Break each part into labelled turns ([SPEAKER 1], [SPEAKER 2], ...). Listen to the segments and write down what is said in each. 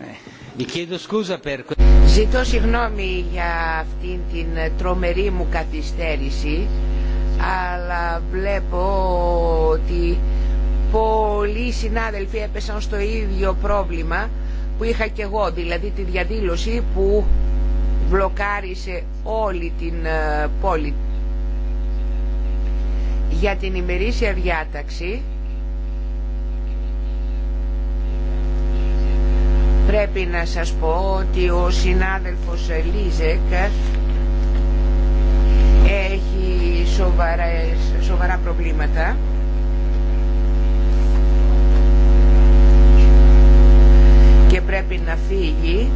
[SPEAKER 1] Ε, Ζητώ συγγνώμη για αυτήν την τρομερή μου καθυστέρηση αλλά βλέπω ότι πολλοί συνάδελφοι έπεσαν στο ίδιο πρόβλημα που είχα και εγώ, δηλαδή τη διαδήλωση που βλοκάρισε όλη την ε, πόλη. Για την ημερήσια διάταξη πρέπει να σας πω ότι ο συνάδελφος Λίζεκ έχει σοβαρά, σοβαρά προβλήματα και πρέπει να φύγει.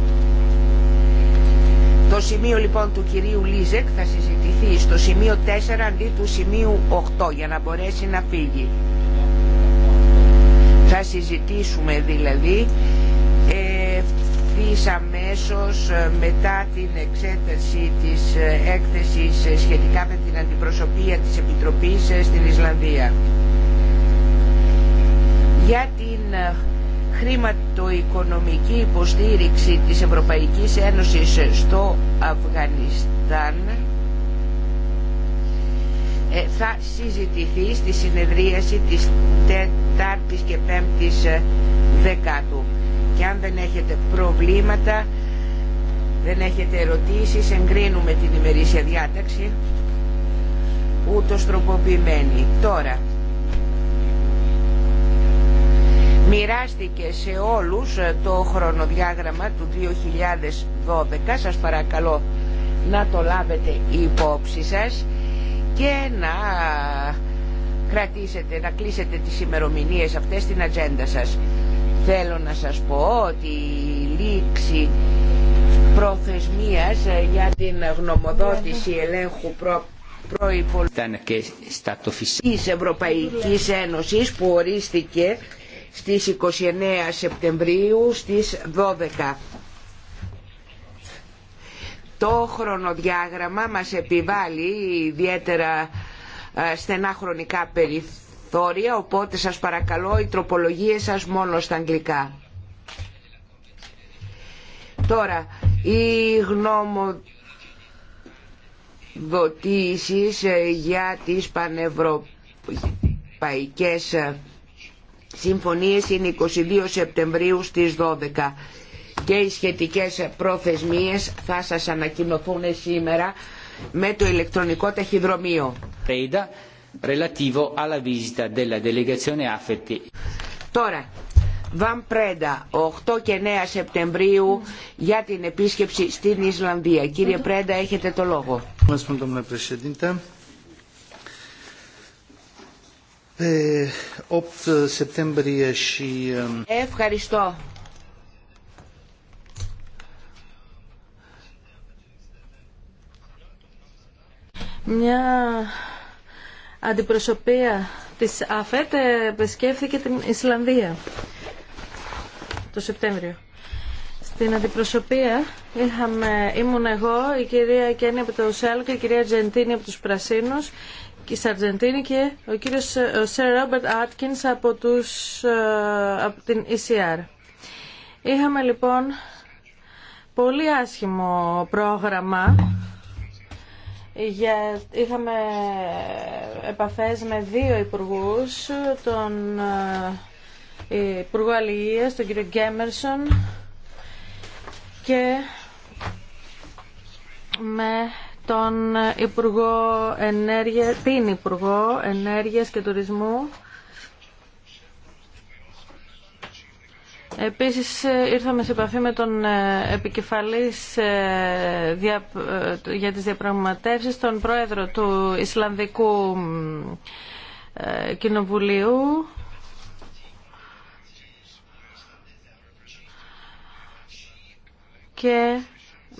[SPEAKER 1] Το σημείο λοιπόν του κυρίου Λίζεκ θα συζητηθεί στο σημείο 4 αντί του σημείου 8 για να μπορέσει να φύγει. Θα συζητήσουμε δηλαδή αμέσως ε, μετά την εξέταση της ε, έκθεσης ε, σχετικά με την αντιπροσωπεία της Επιτροπής στην Ισλανδία. Για την χρηματοοικονομική υποστήριξη της Ευρωπαϊκής Ένωσης στο Αφγανιστάν θα συζητηθεί στη συνεδρίαση της 4ης και 5ης Δεκάτου. Και αν δεν έχετε προβλήματα, δεν έχετε ερωτήσεις, εγκρίνουμε την ημερήσια διάταξη, ούτως τροποποιημένη. Τώρα, μοιράστηκε σε όλους ε, το χρονοδιάγραμμα του 2012, σας παρακαλώ να το λάβετε υπόψη σας και να ε, κρατήσετε, να κλείσετε τις ημερομηνίες αυτές στην ατζέντα σας. Θέλω να σας πω ότι η λήξη προθεσμίας ε, για την γνωμοδότηση ελέγχου προ... προϋπολογισμού της Ευρωπαϊκής Ένωσης που ορίστηκε στις 29 Σεπτεμβρίου στις 12. Το χρονοδιάγραμμα μας επιβάλλει ιδιαίτερα ε, στενά χρονικά περιθώρια οπότε σας παρακαλώ οι τροπολογίες σας μόνο στα αγγλικά. Τώρα, η δοτήσεις ε, για τις πανευρωπαϊκές ε, συμφωνίες είναι 22 Σεπτεμβρίου στις 12 και οι σχετικές προθεσμίες θα σας ανακοινωθούν σήμερα με το ηλεκτρονικό ταχυδρομείο relativo alla visita della delegazione AFET. Τώρα, Βαν Πρέντα, 8 και 9 Σεπτεμβρίου για την επίσκεψη στην Ισλανδία. Κύριε Πρέντα, έχετε το λόγο. Ευχαριστώ. Ε,
[SPEAKER 2] ε, Μια αντιπροσωπεία της ΑΦΕΤ ε, επισκέφθηκε την Ισλανδία το Σεπτέμβριο. Στην αντιπροσωπεία είχαμε, ήμουν εγώ, η κυρία Κέννη από το ΣΕΛ και η κυρία Τζεντίνη από τους Πρασίνους και η και ο κύριος ο Σερ Ρόμπερτ Άτκινς από, τους, ε, από την ECR. Είχαμε λοιπόν πολύ άσχημο πρόγραμμα για, είχαμε επαφές με δύο υπουργούς, τον ε, Υπουργό Αλληλείας, τον κύριο Γκέμερσον και με τον Υπουργό Ενέργεια, την Υπουργό Ενέργειας και Τουρισμού Επίσης ε, ήρθαμε σε επαφή με τον ε, επικεφαλής ε, για τις διαπραγματεύσεις, τον πρόεδρο του Ισλανδικού Κοινοβουλίου, και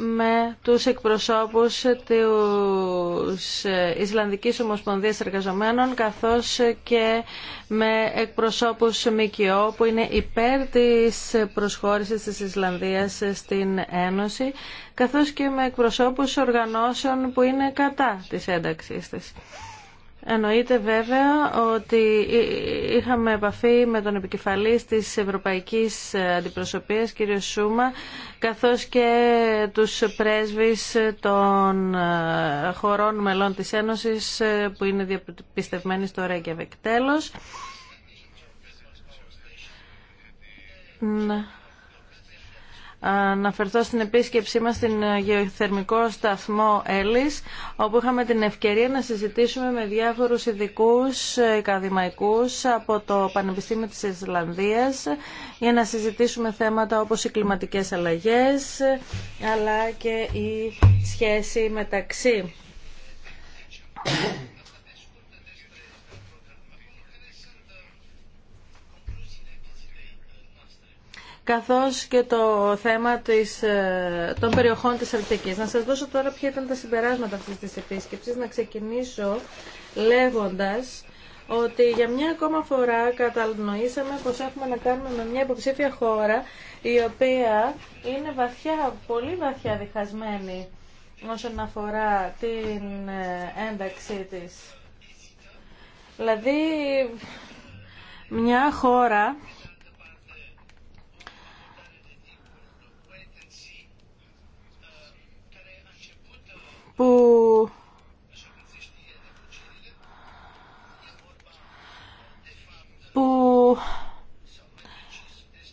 [SPEAKER 2] με τους εκπροσώπους της Ισλανδικής Ομοσπονδίας Εργαζομένων καθώς και με εκπροσώπους ΜΚΟ που είναι υπέρ της προσχώρησης της Ισλανδίας στην Ένωση καθώς και με εκπροσώπους οργανώσεων που είναι κατά της ένταξής της. Εννοείται βέβαια ότι είχαμε επαφή με τον επικεφαλής της Ευρωπαϊκής Αντιπροσωπείας, κύριο Σούμα, καθώς και τους πρέσβεις των χωρών μελών της Ένωσης που είναι διαπιστευμένοι στο Ρέγκεβεκ. Τέλος, να φερθώ στην επίσκεψή μας στην ε, γεωθερμικό σταθμό Έλλης, όπου είχαμε την ευκαιρία να συζητήσουμε με διάφορους ειδικού ε, ακαδημαϊκούς από το Πανεπιστήμιο της Ισλανδίας για να συζητήσουμε θέματα όπως οι κλιματικές αλλαγές, αλλά και η σχέση μεταξύ καθώς και το θέμα της, ε, των περιοχών της Αρκτικής. Να σας δώσω τώρα ποια ήταν τα συμπεράσματα αυτής της επίσκεψης. Να ξεκινήσω λέγοντας ότι για μια ακόμα φορά κατανοήσαμε πως έχουμε να κάνουμε με μια υποψήφια χώρα η οποία είναι βαθιά, πολύ βαθιά διχασμένη όσον αφορά την ε, ένταξή της. Δηλαδή, μια χώρα
[SPEAKER 3] που
[SPEAKER 2] που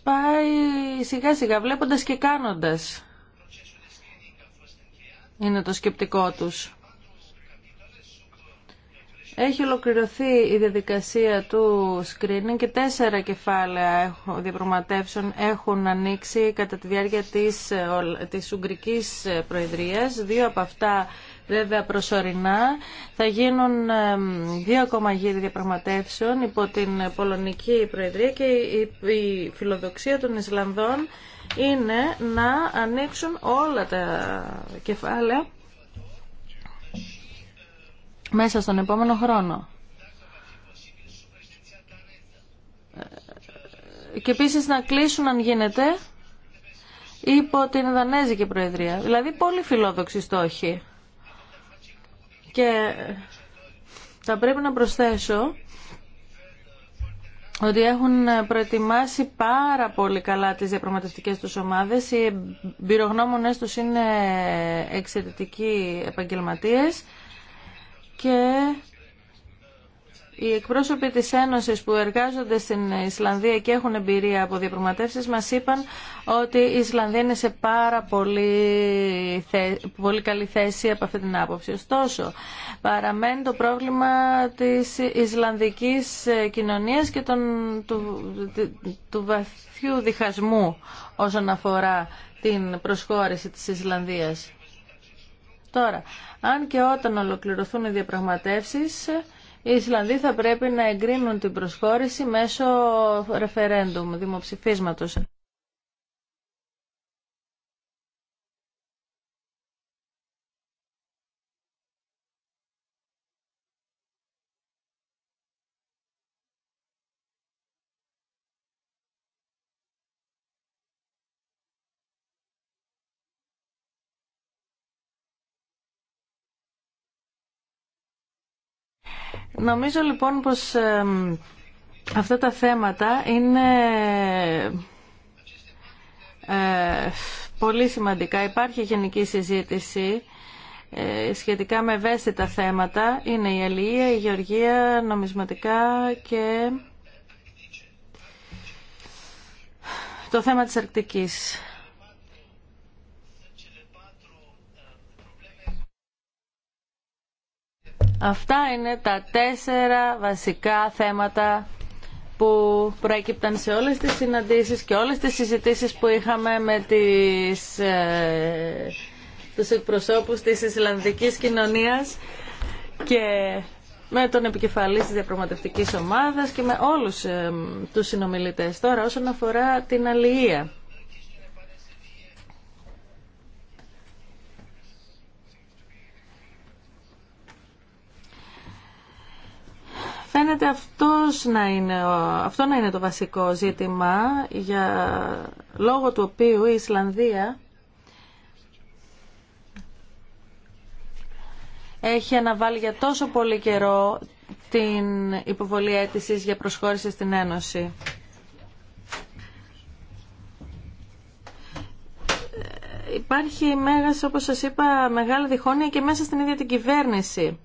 [SPEAKER 2] πάει σιγά σιγά βλέποντας και κάνοντας είναι το σκεπτικό τους. Έχει ολοκληρωθεί η διαδικασία του screening και τέσσερα κεφάλαια διαπραγματεύσεων έχουν ανοίξει κατά τη διάρκεια της, ε, της Ουγγρικής ε, Προεδρίας. Δύο από αυτά βέβαια προσωρινά. Θα γίνουν δύο ακόμα γύρι διαπραγματεύσεων υπό την Πολωνική Προεδρία και η φιλοδοξία των Ισλανδών είναι να ανοίξουν όλα τα κεφάλαια μέσα στον επόμενο χρόνο. Και επίση να κλείσουν αν γίνεται υπό την Δανέζικη Προεδρία. Δηλαδή πολύ φιλόδοξη στόχη. Και θα πρέπει να προσθέσω ότι έχουν προετοιμάσει πάρα πολύ καλά τις διαπραγματευτικές τους ομάδες. Οι πυρογνώμονές τους είναι εξαιρετικοί επαγγελματίες και οι εκπρόσωποι της Ένωσης που εργάζονται στην Ισλανδία και έχουν εμπειρία από διαπραγματεύσει, μας είπαν ότι η Ισλανδία είναι σε πάρα πολύ, πολύ καλή θέση από αυτή την άποψη. Ωστόσο, παραμένει το πρόβλημα της Ισλανδικής κοινωνίας και των, του, του βαθιού διχασμού όσον αφορά την προσχώρηση της Ισλανδίας. Τώρα, αν και όταν ολοκληρωθούν οι διαπραγματεύσεις, οι Ισλανδοί θα πρέπει να εγκρίνουν την προσχώρηση μέσω ρεφερέντουμ, δημοψηφίσματος. Νομίζω λοιπόν πως αυτά τα θέματα είναι ε, πολύ σημαντικά. Υπάρχει γενική συζήτηση ε, σχετικά με ευαίσθητα θέματα. Είναι η αλληλεία, η γεωργία, νομισματικά και το θέμα της Αρκτικής. Αυτά είναι τα τέσσερα βασικά θέματα που προέκυπταν σε όλες τις συναντήσεις και όλες τις συζητήσεις που είχαμε με τις, ε, τους εκπροσώπους της Ισλανδικής κοινωνίας και με τον επικεφαλή της διαπραγματευτικής ομάδας και με όλους ε, τους συνομιλητές. Τώρα όσον αφορά την αλληλεία. Φαίνεται αυτός να είναι, αυτό να είναι το βασικό ζήτημα για λόγω του οποίου η Ισλανδία έχει αναβάλει για τόσο πολύ καιρό την υποβολή αίτησης για προσχώρηση στην Ένωση. Ε, υπάρχει, μέγας, όπως σας είπα, μεγάλη διχόνοια και μέσα στην ίδια την κυβέρνηση.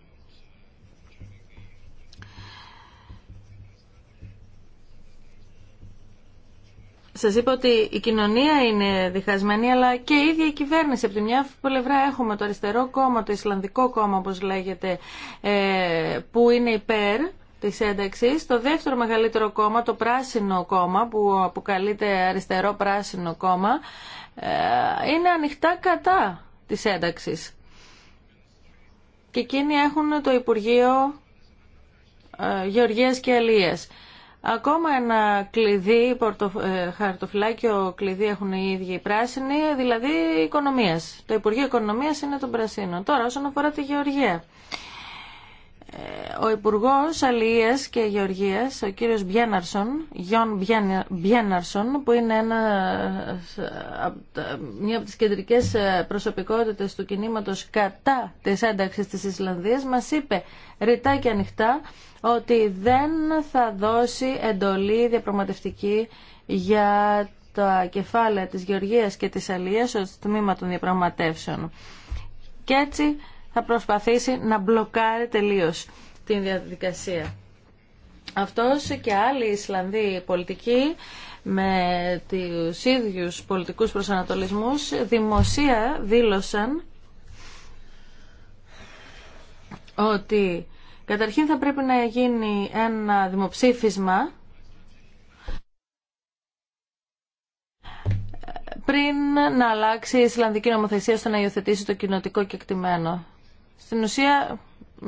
[SPEAKER 2] Σα είπα ότι η κοινωνία είναι διχασμένη, αλλά και η ίδια η κυβέρνηση. Από τη μια πλευρά έχουμε το αριστερό κόμμα, το Ισλανδικό κόμμα, όπως λέγεται, ε, που είναι υπέρ της ένταξη. Το δεύτερο μεγαλύτερο κόμμα, το πράσινο κόμμα, που αποκαλείται αριστερό πράσινο κόμμα, ε, είναι ανοιχτά κατά της ένταξη. Και εκείνοι έχουν το Υπουργείο ε, Γεωργίας και Αλίας. Ακόμα ένα κλειδί, ε, χαρτοφυλάκιο κλειδί έχουν οι ίδιοι οι πράσινοι, δηλαδή οικονομίας. Το Υπουργείο Οικονομίας είναι των πρασίνων. Τώρα όσον αφορά τη γεωργία ο Υπουργό Αλληλεία και Γεωργία, ο κύριο Μπιέναρσον, Γιον Μπιέναρσον, που είναι μια από τι κεντρικέ ε, προσωπικότητε του κινήματο κατά τη ένταξη τη Ισλανδία, μα είπε ρητά και ανοιχτά ότι δεν θα δώσει εντολή διαπραγματευτική για τα κεφάλαια της Γεωργίας και της Αλίας ως τμήμα των διαπραγματεύσεων. Και έτσι θα προσπαθήσει να μπλοκάρει τελείως την διαδικασία. Αυτός και άλλοι Ισλανδοί πολιτικοί με τους ίδιους πολιτικούς προσανατολισμούς δημοσία δήλωσαν ότι καταρχήν θα πρέπει να γίνει ένα δημοψήφισμα πριν να αλλάξει η Ισλανδική νομοθεσία στο να υιοθετήσει το κοινοτικό κεκτημένο. Στην ουσία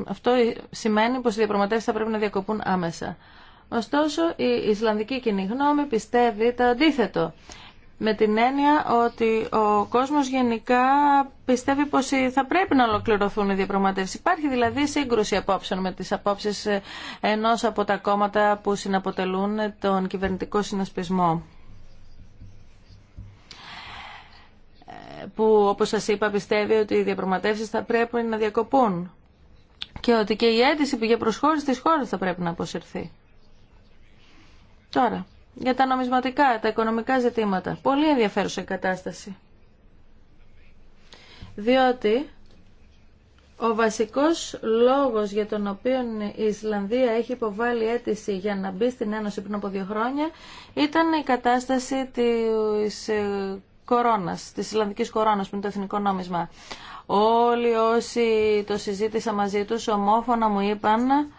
[SPEAKER 2] αυτό σημαίνει πως οι διαπραγματεύσεις θα πρέπει να διακοπούν άμεσα. Ωστόσο, η Ισλανδική κοινή γνώμη πιστεύει το αντίθετο. Με την έννοια ότι ο κόσμος γενικά πιστεύει πως θα πρέπει να ολοκληρωθούν οι διαπραγματεύσεις. Υπάρχει δηλαδή σύγκρουση απόψεων με τις απόψεις ε, ενός από τα κόμματα που συναποτελούν τον κυβερνητικό συνασπισμό. που όπως σας είπα πιστεύει ότι οι διαπραγματεύσεις θα πρέπει να διακοπούν και ότι και η αίτηση που για προσχώρηση της χώρας θα πρέπει να αποσυρθεί. Τώρα, για τα νομισματικά, τα οικονομικά ζητήματα. Πολύ ενδιαφέρουσα η κατάσταση. Διότι ο βασικός λόγος για τον οποίο η Ισλανδία έχει υποβάλει αίτηση για να μπει στην Ένωση πριν από δύο χρόνια ήταν η κατάσταση της ε, κορώνας, της Ισλανδικής κορώνας που είναι το εθνικό νόμισμα. Όλοι όσοι το συζήτησα μαζί τους ομόφωνα μου είπαν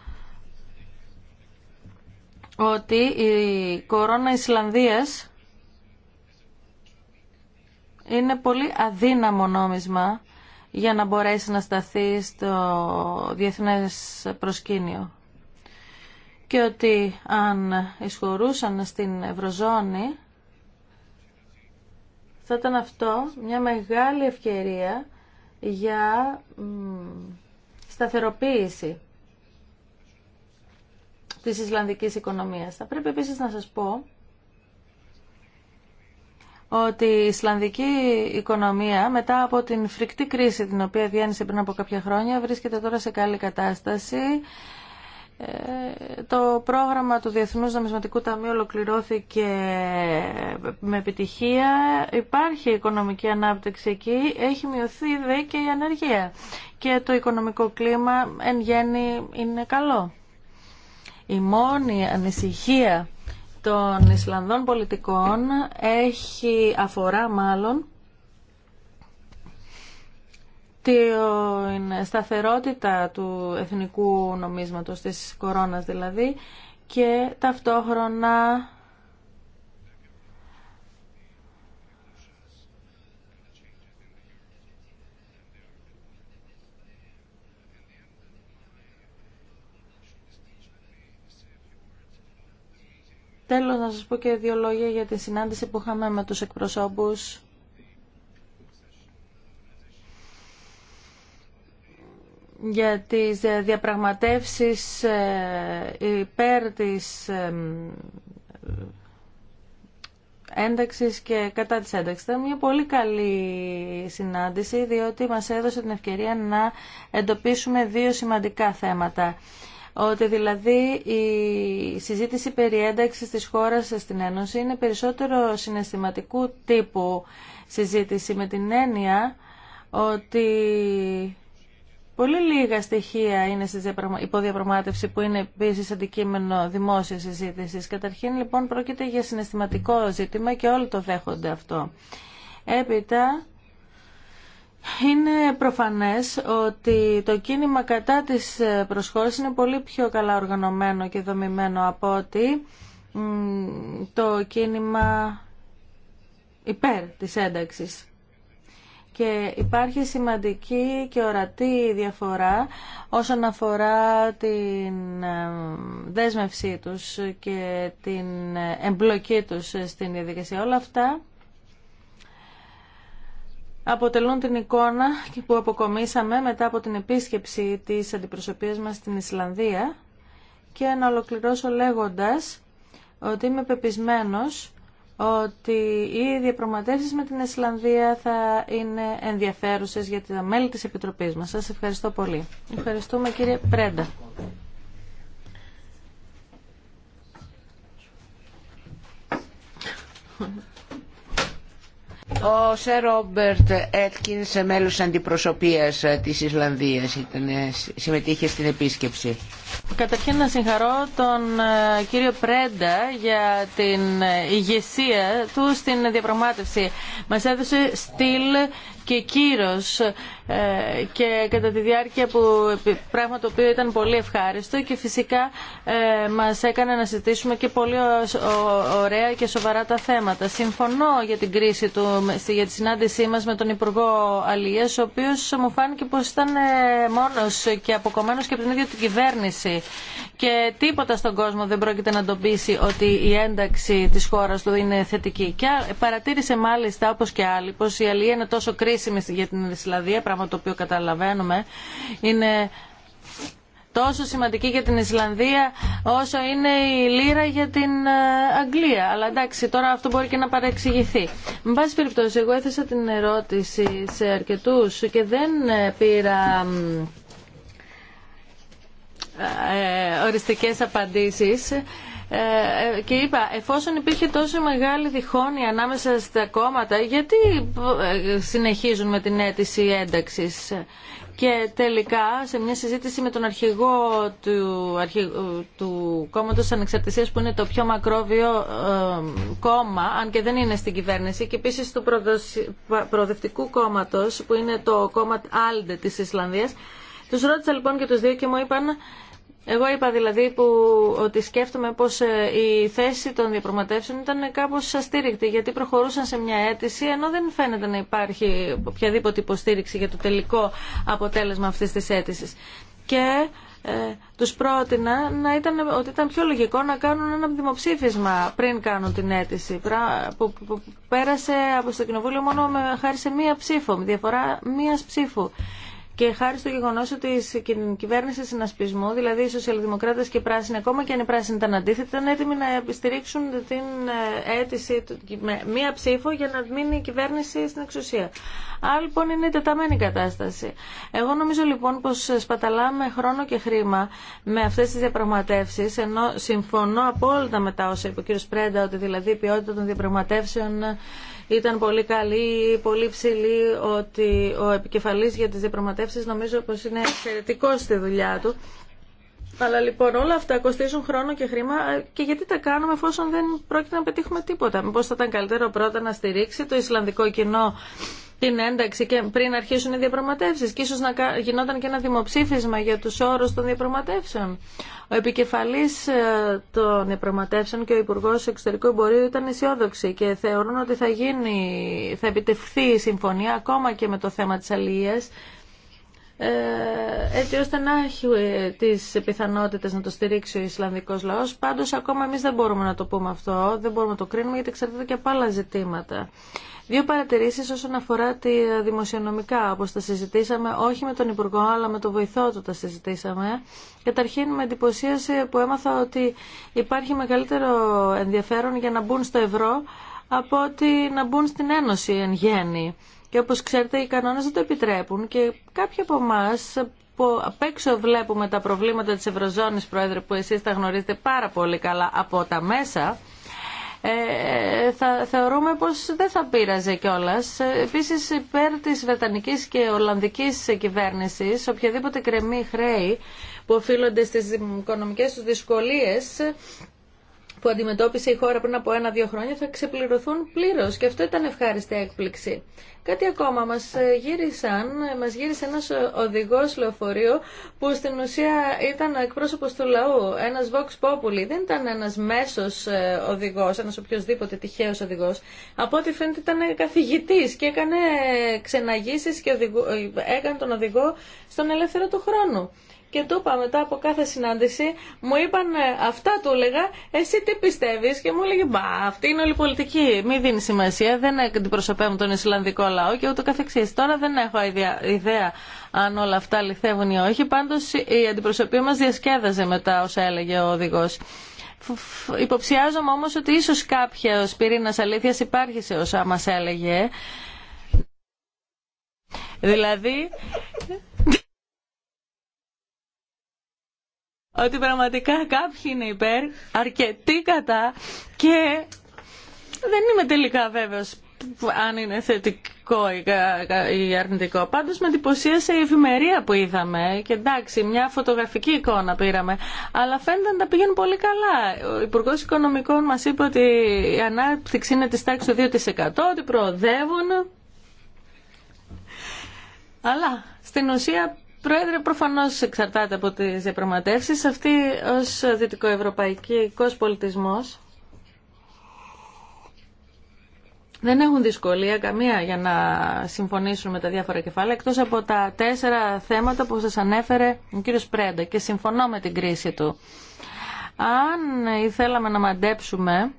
[SPEAKER 2] ότι η κορώνα Ισλανδίας είναι πολύ αδύναμο νόμισμα για να μπορέσει να σταθεί στο διεθνές προσκήνιο. Και ότι αν εισχωρούσαν στην Ευρωζώνη θα ήταν αυτό μια μεγάλη ευκαιρία για σταθεροποίηση της Ισλανδικής οικονομίας. Θα πρέπει επίσης να σας πω ότι η Ισλανδική οικονομία μετά από την φρικτή κρίση την οποία διάνυσε πριν από κάποια χρόνια βρίσκεται τώρα σε καλή κατάσταση. Ε, το πρόγραμμα του Διεθνούς Νομισματικού Ταμείου ολοκληρώθηκε με επιτυχία. Υπάρχει οικονομική ανάπτυξη εκεί, έχει μειωθεί δε και η ανεργία. Και το οικονομικό κλίμα εν γέννη είναι καλό. Η μόνη ανησυχία των Ισλανδών πολιτικών έχει αφορά μάλλον τη σταθερότητα του εθνικού νομίσματος της κορώνας δηλαδή και ταυτόχρονα Τέλος να σας πω και δύο λόγια για τη συνάντηση που είχαμε με τους εκπροσώπους για τις διαπραγματεύσεις ε, υπέρ της ένταξης και κατά της ένταξης. Ήταν μια πολύ καλή συνάντηση διότι μας έδωσε την ευκαιρία να εντοπίσουμε δύο σημαντικά θέματα ότι δηλαδή η συζήτηση περί ένταξης της χώρας στην Ένωση είναι περισσότερο συναισθηματικού τύπου συζήτηση με την έννοια ότι Πολύ λίγα στοιχεία είναι στη υποδιαπραγμάτευση που είναι επίση αντικείμενο δημόσια συζήτηση. Καταρχήν λοιπόν πρόκειται για συναισθηματικό ζήτημα και όλοι το δέχονται αυτό. Έπειτα είναι προφανές ότι το κίνημα κατά της προσχώρησης είναι πολύ πιο καλά οργανωμένο και δομημένο από ότι το κίνημα υπέρ της ένταξης και υπάρχει σημαντική και ορατή διαφορά όσον αφορά την ε, δέσμευσή τους και την εμπλοκή τους στην διαδικασία. Όλα αυτά αποτελούν την εικόνα που αποκομίσαμε μετά από την επίσκεψη της αντιπροσωπείας μας στην Ισλανδία και να ολοκληρώσω λέγοντας ότι είμαι πεπισμένος ότι οι διαπραγματεύσει με την Ισλανδία θα είναι ενδιαφέρουσε για τα μέλη της Επιτροπής μας. Σας ευχαριστώ πολύ. Ευχαριστούμε κύριε Πρέντα.
[SPEAKER 1] Ο Σερ Ρόμπερτ Έτκινς, μέλος αντιπροσωπείας της Ισλανδίας, ε, συμμετείχε στην επίσκεψη. Καταρχήν
[SPEAKER 2] να συγχαρώ τον ε, κύριο Πρέντα για την ε, ηγεσία του στην διαπραγμάτευση. Μας έδωσε στυλ και κύρος ε, και κατά τη διάρκεια που πράγμα το οποίο ήταν πολύ ευχάριστο και φυσικά ε, μας έκανε να συζητήσουμε και πολύ ωραία και σοβαρά τα θέματα. Συμφωνώ για την κρίση του, για τη συνάντησή μας με τον Υπουργό Αλίας, ο οποίος μου φάνηκε πως ήταν ε, μόνος και αποκομμένος και από την ίδια την κυβέρνηση και τίποτα στον κόσμο δεν πρόκειται να τον πείσει ότι η ένταξη της χώρας του είναι θετική. Και παρατήρησε μάλιστα όπως και άλλοι πως η Αλία είναι τόσο κρίσιμη για την Ισλανδία, πράγμα το οποίο καταλαβαίνουμε, είναι τόσο σημαντική για την Ισλανδία όσο είναι η λίρα για την ε, Αγγλία. Αλλά εντάξει, τώρα αυτό μπορεί και να παρεξηγηθεί. Με πάση περιπτώσει, εγώ έθεσα την ερώτηση σε αρκετούς και δεν ε, πήρα ε, οριστικές απαντήσεις. Ε, ε, και είπα, εφόσον υπήρχε τόσο μεγάλη διχόνοια ανάμεσα στα κόμματα, γιατί ε, συνεχίζουν με την αίτηση ένταξης. Και τελικά, σε μια συζήτηση με τον αρχηγό του, αρχη, του κόμματος Ανεξαρτησίας, που είναι το πιο μακρόβιο κόμμα, αν και δεν είναι στην κυβέρνηση, και επίσης του προοδευτικού κόμματος, που είναι το κόμμα ALDE της Ισλανδίας, τους ρώτησα λοιπόν και τους δύο και μου είπαν εγώ είπα δηλαδή που, ότι σκέφτομαι πως ε, η θέση των διαπραγματεύσεων ήταν κάπως αστήρικτη γιατί προχωρούσαν σε μια αίτηση ενώ δεν φαίνεται να υπάρχει οποιαδήποτε υποστήριξη για το τελικό αποτέλεσμα αυτής της αίτησης. Και ε, τους πρότεινα να ήταν, ότι ήταν πιο λογικό να κάνουν ένα δημοψήφισμα πριν κάνουν την αίτηση που, που πέρασε από το Κοινοβούλιο μόνο με, χάρη σε μία ψήφο, με διαφορά μίας ψήφου. Και χάρη στο γεγονό ότι η κυβέρνηση συνασπισμού, δηλαδή οι σοσιαλδημοκράτε και οι πράσινοι, ακόμα και αν οι πράσινοι ήταν αντίθετοι, ήταν έτοιμοι να επιστηρίξουν την ε, αίτηση με μία ψήφο για να μείνει η κυβέρνηση στην εξουσία. Άρα λοιπόν είναι τεταμένη κατάσταση. Εγώ νομίζω λοιπόν πω σπαταλάμε χρόνο και χρήμα με αυτέ τι διαπραγματεύσει, ενώ συμφωνώ απόλυτα με τα όσα είπε ο κ. Πρέντα, ότι δηλαδή η ποιότητα των διαπραγματεύσεων ήταν πολύ καλή, πολύ ψηλή, ότι ο επικεφαλής για τις διαπραγματεύσεις νομίζω πως είναι εξαιρετικό στη δουλειά του. Αλλά λοιπόν όλα αυτά κοστίζουν χρόνο και χρήμα και γιατί τα κάνουμε εφόσον δεν πρόκειται να πετύχουμε τίποτα. Μήπως θα ήταν καλύτερο πρώτα να στηρίξει το Ισλανδικό κοινό την ένταξη και πριν αρχίσουν οι διαπραγματεύσεις και ίσως να γινόταν και ένα δημοψήφισμα για τους όρους των διαπραγματεύσεων. Ο επικεφαλής ε, των διαπραγματεύσεων και ο Υπουργός Εξωτερικού Εμπορίου ήταν αισιόδοξοι και θεωρούν ότι θα, γίνει, θα επιτευχθεί η συμφωνία ακόμα και με το θέμα της αλληλείας ε, έτσι ώστε να έχει ε, τις πιθανότητες να το στηρίξει ο Ισλανδικός λαός. Πάντως ακόμα εμείς δεν μπορούμε να το πούμε αυτό, δεν μπορούμε να το κρίνουμε γιατί εξαρτάται και από άλλα ζητήματα. Δύο παρατηρήσεις όσον αφορά τη δημοσιονομικά, όπως τα συζητήσαμε, όχι με τον Υπουργό, αλλά με τον βοηθό του τα συζητήσαμε. Καταρχήν με εντυπωσίαση που έμαθα ότι υπάρχει μεγαλύτερο ενδιαφέρον για να μπουν στο ευρώ από ότι να μπουν στην Ένωση εν γέννη. Και όπως ξέρετε οι κανόνες δεν το επιτρέπουν και κάποιοι από εμά που απ' έξω βλέπουμε τα προβλήματα της Ευρωζώνης, Πρόεδρε, που εσείς τα γνωρίζετε πάρα πολύ καλά από τα μέσα, ε, θα θεωρούμε πως δεν θα πείραζε κιόλα. Ε, επίσης υπέρ τη βρετανική και Ολλανδικής κυβέρνησης οποιαδήποτε κρεμή χρέη που οφείλονται στις οικονομικές τους δυσκολίες που αντιμετώπισε η χώρα πριν από ένα-δύο χρόνια θα ξεπληρωθούν πλήρω. και αυτό ήταν ευχάριστη έκπληξη. Κάτι ακόμα, μα ε, γύρισαν, μα γύρισε ένα οδηγό λεωφορείο που στην ουσία ήταν εκπρόσωπο του λαού, ένα Vox Populi, δεν ήταν ένα μέσο ε, οδηγό, ένα οποιοδήποτε τυχαίο οδηγό. Από ό,τι φαίνεται ήταν καθηγητή και έκανε ε, ξεναγήσεις και οδηγού, έκανε τον οδηγό στον ελεύθερο του χρόνου και του είπα μετά από κάθε συνάντηση, μου είπαν ε, αυτά του έλεγα, εσύ τι πιστεύεις και μου έλεγε μπα αυτή είναι όλη πολιτική, μη δίνει σημασία, δεν αντιπροσωπεύουν τον Ισλανδικό λαό και ούτω καθεξής. Τώρα δεν έχω ιδέα αν όλα αυτά λυθεύουν ή όχι, πάντως η αντιπροσωπή μας διασκέδαζε μετά όσα έλεγε ο οδηγός. Υποψιάζομαι όμως ότι ίσως κάποιος πυρήνας αλήθειας υπάρχει σε όσα μας έλεγε. Δηλαδή, ότι πραγματικά κάποιοι είναι υπέρ, αρκετοί κατά και δεν είμαι τελικά βέβαιος αν είναι θετικό ή αρνητικό. Πάντως με εντυπωσίασε η εφημερία που είδαμε και εντάξει μια φωτογραφική εικόνα πήραμε αλλά φαίνεται να τα πηγαίνουν πολύ καλά. Ο Υπουργό Οικονομικών μας είπε ότι η ανάπτυξη είναι της τάξης του 2% ότι προοδεύουν αλλά στην ουσία Πρόεδρε, προφανώς εξαρτάται από τις διαπραγματεύσει. Αυτή ως δυτικοευρωπαϊκός πολιτισμός δεν έχουν δυσκολία καμία για να συμφωνήσουν με τα διάφορα κεφάλαια, εκτός από τα τέσσερα θέματα που σας ανέφερε ο κύριος Πρέντα και συμφωνώ με την κρίση του. Αν ήθελαμε να μαντέψουμε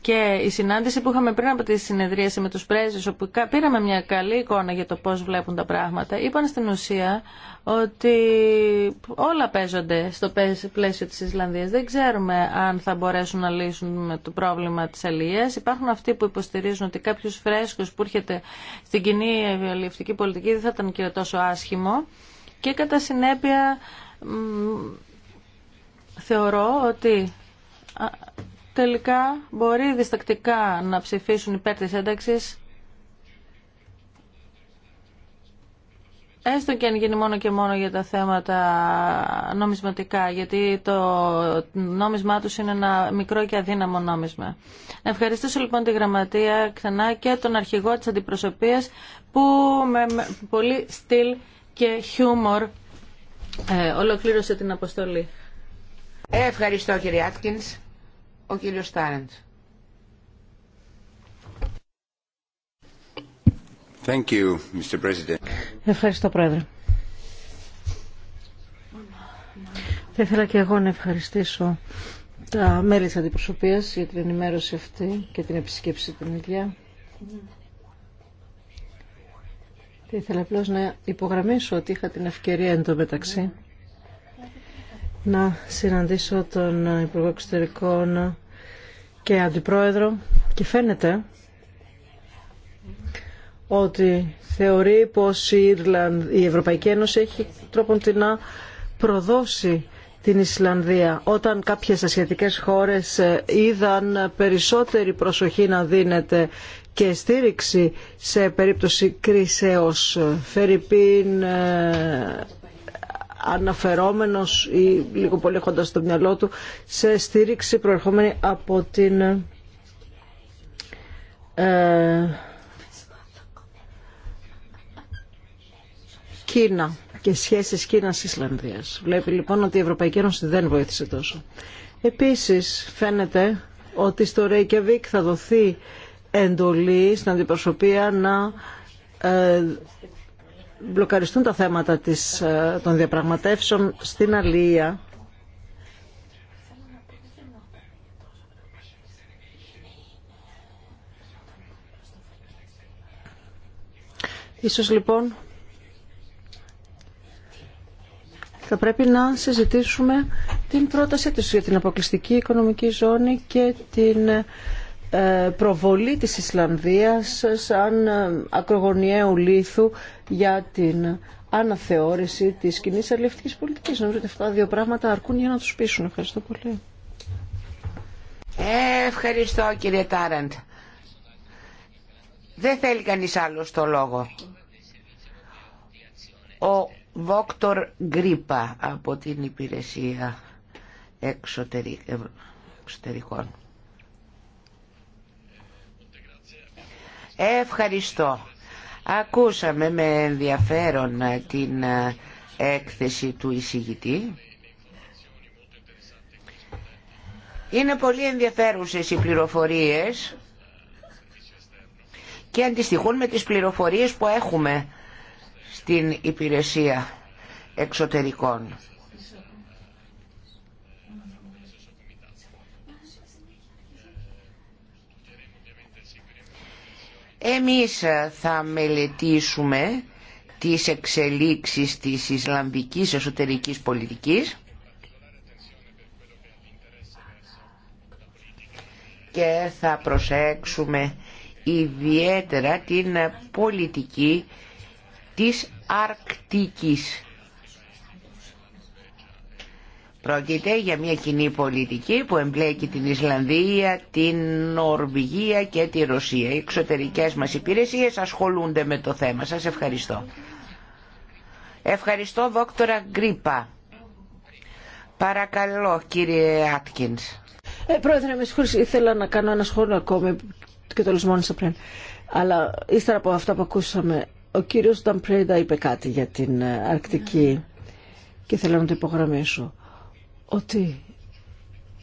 [SPEAKER 2] και η συνάντηση που είχαμε πριν από τη συνεδρίαση με τους πρέσβες όπου πήραμε μια καλή εικόνα για το πώς βλέπουν τα πράγματα είπαν στην ουσία ότι όλα παίζονται στο πλαίσιο της Ισλανδίας δεν ξέρουμε αν θα μπορέσουν να λύσουν το πρόβλημα της αλληλείας υπάρχουν αυτοί που υποστηρίζουν ότι κάποιος φρέσκος που έρχεται στην κοινή αλληλευτική πολιτική δεν θα ήταν και τόσο άσχημο και κατά συνέπεια θεωρώ ότι τελικά μπορεί διστακτικά να ψηφίσουν υπέρ της ένταξης Έστω και αν γίνει μόνο και μόνο για τα θέματα νομισματικά, γιατί το νόμισμά τους είναι ένα μικρό και αδύναμο νόμισμα. Να ευχαριστήσω λοιπόν τη Γραμματεία ξανά και τον αρχηγό της αντιπροσωπείας που με πολύ στυλ και χιούμορ ε, ολοκλήρωσε την
[SPEAKER 1] αποστολή. Ε, ευχαριστώ κύριε Άτκινς. Ο κύριος
[SPEAKER 3] Ευχαριστώ, Πρόεδρε. Θα ήθελα και εγώ να ευχαριστήσω τα μέλη της αντιπροσωπείας για την ενημέρωση αυτή και την επισκέψη την ίδια. Θα ήθελα απλώς να υπογραμμίσω ότι είχα την ευκαιρία εν τω μεταξύ να συναντήσω τον Υπουργό Εξωτερικών και Αντιπρόεδρο και φαίνεται ότι θεωρεί πως η, Ιρλανδ, η Ευρωπαϊκή Ένωση έχει τρόπον την να προδώσει την Ισλανδία. Όταν κάποιες ασιατικές χώρες ε, είδαν περισσότερη προσοχή να δίνεται και στήριξη σε περίπτωση κρίσεως, ε, Φερρυπίν, ε, αναφερόμενος ή λίγο πολύ έχοντας το μυαλό του σε στήριξη προερχόμενη από την ε, Κίνα και σχέσεις Κίνας-Ισλανδίας. Βλέπει λοιπόν ότι η Ευρωπαϊκή Ένωση δεν βοήθησε τόσο. Επίσης φαίνεται ότι στο Ρέικεβικ θα δοθεί εντολή στην αντιπροσωπεία να ε, μπλοκαριστούν τα θέματα της, ε, των διαπραγματεύσεων στην Αλία Ίσως λοιπόν θα πρέπει να συζητήσουμε την πρότασή τους για την αποκλειστική οικονομική ζώνη και την ε, ε, προβολή της Ισλανδίας σαν ε, ακρογωνιαίου λίθου για την αναθεώρηση της κοινή αλληλευτικής πολιτικής. Νομίζω ότι αυτά τα δύο πράγματα αρκούν για να τους πείσουν. Ευχαριστώ πολύ.
[SPEAKER 1] ευχαριστώ κύριε Τάραντ. Δεν θέλει κανείς άλλο το λόγο. Ο Βόκτορ Γκρίπα από την Υπηρεσία Εξωτερικών. Ευχαριστώ. Ακούσαμε με ενδιαφέρον την έκθεση του εισηγητή. Είναι πολύ ενδιαφέρουσες οι πληροφορίες και αντιστοιχούν με τις πληροφορίες που έχουμε στην υπηρεσία εξωτερικών. Εμείς θα μελετήσουμε τις εξελίξεις της Ισλαμικής εσωτερικής πολιτικής και θα προσέξουμε ιδιαίτερα την πολιτική της Αρκτικής. Πρόκειται για μια κοινή πολιτική που εμπλέκει την Ισλανδία, την Νορβηγία και τη Ρωσία. Οι εξωτερικές μας υπηρεσίες ασχολούνται με το θέμα. Σας ευχαριστώ. Ευχαριστώ δόκτωρα Γκρίπα. Παρακαλώ κύριε Άτκινς.
[SPEAKER 3] Ε, πρόεδρε, με συγχωρείς, ήθελα να κάνω ένα σχόλιο ακόμη και το λησμόνισα πριν. Αλλά ύστερα από αυτά που ακούσαμε, ο κύριος Νταμπρέιντα είπε κάτι για την ε, Αρκτική και θέλω να το υπογραμμίσω ότι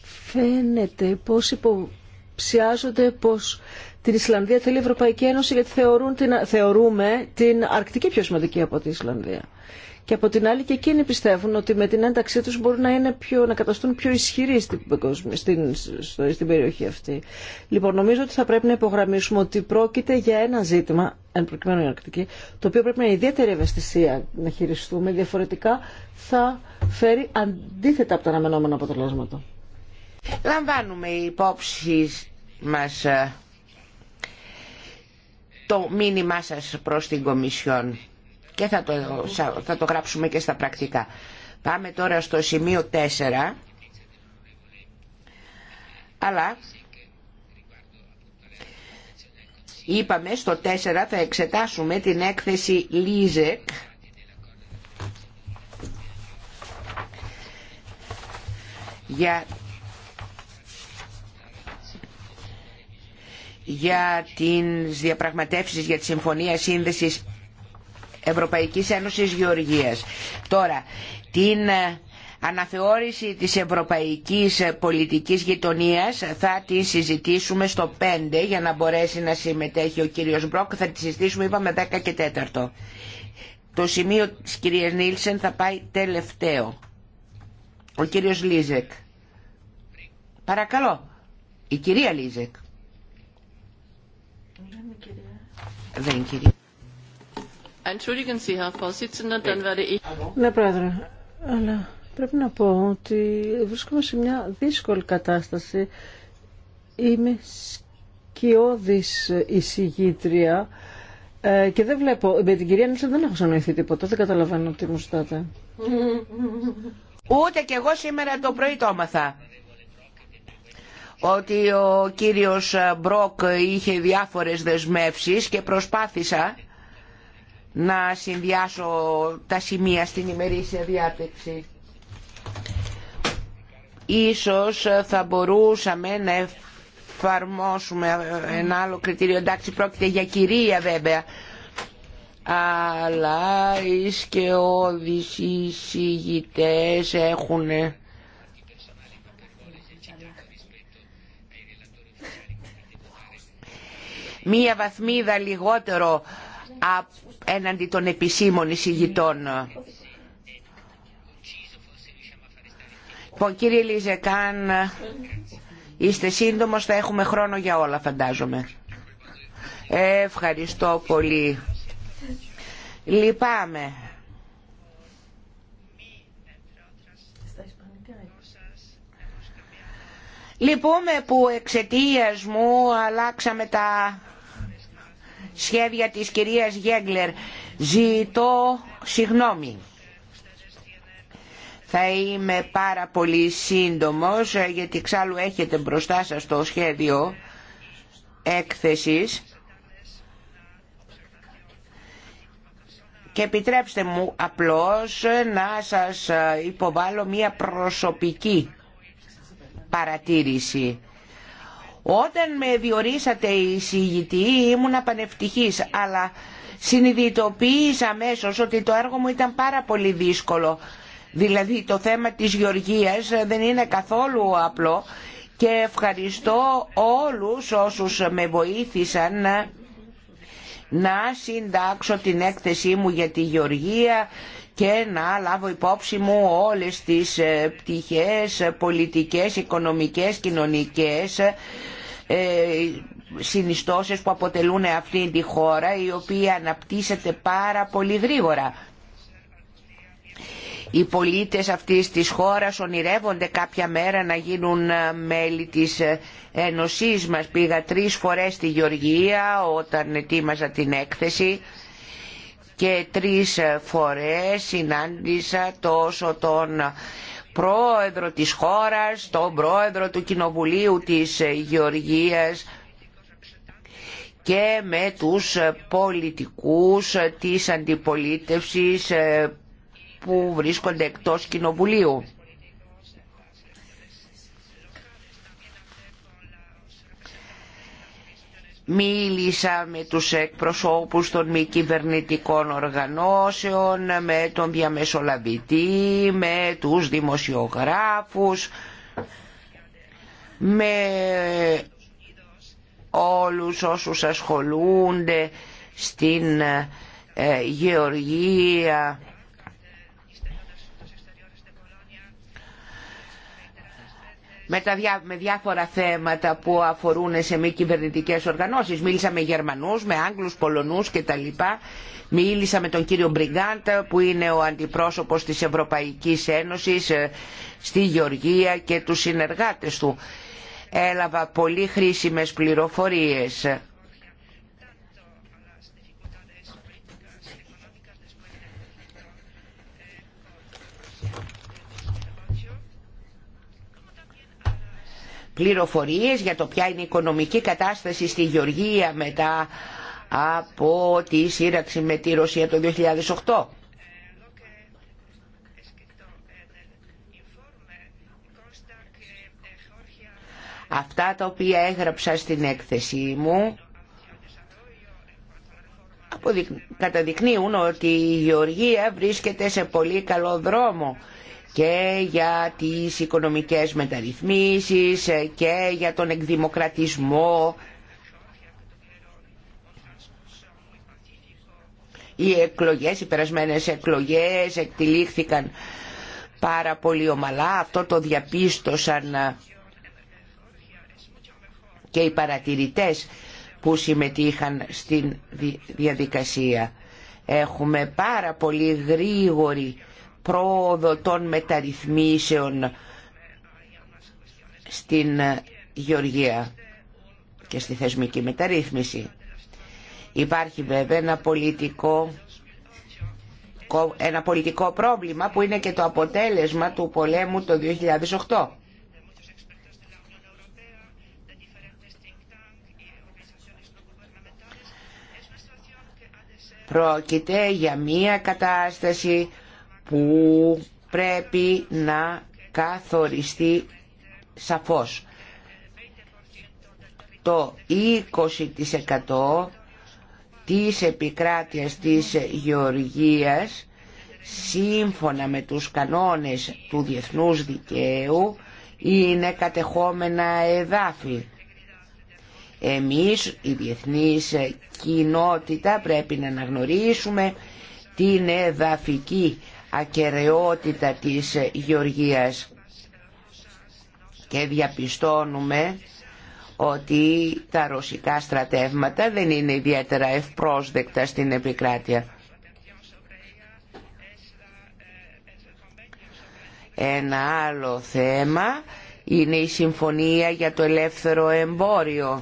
[SPEAKER 3] φαίνεται πως υποψιάζονται πως την Ισλανδία θέλει η Ευρωπαϊκή Ένωση γιατί θεωρούν θεωρούμε την Αρκτική πιο σημαντική από την Ισλανδία και από την άλλη και εκείνοι πιστεύουν ότι με την ένταξή τους μπορούν να, είναι πιο, να καταστούν πιο ισχυροί στην, στην, στην περιοχή αυτή. Λοιπόν, νομίζω ότι θα πρέπει να υπογραμμίσουμε ότι πρόκειται για ένα ζήτημα, εν προκειμένου η Αρκτική, το οποίο πρέπει με ιδιαίτερη ευαισθησία να χειριστούμε, διαφορετικά θα φέρει
[SPEAKER 1] αντίθετα από τα αναμενόμενα αποτελέσματα. Λαμβάνουμε υπόψη μας ε, το μήνυμά σας προς την Κομισιόν και θα το, θα το γράψουμε και στα πρακτικά. Πάμε τώρα στο σημείο 4, αλλά είπαμε στο 4 θα εξετάσουμε την έκθεση Λίζεκ για για τις διαπραγματεύσεις για τη Συμφωνία Σύνδεσης Ευρωπαϊκής Ένωσης Γεωργίας. Τώρα, την ε, αναθεώρηση της ευρωπαϊκής ε, πολιτικής γειτονίας θα τη συζητήσουμε στο 5 για να μπορέσει να συμμετέχει ο κύριος Μπρόκ. Θα τη συζητήσουμε είπαμε 10 και 4. Το σημείο της κυρίας Νίλσεν θα πάει τελευταίο. Ο κύριος Λίζεκ. Παρακαλώ. Η κυρία Λίζεκ. Δεν κυρία. Δεν κυρία.
[SPEAKER 2] Ναι.
[SPEAKER 3] ναι, πρόεδρε, αλλά πρέπει να πω ότι βρίσκομαι σε μια δύσκολη κατάσταση. Είμαι σκιώδης εισηγήτρια ε, και δεν βλέπω, με την κυρία δεν έχω συνοηθεί τίποτα, δεν καταλαβαίνω τι μου ζητάτε.
[SPEAKER 1] Ούτε κι εγώ σήμερα το πρωί το έμαθα. ότι ο κύριος Μπρόκ είχε διάφορες δεσμεύσεις και προσπάθησα να συνδυάσω τα σημεία στην ημερήσια διάταξη. Ίσως θα μπορούσαμε να εφαρμόσουμε ένα άλλο κριτήριο. Εντάξει, πρόκειται για κυρία βέβαια. Αλλά οι σκεώδεις εισηγητές έχουν... μία βαθμίδα λιγότερο από έναντι των επισήμων εισηγητών. Λοιπόν, κύριε Λιζεκάν, είστε σύντομος, θα έχουμε χρόνο για όλα φαντάζομαι. Ευχαριστώ πολύ. Λυπάμαι. Λυπούμε που εξαιτία μου αλλάξαμε τα σχέδια της κυρίας Γέγκλερ. Ζητώ συγγνώμη. Θα είμαι πάρα πολύ σύντομος ε, γιατί εξάλλου έχετε μπροστά σας το σχέδιο έκθεσης και επιτρέψτε μου απλώς ε, να σας ε, υποβάλω μία προσωπική παρατήρηση. Όταν με διορίσατε εισηγητή ήμουν πανευτυχής, αλλά συνειδητοποίησα αμέσω ότι το έργο μου ήταν πάρα πολύ δύσκολο. Δηλαδή το θέμα της γεωργίας δεν είναι καθόλου απλό και ευχαριστώ όλους όσους με βοήθησαν να, να συντάξω την έκθεσή μου για τη γεωργία και να λάβω υπόψη μου όλες τις ε, πτυχές πολιτικές, οικονομικές, κοινωνικές ε, συνιστώσεις που αποτελούν αυτή τη χώρα η οποία αναπτύσσεται πάρα πολύ γρήγορα. Οι πολίτες αυτής της χώρας ονειρεύονται κάποια μέρα να γίνουν μέλη της Ένωσής μας. Πήγα τρεις φορές στη Γεωργία όταν ετοίμαζα την έκθεση και τρεις φορές συνάντησα τόσο τον πρόεδρο της χώρας, τον πρόεδρο του Κοινοβουλίου της ε, Γεωργίας και με τους ε, πολιτικούς ε, της αντιπολίτευσης που βρίσκονται εκτός Κοινοβουλίου. Μίλησα με τους εκπροσώπους των μη κυβερνητικών οργανώσεων, με τον διαμεσολαβητή, με τους δημοσιογράφους, με όλους όσους ασχολούνται στην ε, Γεωργία με, τα με διάφορα θέματα που αφορούν σε μη κυβερνητικέ οργανώσεις. Μίλησα με Γερμανούς, με Άγγλους, Πολωνούς κτλ. Μίλησα με τον κύριο Μπριγκάντα που είναι ο αντιπρόσωπος της Ευρωπαϊκής Ένωσης ε, στη Γεωργία και τους συνεργάτες του. Έλαβα πολύ χρήσιμες πληροφορίες πληροφορίες για το ποια είναι η οικονομική κατάσταση στη Γεωργία μετά από τη σύραξη με τη Ρωσία το 2008. Αυτά τα οποία έγραψα στην έκθεσή μου καταδεικνύουν ότι η Γεωργία βρίσκεται σε πολύ καλό δρόμο και για τις οικονομικές μεταρρυθμίσεις ε, και για τον εκδημοκρατισμό οι εκλογές, οι περασμένες εκλογές εκτελήχθηκαν πάρα πολύ ομαλά αυτό το διαπίστωσαν ε, και οι παρατηρητές που συμμετείχαν στην διαδικασία έχουμε πάρα πολύ γρήγορη πρόοδο των μεταρρυθμίσεων στην Γεωργία και στη θεσμική μεταρρύθμιση. Υπάρχει βέβαια ένα πολιτικό, ένα πολιτικό πρόβλημα που είναι και το αποτέλεσμα του πολέμου το 2008. Πρόκειται για μία κατάσταση που πρέπει να καθοριστεί σαφώς. Το 20% της επικράτειας της Γεωργίας σύμφωνα με τους κανόνες του διεθνούς δικαίου είναι κατεχόμενα εδάφη. Εμείς, η διεθνής κοινότητα, πρέπει να αναγνωρίσουμε την εδαφική ακεραιότητα της γεωργίας και διαπιστώνουμε ότι τα ρωσικά στρατεύματα δεν είναι ιδιαίτερα ευπρόσδεκτα στην επικράτεια. Ένα άλλο θέμα είναι η συμφωνία για το ελεύθερο εμπόριο.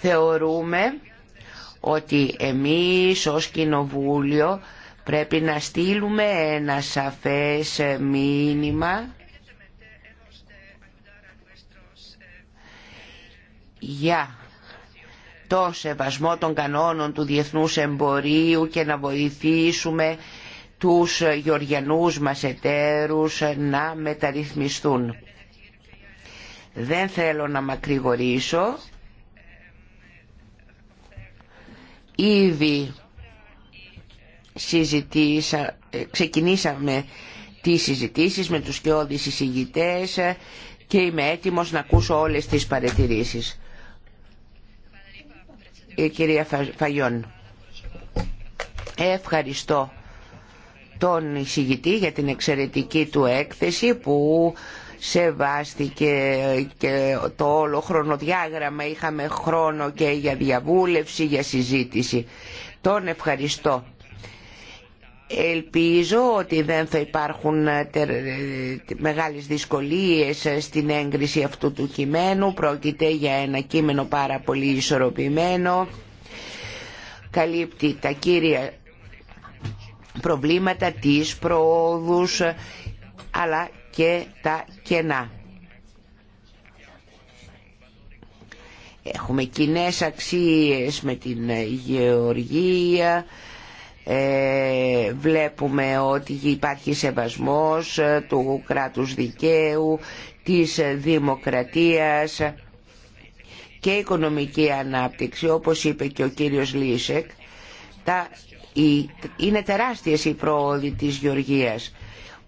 [SPEAKER 1] Θεωρούμε ότι εμείς ως Κοινοβούλιο πρέπει να στείλουμε ένα σαφές μήνυμα για το σεβασμό των κανόνων του διεθνούς εμπορίου και να βοηθήσουμε τους γεωργιανούς μας εταίρους να μεταρρυθμιστούν. Δεν θέλω να μακρηγορήσω. Ήδη συζητήσα, ε, ξεκινήσαμε τις συζητήσεις με τους κοιόδης εισηγητές ε, και είμαι έτοιμος να ακούσω όλες τις παρατηρήσεις. Η ε, κυρία Φαγιόν. Ευχαριστώ τον εισηγητή για την εξαιρετική του έκθεση που σεβάστηκε και το όλο χρονοδιάγραμμα. Είχαμε χρόνο και για διαβούλευση, για συζήτηση. Τον ευχαριστώ. Ελπίζω ότι δεν θα υπάρχουν ε, ε, μεγάλες δυσκολίες ε, στην έγκριση αυτού του κειμένου. Πρόκειται για ένα κείμενο πάρα πολύ ισορροπημένο. Καλύπτει τα κύρια προβλήματα της προόδους αλλά και τα κενά. Έχουμε κοινέ αξίες με την γεωργία, ε, βλέπουμε ότι υπάρχει σεβασμός του κράτους δικαίου, της δημοκρατίας και οικονομική ανάπτυξη, όπως είπε και ο κύριος Λίσεκ, τα, είναι τεράστιες οι πρόοδοι της Γεωργίας.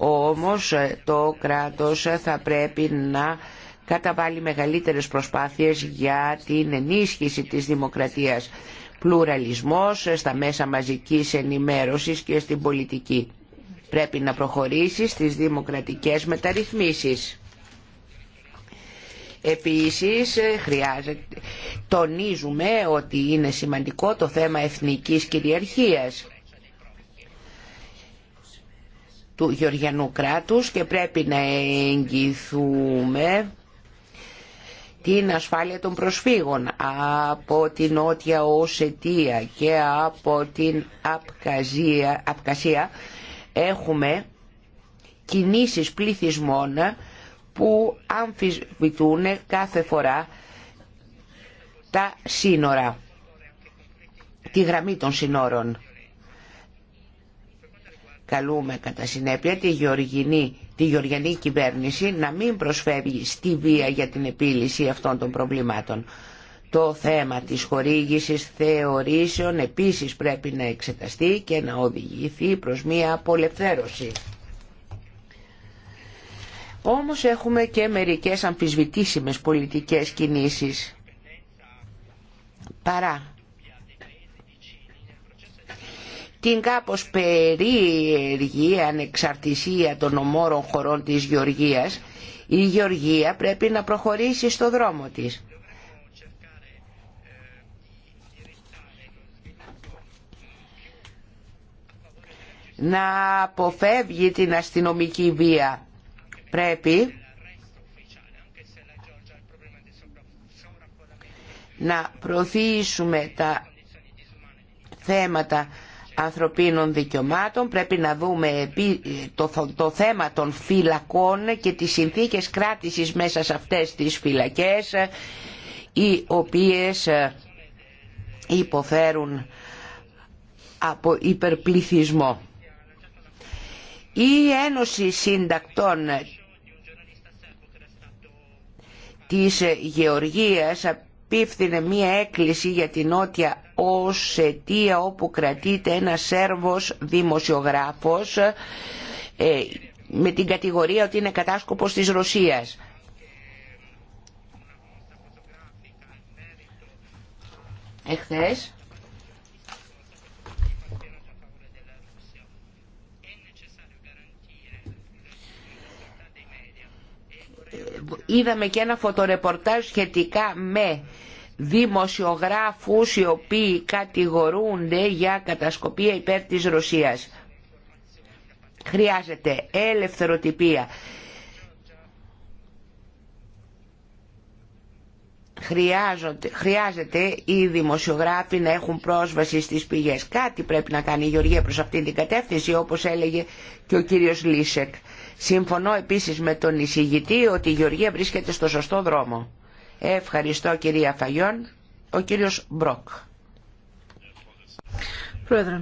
[SPEAKER 1] Όμως ε, το κράτος ε, θα πρέπει να καταβάλει μεγαλύτερες προσπάθειες για την ενίσχυση της δημοκρατίας. Πλουραλισμός ε, στα μέσα μαζικής ενημέρωσης και στην πολιτική. Πρέπει να προχωρήσει στις δημοκρατικές μεταρρυθμίσεις. Επίσης χρειάζεται, τονίζουμε ότι είναι σημαντικό το θέμα εθνικής κυριαρχίας του Γεωργιανού κράτους και πρέπει να εγγυηθούμε την ασφάλεια των προσφύγων από την Νότια Οσετία και από την Απκαζία, Απκασία έχουμε κινήσεις πληθυσμών που αμφισβητούν κάθε φορά τα σύνορα, τη γραμμή των σύνορων. Καλούμε κατά συνέπεια τη, Γεωργινή, τη γεωργιανή κυβέρνηση να μην προσφεύγει στη βία για την επίλυση αυτών των προβλημάτων. Το θέμα της χορήγησης θεωρήσεων επίσης πρέπει να εξεταστεί και να οδηγηθεί προς μία απολευθέρωση. Όμως έχουμε και μερικές αμφισβητήσιμες πολιτικές κινήσεις. Παρά την κάπως περίεργη ανεξαρτησία των ομόρων χωρών της Γεωργίας, η Γεωργία πρέπει να προχωρήσει στο δρόμο της. Να αποφεύγει την αστυνομική βία. Πρέπει να προωθήσουμε τα θέματα ανθρωπίνων δικαιωμάτων. Πρέπει να δούμε το θέμα των φυλακών και τις συνθήκες κράτησης μέσα σε αυτές τις φυλακές οι οποίες ε, υποφέρουν από υπερπληθυσμό. Η Ένωση Συντακτών της Γεωργίας επίφθινε μία έκκληση για την Νότια αιτία όπου κρατείται ένα Σέρβος δημοσιογράφος ε, με την κατηγορία ότι είναι κατάσκοπος της Ρωσίας. Εχθές είδαμε και ένα φωτορεπορτάζ σχετικά με δημοσιογράφους οι οποίοι κατηγορούνται για κατασκοπία υπέρ της Ρωσίας. Χρειάζεται ελευθεροτυπία. Χρειάζονται, χρειάζεται οι δημοσιογράφοι να έχουν πρόσβαση στις πηγές. Κάτι πρέπει να κάνει η Γεωργία προς αυτήν την κατεύθυνση όπως έλεγε και ο κύριος Λίσεκ. Συμφωνώ επίσης με τον εισηγητή ότι η Γεωργία βρίσκεται στο σωστό δρόμο. Ευχαριστώ κυρία Φαγιόν. Ο κύριος Μπροκ. Πρόεδρε,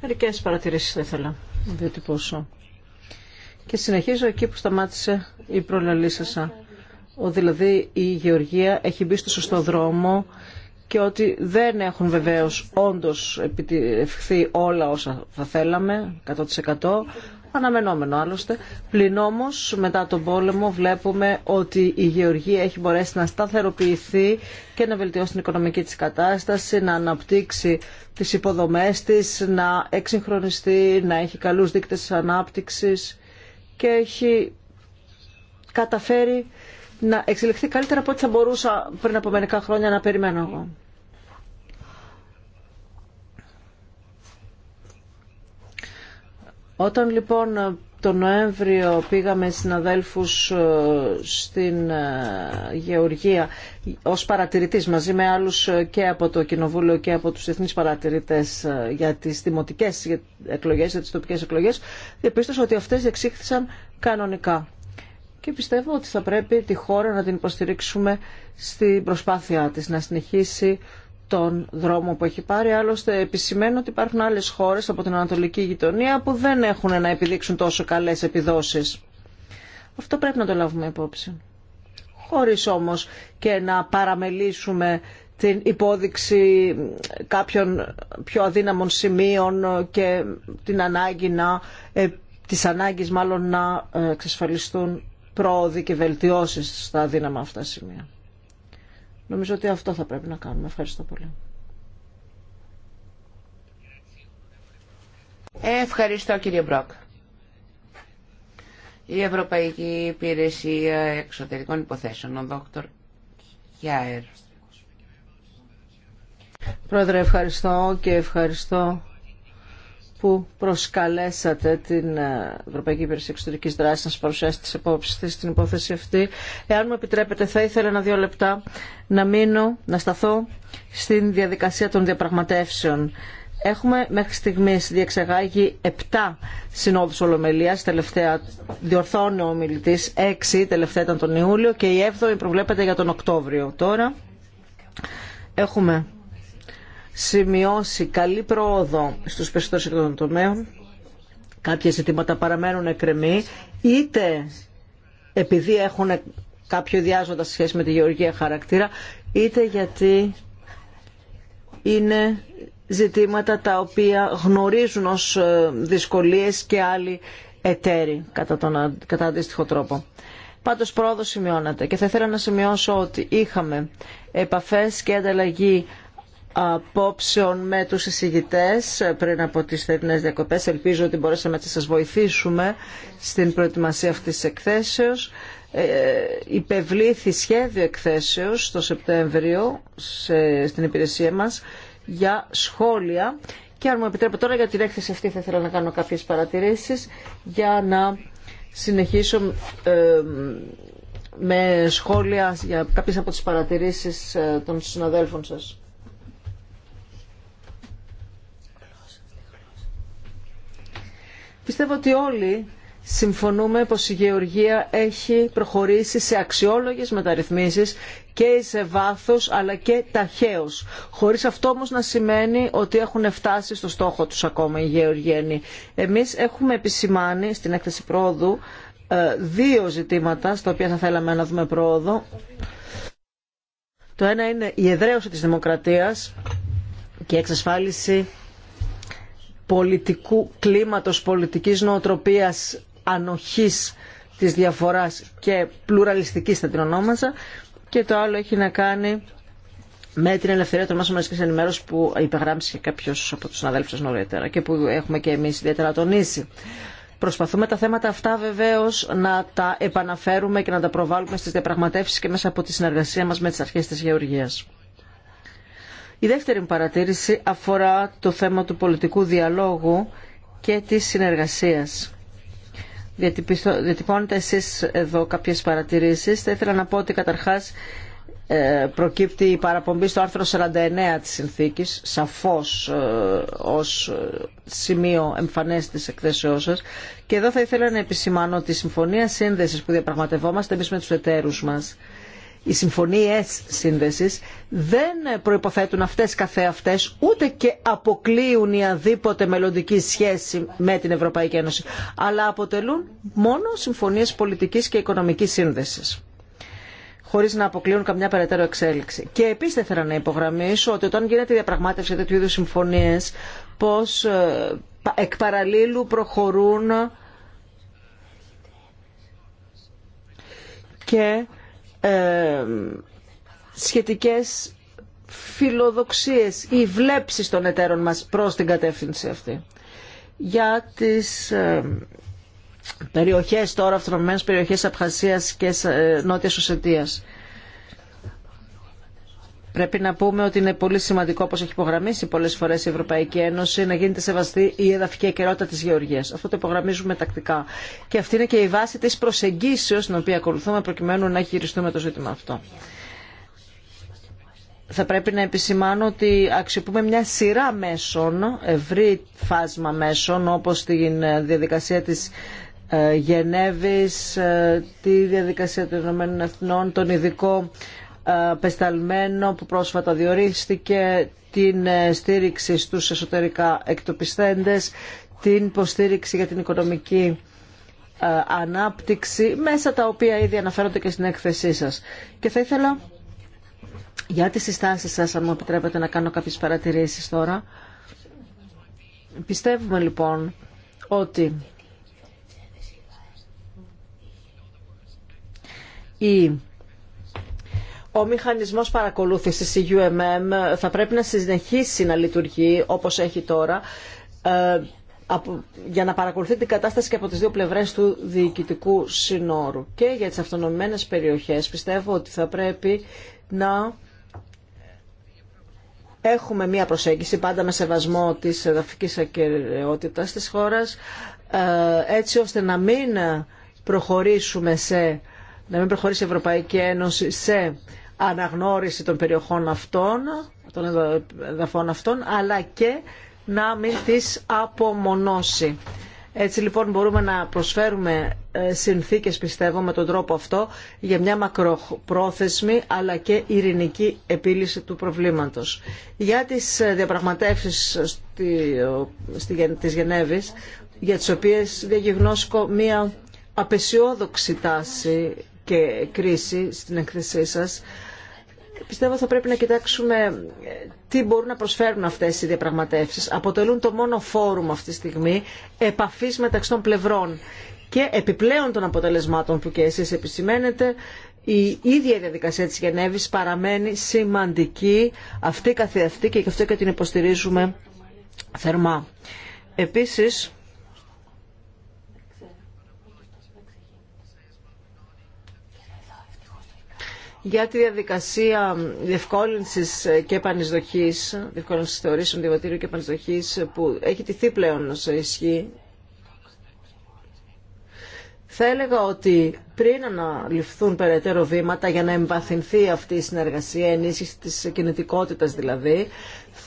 [SPEAKER 3] μερικές παρατηρήσεις θα ήθελα να διατυπώσω. Και συνεχίζω εκεί που σταμάτησε η προλαλή Ότι δηλαδή η Γεωργία έχει μπει στο σωστό δρόμο και ότι δεν έχουν βεβαίως όντως επιτευχθεί όλα όσα θα θέλαμε 100% αναμενόμενο άλλωστε. Πλην όμω, μετά τον πόλεμο, βλέπουμε ότι η γεωργία έχει μπορέσει να σταθεροποιηθεί και να βελτιώσει την οικονομική τη κατάσταση, να αναπτύξει τι υποδομέ τη, να εξυγχρονιστεί, να έχει καλού δείκτε ανάπτυξη και έχει καταφέρει να εξελιχθεί καλύτερα από ό,τι θα μπορούσα πριν από μερικά χρόνια να περιμένω εγώ. Όταν λοιπόν τον Νοέμβριο πήγαμε συναδέλφους ε, στην ε, Γεωργία ως παρατηρητής μαζί με άλλους ε, και από το Κοινοβούλιο και από τους εθνείς παρατηρητές για τις δημοτικές εκλογές, για τις τοπικές εκλογές, διαπίστωσα ότι αυτές εξήχθησαν κανονικά. Και πιστεύω ότι θα πρέπει τη χώρα να την υποστηρίξουμε στην προσπάθειά της να συνεχίσει τον δρόμο που έχει πάρει. Άλλωστε επισημαίνω ότι υπάρχουν άλλες χώρες από την Ανατολική γειτονία που δεν έχουν να επιδείξουν τόσο καλές επιδόσεις. Αυτό πρέπει να το λάβουμε υπόψη. Χωρίς όμως και να παραμελήσουμε την υπόδειξη κάποιων πιο αδύναμων σημείων και την ανάγκη να, ε, ανάγκης μάλλον να ε, εξασφαλιστούν πρόοδοι και βελτιώσεις στα αδύναμα αυτά σημεία. Νομίζω ότι
[SPEAKER 1] αυτό θα πρέπει να κάνουμε. Ευχαριστώ πολύ. Ευχαριστώ κύριε Μπρόκ. Η Ευρωπαϊκή Υπηρεσία Εξωτερικών Υποθέσεων, ο Δόκτωρ Γιάερ.
[SPEAKER 3] Πρόεδρε, ευχαριστώ και ευχαριστώ που προσκαλέσατε την ε, Ευρωπαϊκή Υπηρεσία Εξωτερικής Δράσης να σας παρουσιάσει τις απόψεις της στην υπόθεση αυτή. Εάν μου επιτρέπετε θα ήθελα ένα δύο λεπτά να μείνω, να σταθώ στην διαδικασία των διαπραγματεύσεων. Έχουμε μέχρι στιγμή διεξεγάγει 7 συνόδου ολομελία. Τελευταία διορθώνει ο ομιλητή 6, τελευταία ήταν τον Ιούλιο και η 7η προβλέπεται για τον Οκτώβριο. Τώρα έχουμε σημειώσει καλή πρόοδο στους περισσότερους των τομέων. Κάποια ζητήματα παραμένουν εκκρεμή, είτε επειδή έχουν κάποιο διάζοντα σχέση με τη γεωργία χαρακτήρα, είτε γιατί είναι ζητήματα τα οποία γνωρίζουν ως ε, δυσκολίες και άλλοι εταίροι κατά, τον, κατά αντίστοιχο τρόπο. Πάντως πρόοδο σημειώνεται και θα ήθελα να σημειώσω ότι είχαμε επαφές και ανταλλαγή απόψεων με τους εισηγητές πριν από τις θερινές διακοπές. Ελπίζω ότι μπορέσαμε να σας βοηθήσουμε στην προετοιμασία αυτής της εκθέσεως. Ε, υπευλήθη σχέδιο εκθέσεως το Σεπτέμβριο σε, στην υπηρεσία μας για σχόλια και αν μου επιτρέπετε τώρα για την έκθεση αυτή θα ήθελα να κάνω κάποιες παρατηρήσεις για να συνεχίσω ε, με σχόλια για κάποιες από τις παρατηρήσεις ε, των συναδέλφων σας. Πιστεύω ότι όλοι συμφωνούμε πως η Γεωργία έχει προχωρήσει σε αξιόλογες μεταρρυθμίσεις και σε βάθος αλλά και ταχαίως. Χωρίς αυτό όμως να σημαίνει ότι έχουν φτάσει στο στόχο τους ακόμα οι γεωργένοι. Εμείς έχουμε επισημάνει στην έκθεση πρόοδου ε, δύο ζητήματα στα οποία θα θέλαμε να δούμε πρόοδο. Το ένα είναι η εδραίωση της δημοκρατίας και η εξασφάλιση πολιτικού κλίματος, πολιτικής νοοτροπίας, ανοχής της διαφοράς και πλουραλιστικής θα την ονόμαζα και το άλλο έχει να κάνει με την ελευθερία των μέσων μαζική που υπεγράμψει και κάποιος από τους συναδέλφους νωρίτερα και που έχουμε και εμείς ιδιαίτερα τονίσει. Προσπαθούμε τα θέματα αυτά βεβαίω να τα επαναφέρουμε και να τα προβάλλουμε στι διαπραγματεύσει και μέσα από τη συνεργασία μα με τι αρχέ τη Γεωργία. Η δεύτερη παρατήρηση αφορά το θέμα του πολιτικού διαλόγου και της συνεργασίας. Διατυπώνετε εσείς εδώ κάποιες παρατηρήσεις. Θα ήθελα να πω ότι καταρχάς ε, προκύπτει η παραπομπή στο άρθρο 49 της συνθήκης, σαφώς ε, ως σημείο εμφανές της εκθέσεώς σας. Και εδώ θα ήθελα να επισημάνω τη συμφωνία σύνδεσης που διαπραγματευόμαστε εμείς με τους εταίρους μας οι συμφωνίες σύνδεσης δεν προϋποθέτουν αυτές καθεαυτές ούτε και αποκλείουν η αδίποτε μελλοντική σχέση με την Ευρωπαϊκή Ένωση αλλά αποτελούν μόνο συμφωνίες πολιτικής και οικονομικής σύνδεσης χωρίς να αποκλείουν καμιά περαιτέρω εξέλιξη. Και επίσης θα να υπογραμμίσω ότι όταν γίνεται η διαπραγμάτευση τέτοιου είδους συμφωνίες πως ε, εκ παραλίλου προχωρούν και ε, σχετικές φιλοδοξίες ή βλέψεις των εταίρων μας προς την κατεύθυνση αυτή. Για τις ε, περιοχές τώρα, αυτονομημένες περιοχές Απχασίας και ε, Νότιας Πρέπει να πούμε ότι είναι πολύ σημαντικό, όπω έχει υπογραμμίσει πολλέ φορέ η Ευρωπαϊκή Ένωση, να γίνεται σεβαστή η εδαφική αικαιρότητα τη Γεωργία. Αυτό το υπογραμμίζουμε τακτικά. Και αυτή είναι και η βάση τη προσεγγίσεω την οποία ακολουθούμε προκειμένου να χειριστούμε το ζήτημα αυτό. Θα πρέπει να επισημάνω ότι αξιοποιούμε μια σειρά μέσων, ευρύ φάσμα μέσων, όπως τη ε, διαδικασία της ε, Γενέβης, ε, τη διαδικασία των Ηνωμένων Εθνών, τον ειδικό ε, πεσταλμένο που πρόσφατα διορίστηκε, την ε, στήριξη στους εσωτερικά εκτοπιστέντες, την υποστήριξη για την οικονομική ε, ανάπτυξη, μέσα τα οποία ήδη αναφέρονται και στην έκθεσή σας. Και θα ήθελα για τις συστάσεις σας, αν μου επιτρέπετε να κάνω κάποιες παρατηρήσεις τώρα. Πιστεύουμε λοιπόν ότι η ο μηχανισμός παρακολούθησης η UMM θα πρέπει να συνεχίσει να λειτουργεί όπως έχει τώρα ε, για να παρακολουθεί την κατάσταση και από τις δύο πλευρές του διοικητικού συνόρου. Και για τις αυτονομημένες περιοχές πιστεύω ότι θα πρέπει να έχουμε μία προσέγγιση πάντα με σεβασμό της εδαφικής ακεραιότητας της χώρας ε, έτσι ώστε να μην προχωρήσουμε σε να μην προχωρήσει η Ευρωπαϊκή Ένωση σε αναγνώριση των περιοχών αυτών, των εδαφών αυτών, αλλά και να μην τις απομονώσει. Έτσι λοιπόν μπορούμε να προσφέρουμε ε, συνθήκες πιστεύω με τον τρόπο αυτό για μια μακροπρόθεσμη αλλά και ειρηνική επίλυση του προβλήματος. Για τις ε, διαπραγματεύσεις στη, της Γενέβης για τις οποίες διαγιγνώσκω μια απεσιόδοξη τάση και κρίση στην εκθεσή σας πιστεύω θα πρέπει να κοιτάξουμε ε, τι μπορούν να προσφέρουν αυτές οι διαπραγματεύσεις. Αποτελούν το μόνο φόρουμ αυτή τη στιγμή επαφής μεταξύ των πλευρών και επιπλέον των αποτελεσμάτων που και εσείς επισημαίνετε η ίδια η διαδικασία της Γενέβης παραμένει σημαντική αυτή καθεαυτή και γι' αυτό και την υποστηρίζουμε θερμά. Επίσης, για τη διαδικασία διευκόλυνσης και επανεισδοχής, διευκόλυνσης θεωρήσεων διαβατήριου και επανεισδοχής που έχει τηθεί πλέον σε ισχύ. Θα έλεγα ότι πριν αναλυφθούν περαιτέρω βήματα για να εμπαθυνθεί αυτή η συνεργασία, ενίσχυση της κινητικότητας δηλαδή,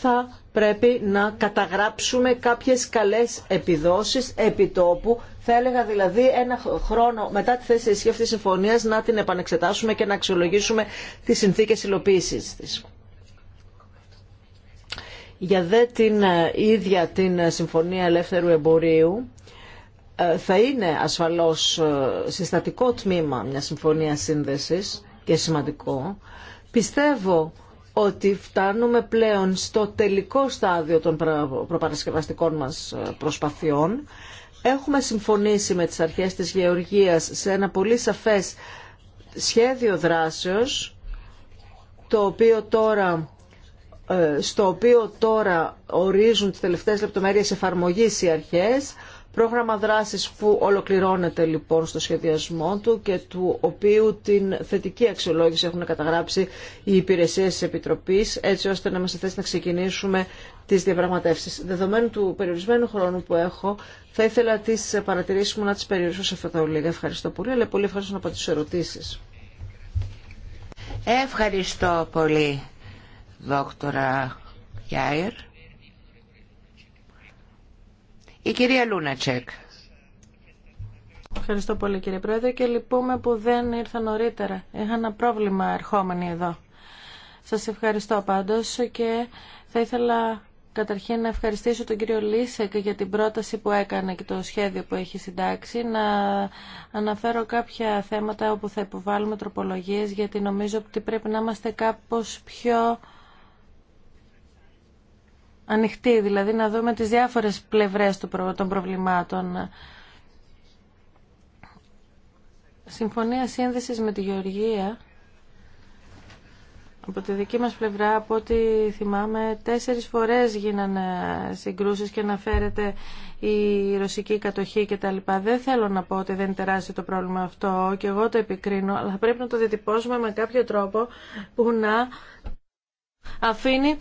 [SPEAKER 3] θα πρέπει να καταγράψουμε κάποιες καλές επιδόσεις τόπου, Θα έλεγα δηλαδή ένα χρόνο μετά τη θέση ισχύ αυτής της συμφωνίας να την επανεξετάσουμε και να αξιολογήσουμε τις συνθήκες υλοποίησης της. Για δε την ε, ίδια την ε, Συμφωνία Ελεύθερου Εμπορίου, ε, θα είναι ασφαλώς συστατικό τμήμα μια συμφωνία σύνδεσης και σημαντικό. Πιστεύω ότι φτάνουμε πλέον στο τελικό στάδιο των προπαρασκευαστικών μας ε, προσπαθειών. Έχουμε συμφωνήσει με τις αρχές της Γεωργίας σε ένα πολύ σαφές σχέδιο δράσεως, το οποίο τώρα, ε, στο οποίο τώρα ορίζουν τις τελευταίες λεπτομέρειες εφαρμογής οι αρχές, Πρόγραμμα δράσης που ολοκληρώνεται λοιπόν στο σχεδιασμό του και του οποίου την θετική αξιολόγηση έχουν καταγράψει οι υπηρεσίες της Επιτροπής έτσι ώστε να είμαστε θέσει να ξεκινήσουμε τις διαπραγματεύσεις. Δεδομένου του περιορισμένου χρόνου που έχω θα ήθελα τις παρατηρήσεις μου να τις περιορίσω σε αυτά τα Ευχαριστώ πολύ, αλλά πολύ ευχαριστώ
[SPEAKER 1] να απαντήσω ερωτήσεις. Ευχαριστώ πολύ, δόκτωρα Γιάιρ. Η κυρία Λούνατσεκ. Ευχαριστώ πολύ κύριε Πρόεδρε και λυπούμε
[SPEAKER 2] που δεν ήρθα νωρίτερα. Είχα ένα πρόβλημα ερχόμενοι εδώ. Σας ευχαριστώ πάντως και θα ήθελα Καταρχήν να ευχαριστήσω τον κύριο Λίσεκ για την πρόταση που έκανε και το σχέδιο που έχει συντάξει. Να αναφέρω κάποια θέματα όπου θα υποβάλουμε τροπολογίες γιατί νομίζω ότι πρέπει να είμαστε κάπως πιο ανοιχτή, δηλαδή να δούμε τις διάφορες πλευρές των προβλημάτων. Συμφωνία σύνδεσης με τη Γεωργία. Από τη δική μας πλευρά, από ό,τι θυμάμαι, τέσσερις φορές γίνανε συγκρούσεις και αναφέρεται η ρωσική κατοχή κτλ. Δεν θέλω να πω ότι δεν είναι τεράστιο το πρόβλημα αυτό και εγώ το επικρίνω, αλλά θα πρέπει να το διατυπώσουμε με κάποιο τρόπο που να αφήνει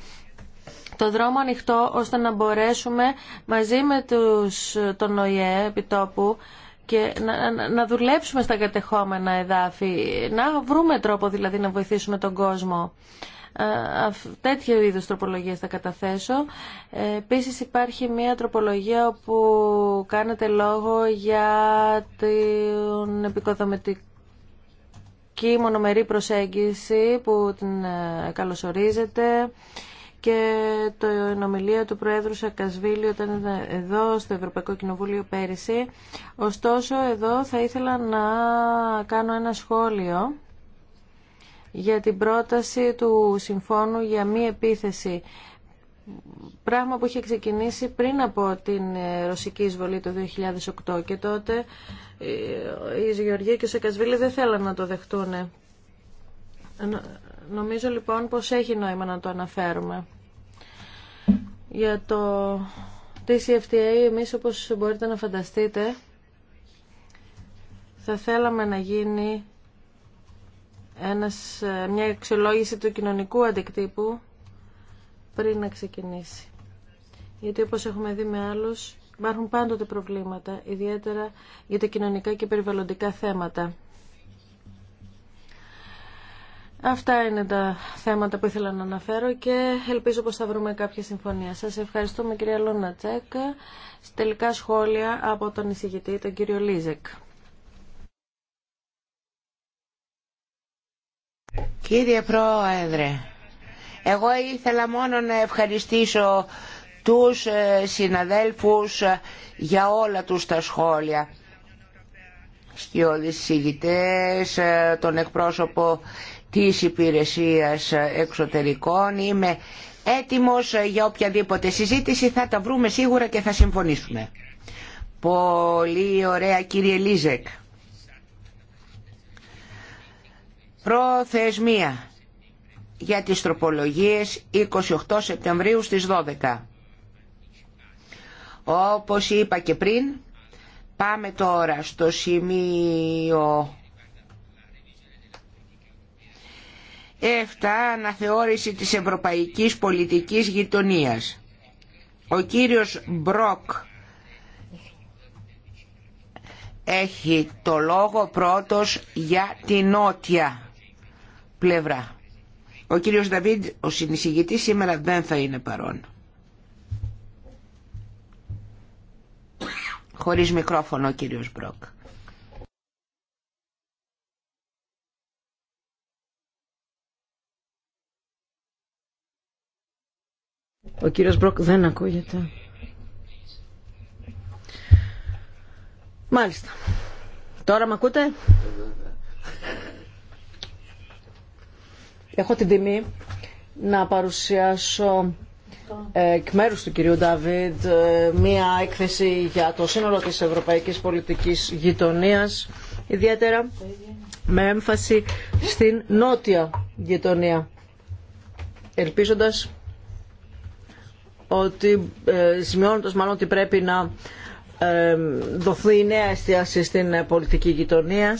[SPEAKER 2] το δρόμο ανοιχτό ώστε να μπορέσουμε μαζί με τους, τον ΟΗΕ επιτόπου και να, να δουλέψουμε στα κατεχόμενα εδάφη, να βρούμε τρόπο δηλαδή να βοηθήσουμε τον κόσμο τέτοιο είδους τροπολογίες θα καταθέσω. Ε, επίσης υπάρχει μια τροπολογία όπου κάνετε λόγο για την επικοδομητική μονομερή προσέγγιση που την ε, καλωσορίζεται και το ενομιλία του Προέδρου Σακασβίλη όταν ήταν εδώ στο Ευρωπαϊκό Κοινοβούλιο πέρυσι. Ωστόσο, εδώ θα ήθελα να κάνω ένα σχόλιο για την πρόταση του Συμφώνου για μη επίθεση πράγμα που είχε ξεκινήσει πριν από την ρωσική εισβολή το 2008 και τότε η ε, Γεωργία και ο Σεκασβίλη δεν θέλαν να το δεχτούν Νομίζω λοιπόν πως έχει νόημα να το αναφέρουμε. Για το TCFTA εμείς όπως μπορείτε να φανταστείτε θα θέλαμε να γίνει ένας, μια αξιολόγηση του κοινωνικού αντικτύπου πριν να ξεκινήσει. Γιατί όπως έχουμε δει με άλλους υπάρχουν πάντοτε προβλήματα, ιδιαίτερα για τα κοινωνικά και περιβαλλοντικά θέματα. Αυτά είναι τα θέματα που ήθελα να αναφέρω και ελπίζω πως θα βρούμε κάποια συμφωνία. Σας ευχαριστούμε κυρία Λούνα Τσέκ. Τελικά σχόλια από τον εισηγητή, τον κύριο Λίζεκ.
[SPEAKER 1] Κύριε Πρόεδρε, εγώ ήθελα μόνο να ευχαριστήσω τους ε, συναδέλφους ε, για όλα τους τα σχόλια σκιώδεις συγητές, ε, τον εκπρόσωπο Τη υπηρεσίας εξωτερικών. Είμαι έτοιμος για οποιαδήποτε συζήτηση, θα τα βρούμε σίγουρα και θα συμφωνήσουμε. Πολύ ωραία κύριε Λίζεκ. Προθεσμία για τις τροπολογίες 28 Σεπτεμβρίου στις 12. Όπως είπα και πριν, πάμε τώρα στο σημείο 7. Αναθεώρηση της ευρωπαϊκής πολιτικής γειτονίας. Ο κύριος Μπροκ έχει το λόγο πρώτος για την νότια πλευρά. Ο κύριος Δαβίδ, ο συνεισηγητής, σήμερα δεν θα είναι παρόν. Χωρίς μικρόφωνο ο κύριος Μπροκ.
[SPEAKER 3] Ο κύριος Μπροκ δεν ακούγεται. Μάλιστα. Τώρα με ακούτε. Έχω την τιμή να παρουσιάσω ε, εκ μέρους του κυρίου Νταβίτ ε, μία έκθεση για το σύνολο της ευρωπαϊκής πολιτικής γειτονίας ιδιαίτερα με έμφαση στην νότια γειτονία ελπίζοντας ότι ε, σημειώνοντας μάλλον ότι πρέπει να ε, δοθεί η νέα εστίαση στην ε, πολιτική γειτονία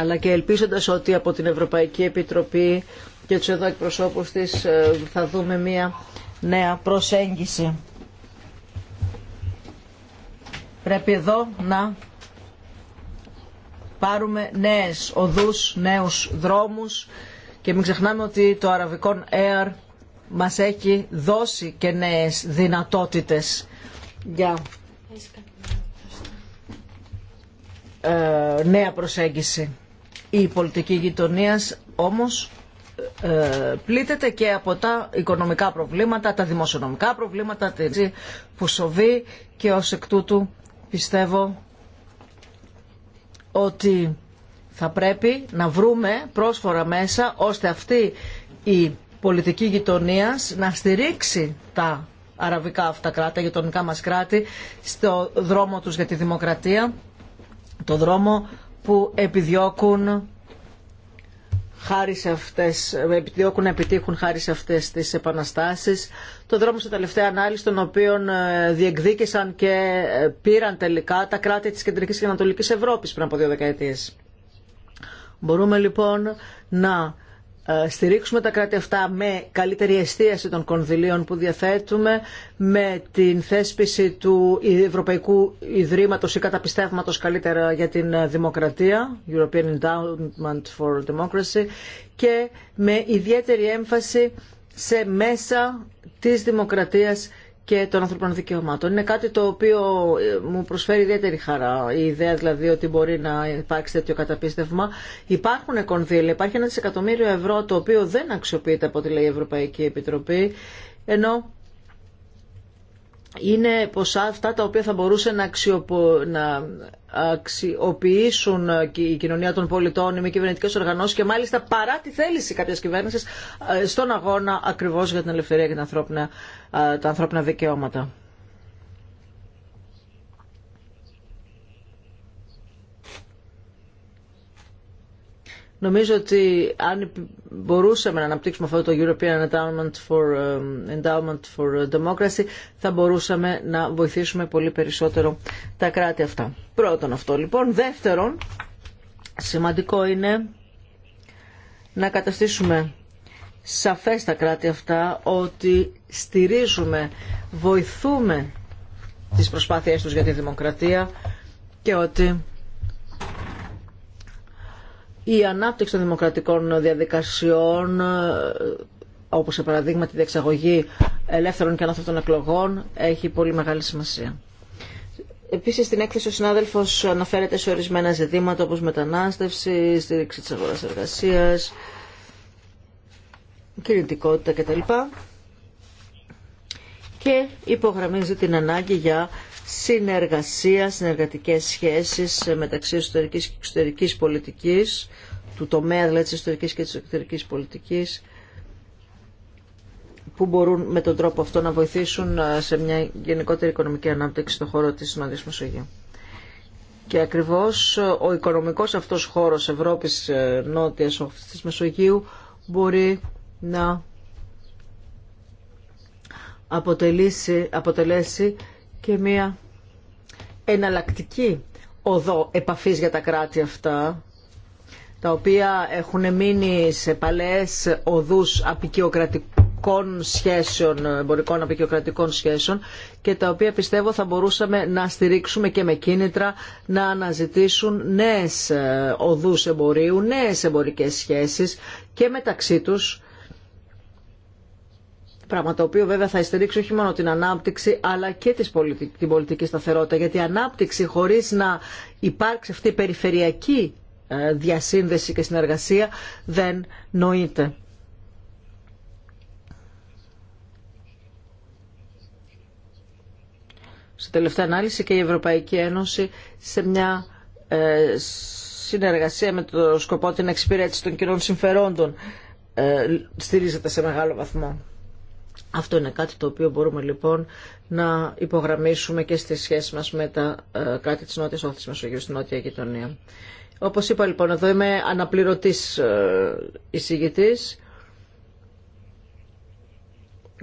[SPEAKER 3] αλλά και ελπίζοντας ότι από την Ευρωπαϊκή Επιτροπή και τους εδώ εκπροσώπους της θα δούμε μία νέα προσέγγιση. Πρέπει εδώ να πάρουμε νέες οδούς, νέους δρόμους και μην ξεχνάμε ότι το αραβικό air μας έχει δώσει και νέες δυνατότητες για ε, νέα προσέγγιση. Η πολιτική γειτονίας όμως ε, πλήττεται και από τα οικονομικά προβλήματα, τα δημοσιονομικά προβλήματα που σοβεί και ως εκ τούτου πιστεύω ότι θα πρέπει να βρούμε πρόσφορα μέσα ώστε αυτή η πολιτική γειτονία να στηρίξει τα αραβικά αυτά κράτη, τα γειτονικά μας κράτη, στο δρόμο τους για τη δημοκρατία, το δρόμο που επιδιώκουν χάρη σε αυτές, επιδιώκουν να επιτύχουν χάρη σε αυτές τις επαναστάσεις. Το δρόμο σε τελευταία ανάλυση τον οποίων ε, διεκδίκησαν και ε, πήραν τελικά τα κράτη της Κεντρικής και Ανατολικής Ευρώπης πριν από δύο δεκαετίες. Μπορούμε λοιπόν να ε, στηρίξουμε τα κράτη αυτά με καλύτερη εστίαση των κονδυλίων που διαθέτουμε, με την θέσπιση του Ευρωπαϊκού Ιδρύματος ή καταπιστεύματος καλύτερα για την ε, δημοκρατία, European Endowment for Democracy, και με ιδιαίτερη έμφαση σε μέσα της δημοκρατίας και των ανθρωπίνων δικαιωμάτων. Είναι κάτι το οποίο ε, μου προσφέρει ιδιαίτερη χαρά. Η ιδέα δηλαδή ότι μπορεί να υπάρξει τέτοιο καταπίστευμα. Υπάρχουν κονδύλια, υπάρχει ένα δισεκατομμύριο ευρώ το οποίο δεν αξιοποιείται από ό,τι λέει η Ευρωπαϊκή Επιτροπή, ενώ είναι ποσά αυτά τα οποία θα μπορούσε να, αξιοπο... να αξιοποιήσουν η κοινωνία των πολιτών, οι μη κυβερνητικέ οργανώσει και μάλιστα παρά τη θέληση κάποια κυβέρνηση ε, στον αγώνα ακριβώ για την ελευθερία και τα ε, τα ανθρώπινα δικαιώματα. Νομίζω ότι αν μπορούσαμε να αναπτύξουμε αυτό το European Endowment for, um, Endowment for Democracy θα μπορούσαμε να βοηθήσουμε πολύ περισσότερο τα κράτη αυτά. Πρώτον αυτό λοιπόν. Δεύτερον, σημαντικό είναι να καταστήσουμε σαφές τα κράτη αυτά ότι στηρίζουμε, βοηθούμε τις προσπάθειές τους για τη δημοκρατία και ότι η ανάπτυξη των δημοκρατικών διαδικασιών ε, όπως σε παραδείγμα τη διεξαγωγή ελεύθερων και ανώθευτων εκλογών έχει πολύ μεγάλη σημασία. Επίσης στην έκθεση ο συνάδελφος αναφέρεται σε ορισμένα ζητήματα όπως μετανάστευση, στήριξη της αγοράς εργασίας, κινητικότητα κτλ. Και υπογραμμίζει την ανάγκη για συνεργασία, συνεργατικές σχέσεις μεταξύ εσωτερικής και εξωτερικής πολιτικής, του τομέα δηλαδή της εσωτερικής και της εξωτερικής πολιτικής, που μπορούν με τον τρόπο αυτό να βοηθήσουν ε, σε μια γενικότερη οικονομική ανάπτυξη στον χώρο της Νότιας Μεσογείου. Και ακριβώς ε, ο οικονομικός αυτός χώρος Ευρώπης ε, Νότιας της Μεσογείου μπορεί να αποτελέσει και μία εναλλακτική οδό επαφής για τα κράτη αυτά, τα οποία έχουν μείνει σε παλαιές οδούς απεικιοκρατικών σχέσεων, εμπορικών απεικιοκρατικών σχέσεων και τα οποία πιστεύω θα μπορούσαμε να στηρίξουμε και με κίνητρα να αναζητήσουν νέες ε, οδούς εμπορίου, νέες εμπορικές σχέσεις και μεταξύ τους Πράγμα το οποίο βέβαια θα ειστερίξει όχι μόνο την ανάπτυξη αλλά και την πολιτική σταθερότητα. Γιατί η ανάπτυξη χωρίς να υπάρξει αυτή η περιφερειακή ε, διασύνδεση και συνεργασία δεν νοείται. Στη τελευταία ανάλυση και η Ευρωπαϊκή Ένωση σε μια ε, συνεργασία με το σκοπό την εξυπηρέτηση των κοινών συμφερόντων ε, στηρίζεται σε μεγάλο βαθμό. Αυτό είναι κάτι το οποίο μπορούμε λοιπόν να υπογραμμίσουμε και στη σχέση μας με τα ε, κράτη της Νότιας Όχθης Μεσογείου στην Νότια Γειτονία. Όπως είπα λοιπόν, εδώ είμαι αναπληρωτής ε, εισηγητής.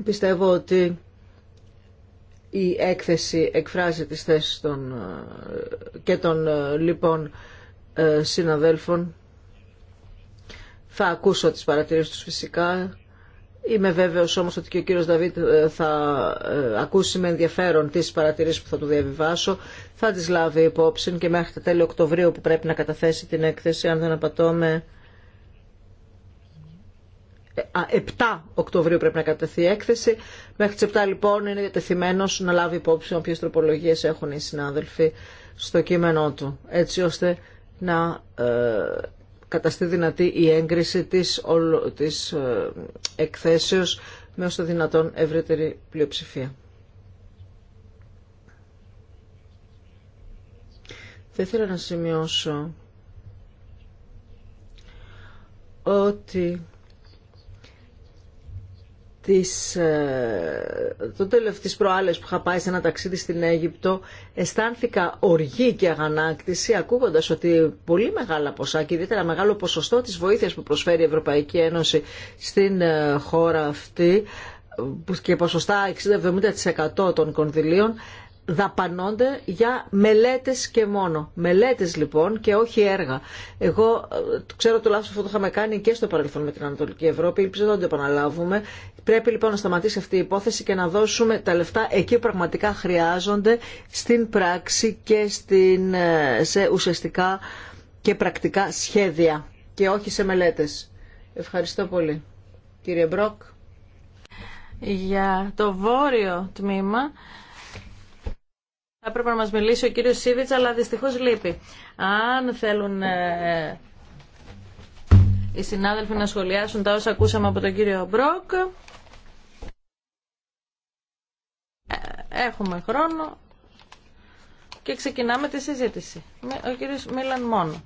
[SPEAKER 3] Πιστεύω ότι η έκθεση εκφράζει τις θέσεις των, ε, και των ε, λοιπόν ε, συναδέλφων. Θα ακούσω τις παρατηρήσεις τους φυσικά Είμαι βέβαιος όμως ότι και ο κύριος Δαβίτ ε, θα ε, ακούσει με ενδιαφέρον τις παρατηρήσεις που θα του διαβιβάσω. Θα τις λάβει υπόψη και μέχρι τα τέλη Οκτωβρίου που πρέπει να καταθέσει την έκθεση, αν δεν απατώμε... 7 ε, Οκτωβρίου πρέπει να κατεθεί η έκθεση. Μέχρι τις 7 λοιπόν είναι διατεθειμένος να λάβει υπόψη όποιες τροπολογίες έχουν οι συνάδελφοι στο κείμενό του, έτσι ώστε να καταστεί δυνατή η έγκριση της, της ε, εκθέσεως με όσο δυνατόν ευρύτερη πλειοψηφία. Θα ήθελα να σημειώσω ότι τις, ε, το τελευταίες προάλλες που είχα πάει σε ένα ταξίδι στην Αίγυπτο αισθάνθηκα οργή και αγανάκτηση ακούγοντας ότι πολύ μεγάλα ποσά και ιδιαίτερα μεγάλο ποσοστό της βοήθειας που προσφέρει η Ευρωπαϊκή Ένωση στην ε, χώρα αυτή και ποσοστά 60-70% των κονδυλίων δαπανώνται για μελέτες και μόνο. Μελέτες λοιπόν και όχι έργα. Εγώ ε, ξέρω το λάθος αυτό το είχαμε κάνει και στο παρελθόν με την Ανατολική Ευρώπη, ελπίζω να το επαναλάβουμε. Πρέπει λοιπόν να σταματήσει αυτή η υπόθεση και να δώσουμε τα λεφτά εκεί που πραγματικά χρειάζονται στην πράξη και στην, ε, σε ουσιαστικά και πρακτικά σχέδια και όχι σε μελέτες. Ευχαριστώ πολύ. Κύριε Μπρόκ. Για το βόρειο τμήμα
[SPEAKER 2] Έπρεπε να μας μιλήσει ο κύριος Σίβιτς, αλλά δυστυχώς λείπει. Αν θέλουν ε, οι συνάδελφοι να σχολιάσουν τα όσα ακούσαμε από τον κύριο Μπρόκ, ε, έχουμε χρόνο και ξεκινάμε τη συζήτηση. Ο κύριος Μίλαν μόνο.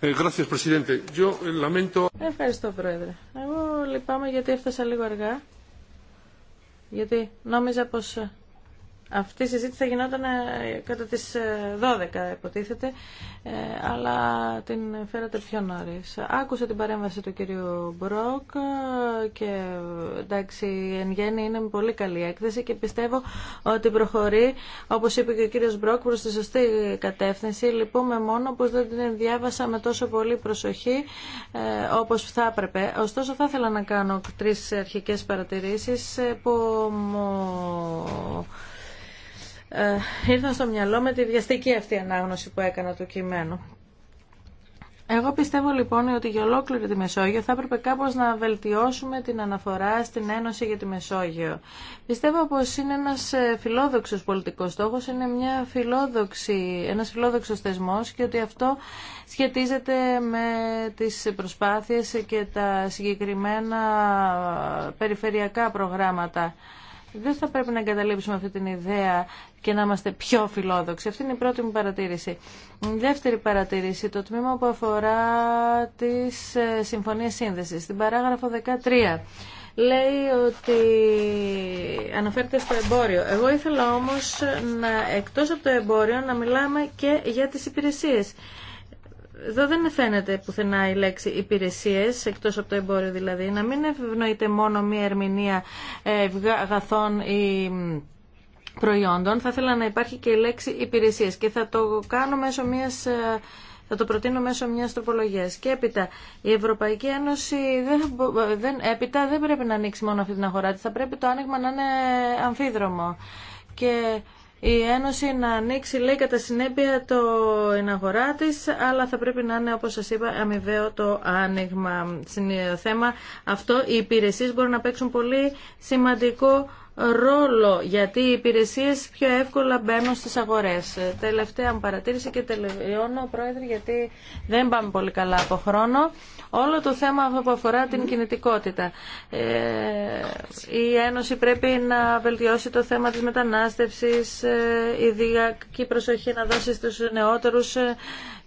[SPEAKER 2] Ε, eh, Ευχαριστώ, Πρόεδρε. Εγώ λυπάμαι γιατί έφτασα λίγο αργά γιατί νόμιζα πως ε, αυτή η συζήτηση θα γινόταν ε, κατά τις 12 ε, υποτίθεται, ε, αλλά την φέρατε πιο νωρίς. Άκουσα την παρέμβαση του κυρίου Μπρόκ και εντάξει εν γέννη είναι πολύ καλή έκθεση και πιστεύω ότι προχωρεί, όπως είπε και ο κύριος Μπρόκ, προς τη σωστή κατεύθυνση. Λυπούμε μόνο που δεν την διάβασα με τόσο πολύ προσοχή όπως θα έπρεπε. Ωστόσο θα ήθελα να κάνω τρεις αρχικές παρατηρήσεις που μου ε, Ήρθα στο μυαλό με τη βιαστική αυτή ανάγνωση που έκανα του κειμένου. Εγώ πιστεύω λοιπόν ότι για ολόκληρη τη Μεσόγειο θα έπρεπε κάπως να βελτιώσουμε την αναφορά στην Ένωση για τη Μεσόγειο. Πιστεύω πως είναι ένας ε, φιλόδοξος πολιτικός στόχος, είναι μια φιλόδοξη, ένας φιλόδοξος θεσμός και ότι αυτό σχετίζεται με τις προσπάθειες και τα συγκεκριμένα περιφερειακά προγράμματα δεν θα πρέπει να εγκαταλείψουμε αυτή την ιδέα και να είμαστε πιο φιλόδοξοι. Αυτή είναι η πρώτη μου παρατήρηση. Η δεύτερη παρατήρηση, το τμήμα που αφορά τις ε, συμφωνίες σύνδεσης, στην παράγραφο 13 λέει ότι αναφέρεται στο εμπόριο. Εγώ ήθελα όμως να, εκτός από το εμπόριο να μιλάμε και για τις υπηρεσίες. Εδώ δεν φαίνεται πουθενά η λέξη υπηρεσίες, εκτός από το εμπόριο δηλαδή. Να μην ευνοείται μόνο μία ερμηνεία ε, αγαθών ή προϊόντων. Θα ήθελα να υπάρχει και η λέξη υπηρεσίες και θα το κάνω μέσω μια. Ε, θα το προτείνω μέσω μιας τροπολογίας. Και έπειτα, η Ευρωπαϊκή Ένωση δεν, δεν, δεν πρέπει να ανοίξει μόνο αυτή την αγορά Θα πρέπει το άνοιγμα να είναι αμφίδρομο. Και η Ένωση να ανοίξει λέει κατά συνέπεια το εναγορά τη, αλλά θα πρέπει να είναι όπως σα είπα αμοιβαίο το άνοιγμα. Στην ε, θέμα αυτό οι υπηρεσίε μπορούν να παίξουν πολύ σημαντικό ρόλο γιατί οι υπηρεσίε πιο εύκολα μπαίνουν στις αγορές. Ε, τελευταία μου παρατήρηση και τελειώνω πρόεδρε γιατί δεν πάμε πολύ καλά από χρόνο. Όλο το θέμα αυτό που αφορά την κινητικότητα. Ε, η Ένωση πρέπει να βελτιώσει το θέμα της μετανάστευσης, ε, η διακή προσοχή να δώσει στους νεότερους ε,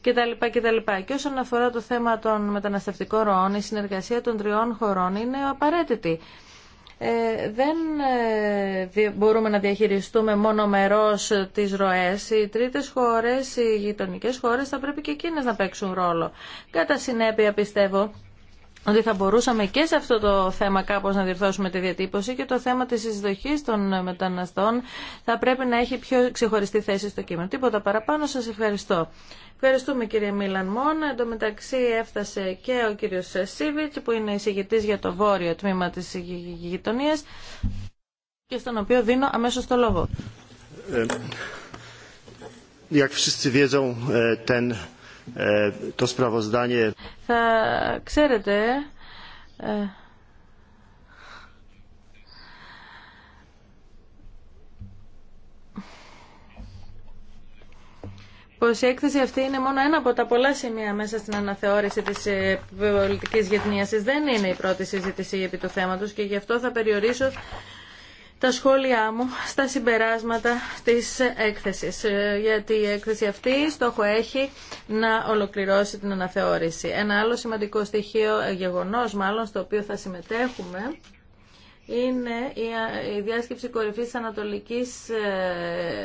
[SPEAKER 2] κτλ. κτλ. Και όσον αφορά το θέμα των μεταναστευτικών ροών, η συνεργασία των τριών χωρών είναι απαραίτητη. Ε, δεν ε, μπορούμε να διαχειριστούμε μόνο μερός τις ροές. Οι τρίτες χώρες, οι γειτονικές χώρες θα πρέπει και εκείνες να παίξουν ρόλο. Κατά συνέπεια πιστεύω ότι θα μπορούσαμε και σε αυτό το θέμα κάπως να διορθώσουμε τη διατύπωση και το θέμα της εισδοχής των μεταναστών θα πρέπει να έχει πιο ξεχωριστή θέση στο κείμενο. Τίποτα παραπάνω, σας ευχαριστώ. Ευχαριστούμε κύριε Μίλαν Μόν. Εν τω μεταξύ έφτασε και ο κύριος Σίβιτς που είναι εισηγητής για το βόρειο τμήμα της γειτονία και στον οποίο δίνω αμέσως το λόγο.
[SPEAKER 1] Ε,
[SPEAKER 3] ε,
[SPEAKER 2] θα ξέρετε ε, πως η έκθεση αυτή είναι μόνο ένα από τα πολλά σημεία μέσα στην αναθεώρηση της ε, πολιτικής γετνίασης. Δεν είναι η πρώτη συζήτηση επί του θέματος και γι' αυτό θα περιορίσω τα σχόλιά μου στα συμπεράσματα της έκθεσης. Ε, γιατί η έκθεση αυτή στόχο έχει να ολοκληρώσει την αναθεώρηση. Ένα άλλο σημαντικό στοιχείο, ε, γεγονός μάλλον, στο οποίο θα συμμετέχουμε, είναι η διάσκεψη κορυφής της Ανατολικής ε,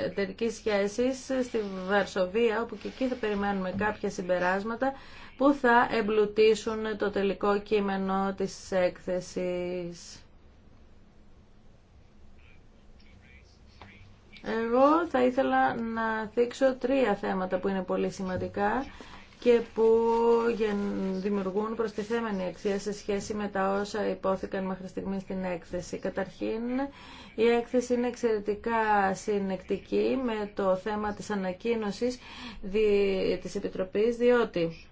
[SPEAKER 2] Εταιρικής Σχέσης στη Βαρσοβία, όπου και εκεί θα περιμένουμε κάποια συμπεράσματα που θα εμπλουτίσουν το τελικό κείμενο της έκθεσης. Εγώ θα ήθελα να δείξω τρία θέματα που είναι πολύ σημαντικά και που δημιουργούν προστιθέμενη αξία σε σχέση με τα όσα υπόθηκαν μέχρι στιγμή στην έκθεση. Καταρχήν, η έκθεση είναι εξαιρετικά συνεκτική με το θέμα της ανακοίνωσης της Επιτροπής, διότι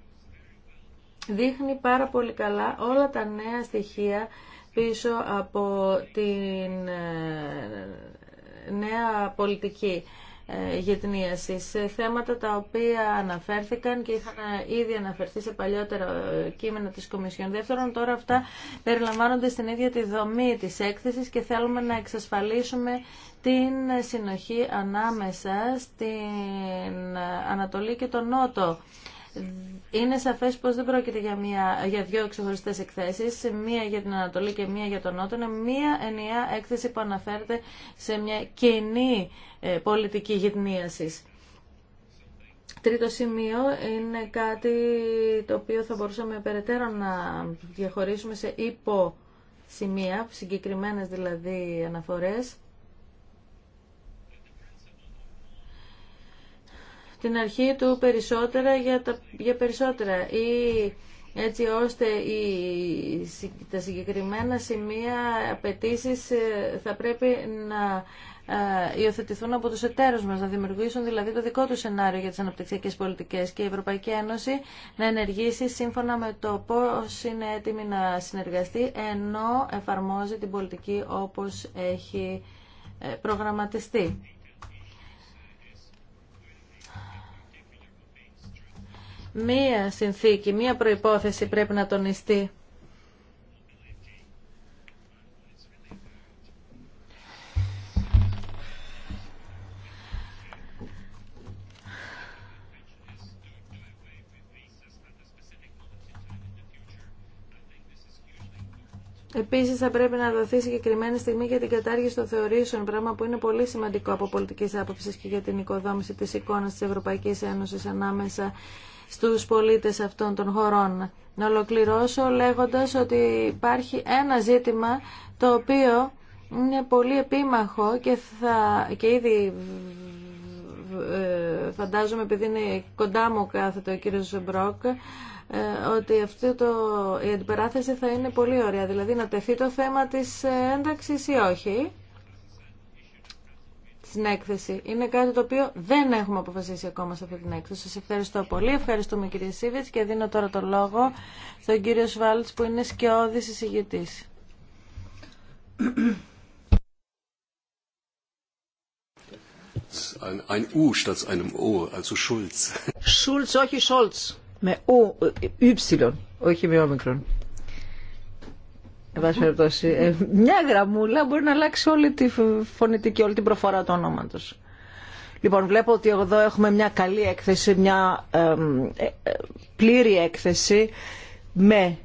[SPEAKER 2] δείχνει πάρα πολύ καλά όλα τα νέα στοιχεία πίσω από την ε, νέα πολιτική ε, Σε Θέματα τα οποία αναφέρθηκαν και είχαν ε, ήδη αναφερθεί σε παλιότερα ε, κείμενα της Κομισιόν. Δεύτερον, τώρα αυτά περιλαμβάνονται στην ίδια τη δομή της έκθεσης και θέλουμε να εξασφαλίσουμε την συνοχή ανάμεσα στην Ανατολή και τον Νότο είναι σαφέ πω δεν πρόκειται για, μια, για δύο ξεχωριστέ εκθέσει, μία για την Ανατολή και μία για τον Νότο. Είναι μία ενιαία έκθεση που αναφέρεται σε μια κοινή ε, πολιτική γυμνίαση. Τρίτο σημείο είναι κάτι το οποίο θα μπορούσαμε περαιτέρω να διαχωρίσουμε σε υποσημεία, συγκεκριμένες δηλαδή αναφορές. την αρχή του περισσότερα για, τα, για περισσότερα ή έτσι ώστε η τα συγκεκριμένα σημεία απαιτήσει ε, θα πρέπει να ε, υιοθετηθούν από τους εταίρους μας, να δημιουργήσουν δηλαδή το δικό του σενάριο για τις αναπτυξιακές πολιτικές και η Ευρωπαϊκή Ένωση να ενεργήσει σύμφωνα με το πώς είναι έτοιμη να συνεργαστεί ενώ εφαρμόζει την πολιτική όπως έχει ε, προγραμματιστεί. μία συνθήκη, μία προϋπόθεση πρέπει να τονιστεί. Επίσης θα πρέπει να δοθεί συγκεκριμένη στιγμή για την κατάργηση των θεωρήσεων, πράγμα που είναι πολύ σημαντικό από πολιτικής άποψης και για την οικοδόμηση της εικόνας της Ευρωπαϊκής Ένωσης ανάμεσα στους πολίτες αυτών των χωρών. Να ολοκληρώσω λέγοντας ότι υπάρχει ένα ζήτημα το οποίο είναι πολύ επίμαχο και, θα, και ήδη ε, φαντάζομαι επειδή είναι κοντά μου κάθεται ο κύριος Μπρόκ ε, ότι αυτή το, η αντιπεράθεση θα είναι πολύ ωραία. Δηλαδή να τεθεί το θέμα της ένταξης ή όχι στην έκθεση. Είναι κάτι το οποίο δεν έχουμε αποφασίσει ακόμα σε αυτή την έκθεση. Σας ευχαριστώ πολύ. Ευχαριστούμε κύριε Σίβιτς και δίνω τώρα το λόγο στον κύριο Σβάλτς που είναι σκιώδης εισηγητής.
[SPEAKER 3] Ein όχι Σολτς. Με ε, ε, Y, όχι με περιπτώσει, ε, μια γραμμούλα μπορεί να αλλάξει όλη τη φωνητική, όλη την προφορά του ονόματος. Λοιπόν, βλέπω ότι εδώ έχουμε μια καλή έκθεση, μια ε, ε, πλήρη έκθεση με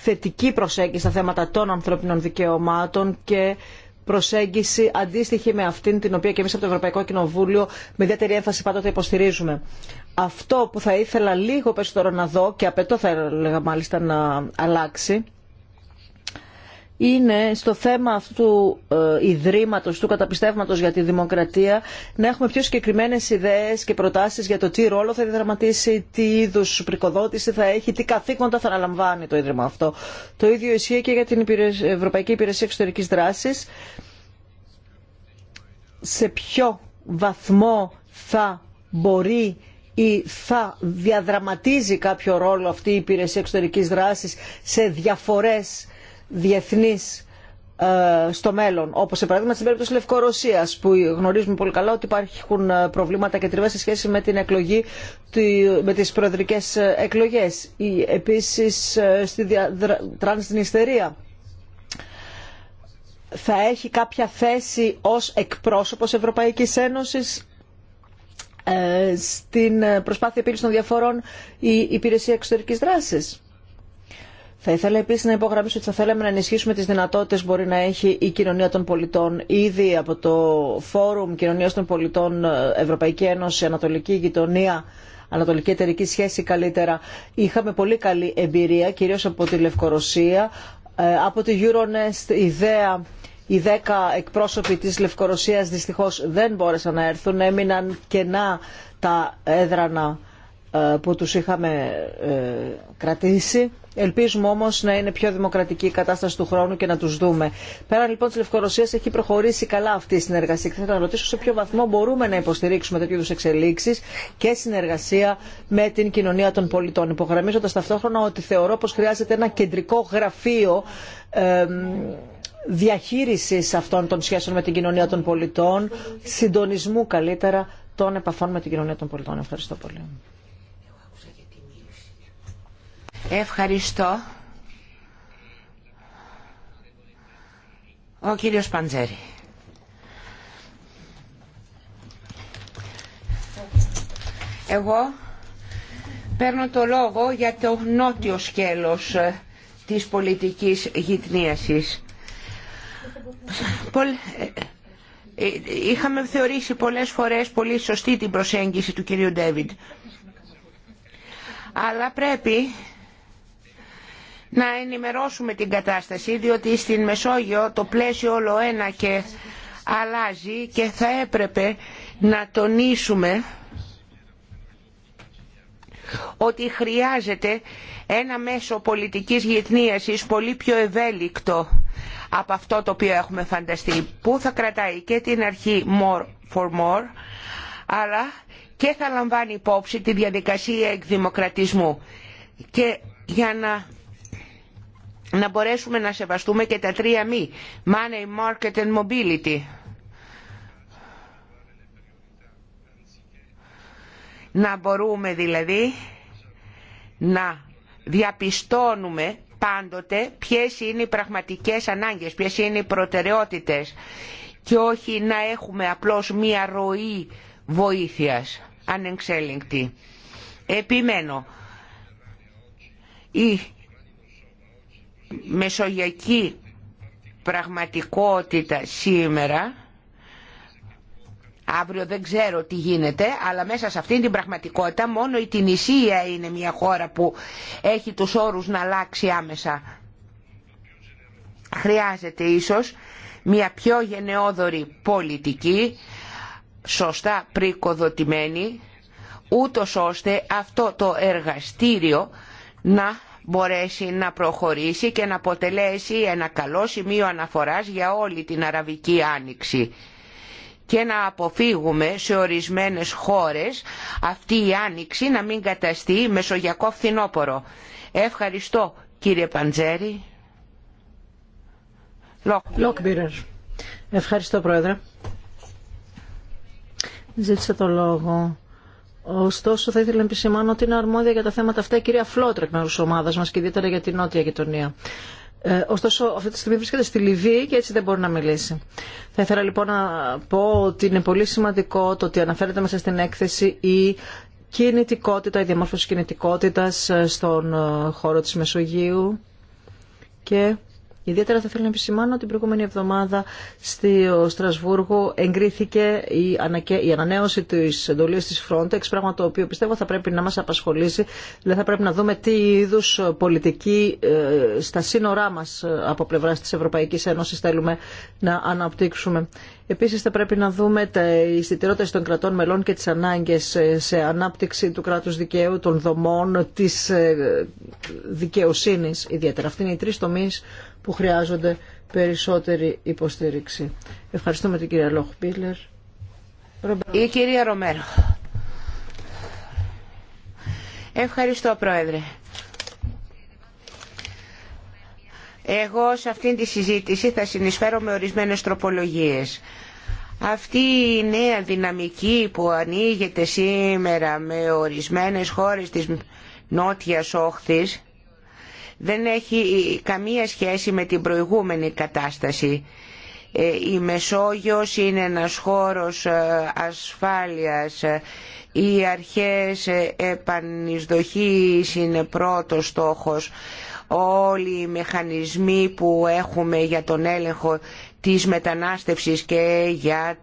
[SPEAKER 3] θετική προσέγγιση στα θέματα των ανθρώπινων δικαιωμάτων και προσέγγιση αντίστοιχη με αυτήν την οποία και εμείς από το Ευρωπαϊκό Κοινοβούλιο με ιδιαίτερη έμφαση πάντοτε υποστηρίζουμε. Αυτό που θα ήθελα λίγο περισσότερο να δω και απαιτώ θα έλεγα μάλιστα να αλλάξει είναι στο θέμα αυτού ε, ιδρύματος, του καταπιστεύματος για τη δημοκρατία να έχουμε πιο συγκεκριμένες ιδέες και προτάσεις για το τι ρόλο θα διαδραματίσει, τι είδους πρικοδότηση θα έχει, τι καθήκοντα θα αναλαμβάνει το ίδρυμα αυτό. Το ίδιο ισχύει και για την Ευρωπαϊκή Υπηρεσία Εξωτερικής Δράσης. Σε ποιο βαθμό θα μπορεί ή θα διαδραματίζει κάποιο ρόλο αυτή η υπηρεσία εξωτερικής δράσης σε διαφορές διεθνής ε, στο μέλλον. Όπω σε παράδειγμα στην περίπτωση Λευκορωσία, που γνωρίζουμε πολύ καλά ότι υπάρχουν ε, προβλήματα και τριβέ σε σχέση με την εκλογή, με τι προεδρικέ ε, εκλογέ. Επίση στη Τρανσνιστερία. Θα έχει κάποια θέση ως εκπρόσωπος Ευρωπαϊκής Ένωσης στην προσπάθεια επίλυσης των διαφορών η Υπηρεσία Εξωτερικής Δράσης. Θα ήθελα επίση να υπογραμμίσω ότι θα θέλαμε να ενισχύσουμε τι δυνατότητε που μπορεί να έχει η κοινωνία των πολιτών. Ήδη από το Φόρουμ Κοινωνία των Πολιτών ε, Ευρωπαϊκή Ένωση Ανατολική Γειτονία Ανατολική Εταιρική Σχέση καλύτερα. Είχαμε πολύ καλή εμπειρία, κυρίως από τη Λευκορωσία, ε, από τη Euronest, ιδέα οι δέκα εκπρόσωποι της Λευκορωσίας δυστυχώς δεν μπόρεσαν να έρθουν, έμειναν κενά τα έδρανα ε, που τους είχαμε ε, κρατήσει. Ελπίζουμε όμως να είναι πιο δημοκρατική η κατάσταση του χρόνου και να τους δούμε. Πέραν λοιπόν της Λευκορωσίας έχει προχωρήσει καλά αυτή η συνεργασία. Και θέλω να ρωτήσω σε ποιο βαθμό μπορούμε να υποστηρίξουμε τέτοιου είδους εξελίξεις και συνεργασία με την κοινωνία των πολιτών. Υπογραμμίζοντας ταυτόχρονα ότι θεωρώ πως χρειάζεται ένα κεντρικό γραφείο ε, διαχείρισης αυτών των σχέσεων με την κοινωνία των πολιτών, συντονισμού καλύτερα των επαφών με την κοινωνία των πολιτών. Ευχαριστώ πολύ.
[SPEAKER 1] Ευχαριστώ. Ο κύριος Παντζέρη. Εγώ παίρνω το λόγο για το νότιο σκέλος ε, της πολιτικής γυτνίασης. Ε, ε, είχαμε θεωρήσει πολλές φορές πολύ σωστή την προσέγγιση του κυρίου Ντέβιντ. Αλλά πρέπει να ενημερώσουμε την κατάσταση διότι στην Μεσόγειο το πλαίσιο όλο ένα και αλλάζει και θα έπρεπε να τονίσουμε ότι χρειάζεται ένα μέσο πολιτικής γυθνίασης πολύ πιο ευέλικτο από αυτό το οποίο έχουμε φανταστεί που θα κρατάει και την αρχή more for more αλλά και θα λαμβάνει υπόψη τη διαδικασία εκδημοκρατισμού και για να να μπορέσουμε να σεβαστούμε και τα τρία μη. Money, Market and Mobility. Να μπορούμε δηλαδή να διαπιστώνουμε πάντοτε ποιες είναι οι πραγματικές ανάγκες, ποιες είναι οι προτεραιότητες και όχι να έχουμε απλώς μία ροή βοήθειας ανεξέλεγκτη. Επιμένω, η μεσογειακή πραγματικότητα σήμερα Αύριο δεν ξέρω τι γίνεται, αλλά μέσα σε αυτήν την πραγματικότητα μόνο η Τινησία είναι μια χώρα που έχει τους όρους να αλλάξει άμεσα. Χρειάζεται ίσως μια πιο γενναιόδορη πολιτική, σωστά πρικοδοτημένη, ούτως ώστε αυτό το εργαστήριο να μπορέσει να προχωρήσει και να αποτελέσει ένα καλό σημείο αναφοράς για όλη την Αραβική Άνοιξη και να αποφύγουμε σε ορισμένες χώρες αυτή η Άνοιξη να μην καταστεί μεσογειακό φθινόπωρο. Ευχαριστώ κύριε Παντζέρη. Λόκμπιρερ.
[SPEAKER 3] Ευχαριστώ πρόεδρε. Ζήτησα το λόγο Ωστόσο, θα ήθελα να επισημάνω ότι είναι αρμόδια για τα θέματα αυτά η κυρία Φλότρεκ, μέρο τη ομάδα μα και ιδιαίτερα για την νότια γειτονία. Ε, ωστόσο, αυτή τη στιγμή βρίσκεται στη Λιβύη και έτσι δεν μπορεί να μιλήσει. Θα ήθελα λοιπόν να πω ότι είναι πολύ σημαντικό το ότι αναφέρεται μέσα στην έκθεση η κινητικότητα, η διαμόρφωση κινητικότητα ε, στον ε, χώρο τη Μεσογείου και Ιδιαίτερα θα θέλω να επισημάνω ότι την προηγούμενη εβδομάδα στο Στρασβούργο εγκρίθηκε η, ανανέωση τη εντολή τη Frontex, πράγμα το οποίο πιστεύω θα πρέπει να μα απασχολήσει. Δηλαδή θα πρέπει να δούμε τι είδου πολιτική ε, στα σύνορά μα ε, από πλευρά τη Ευρωπαϊκή Ένωση θέλουμε να αναπτύξουμε. Επίση θα πρέπει να δούμε τα ιστιτηρότητε των κρατών μελών και τι ανάγκε ε, σε ανάπτυξη του κράτου δικαίου, των δομών, τη δικαιοσύνη ιδιαίτερα. Αυτή είναι οι τρει τομεί που χρειάζονται περισσότερη
[SPEAKER 1] υποστήριξη. Ευχαριστούμε την κυρία Λόχ Πίλερ. Η κυρία Ρομέρο. Ευχαριστώ Πρόεδρε. Εγώ σε αυτήν τη συζήτηση θα συνεισφέρω με ορισμένες τροπολογίες. Αυτή η νέα δυναμική που ανοίγεται σήμερα με ορισμένες χώρες της νότιας όχθης δεν έχει καμία σχέση με την προηγούμενη κατάσταση. Ε, η Μεσόγειος είναι ένας χώρος ε, ασφάλειας. Οι αρχές ε, επανεισδοχής είναι πρώτος στόχος. Όλοι οι μηχανισμοί που έχουμε για τον έλεγχο της μετανάστευσης και για,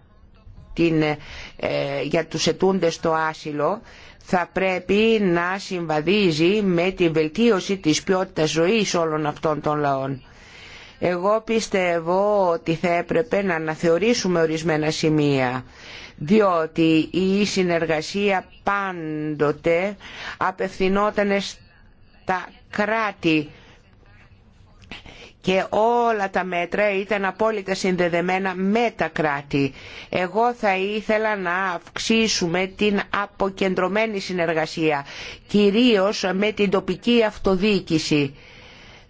[SPEAKER 1] την, για τους ετούντες στο άσυλο θα πρέπει να συμβαδίζει με τη βελτίωση της ποιότητας ζωής όλων αυτών των λαών. Εγώ πιστεύω ότι θα έπρεπε να αναθεωρήσουμε ορισμένα σημεία, διότι η συνεργασία πάντοτε απευθυνόταν στα κράτη και όλα τα μέτρα ήταν απόλυτα συνδεδεμένα με τα κράτη. Εγώ θα ήθελα να αυξήσουμε την αποκεντρωμένη συνεργασία, κυρίως με την τοπική αυτοδίκηση...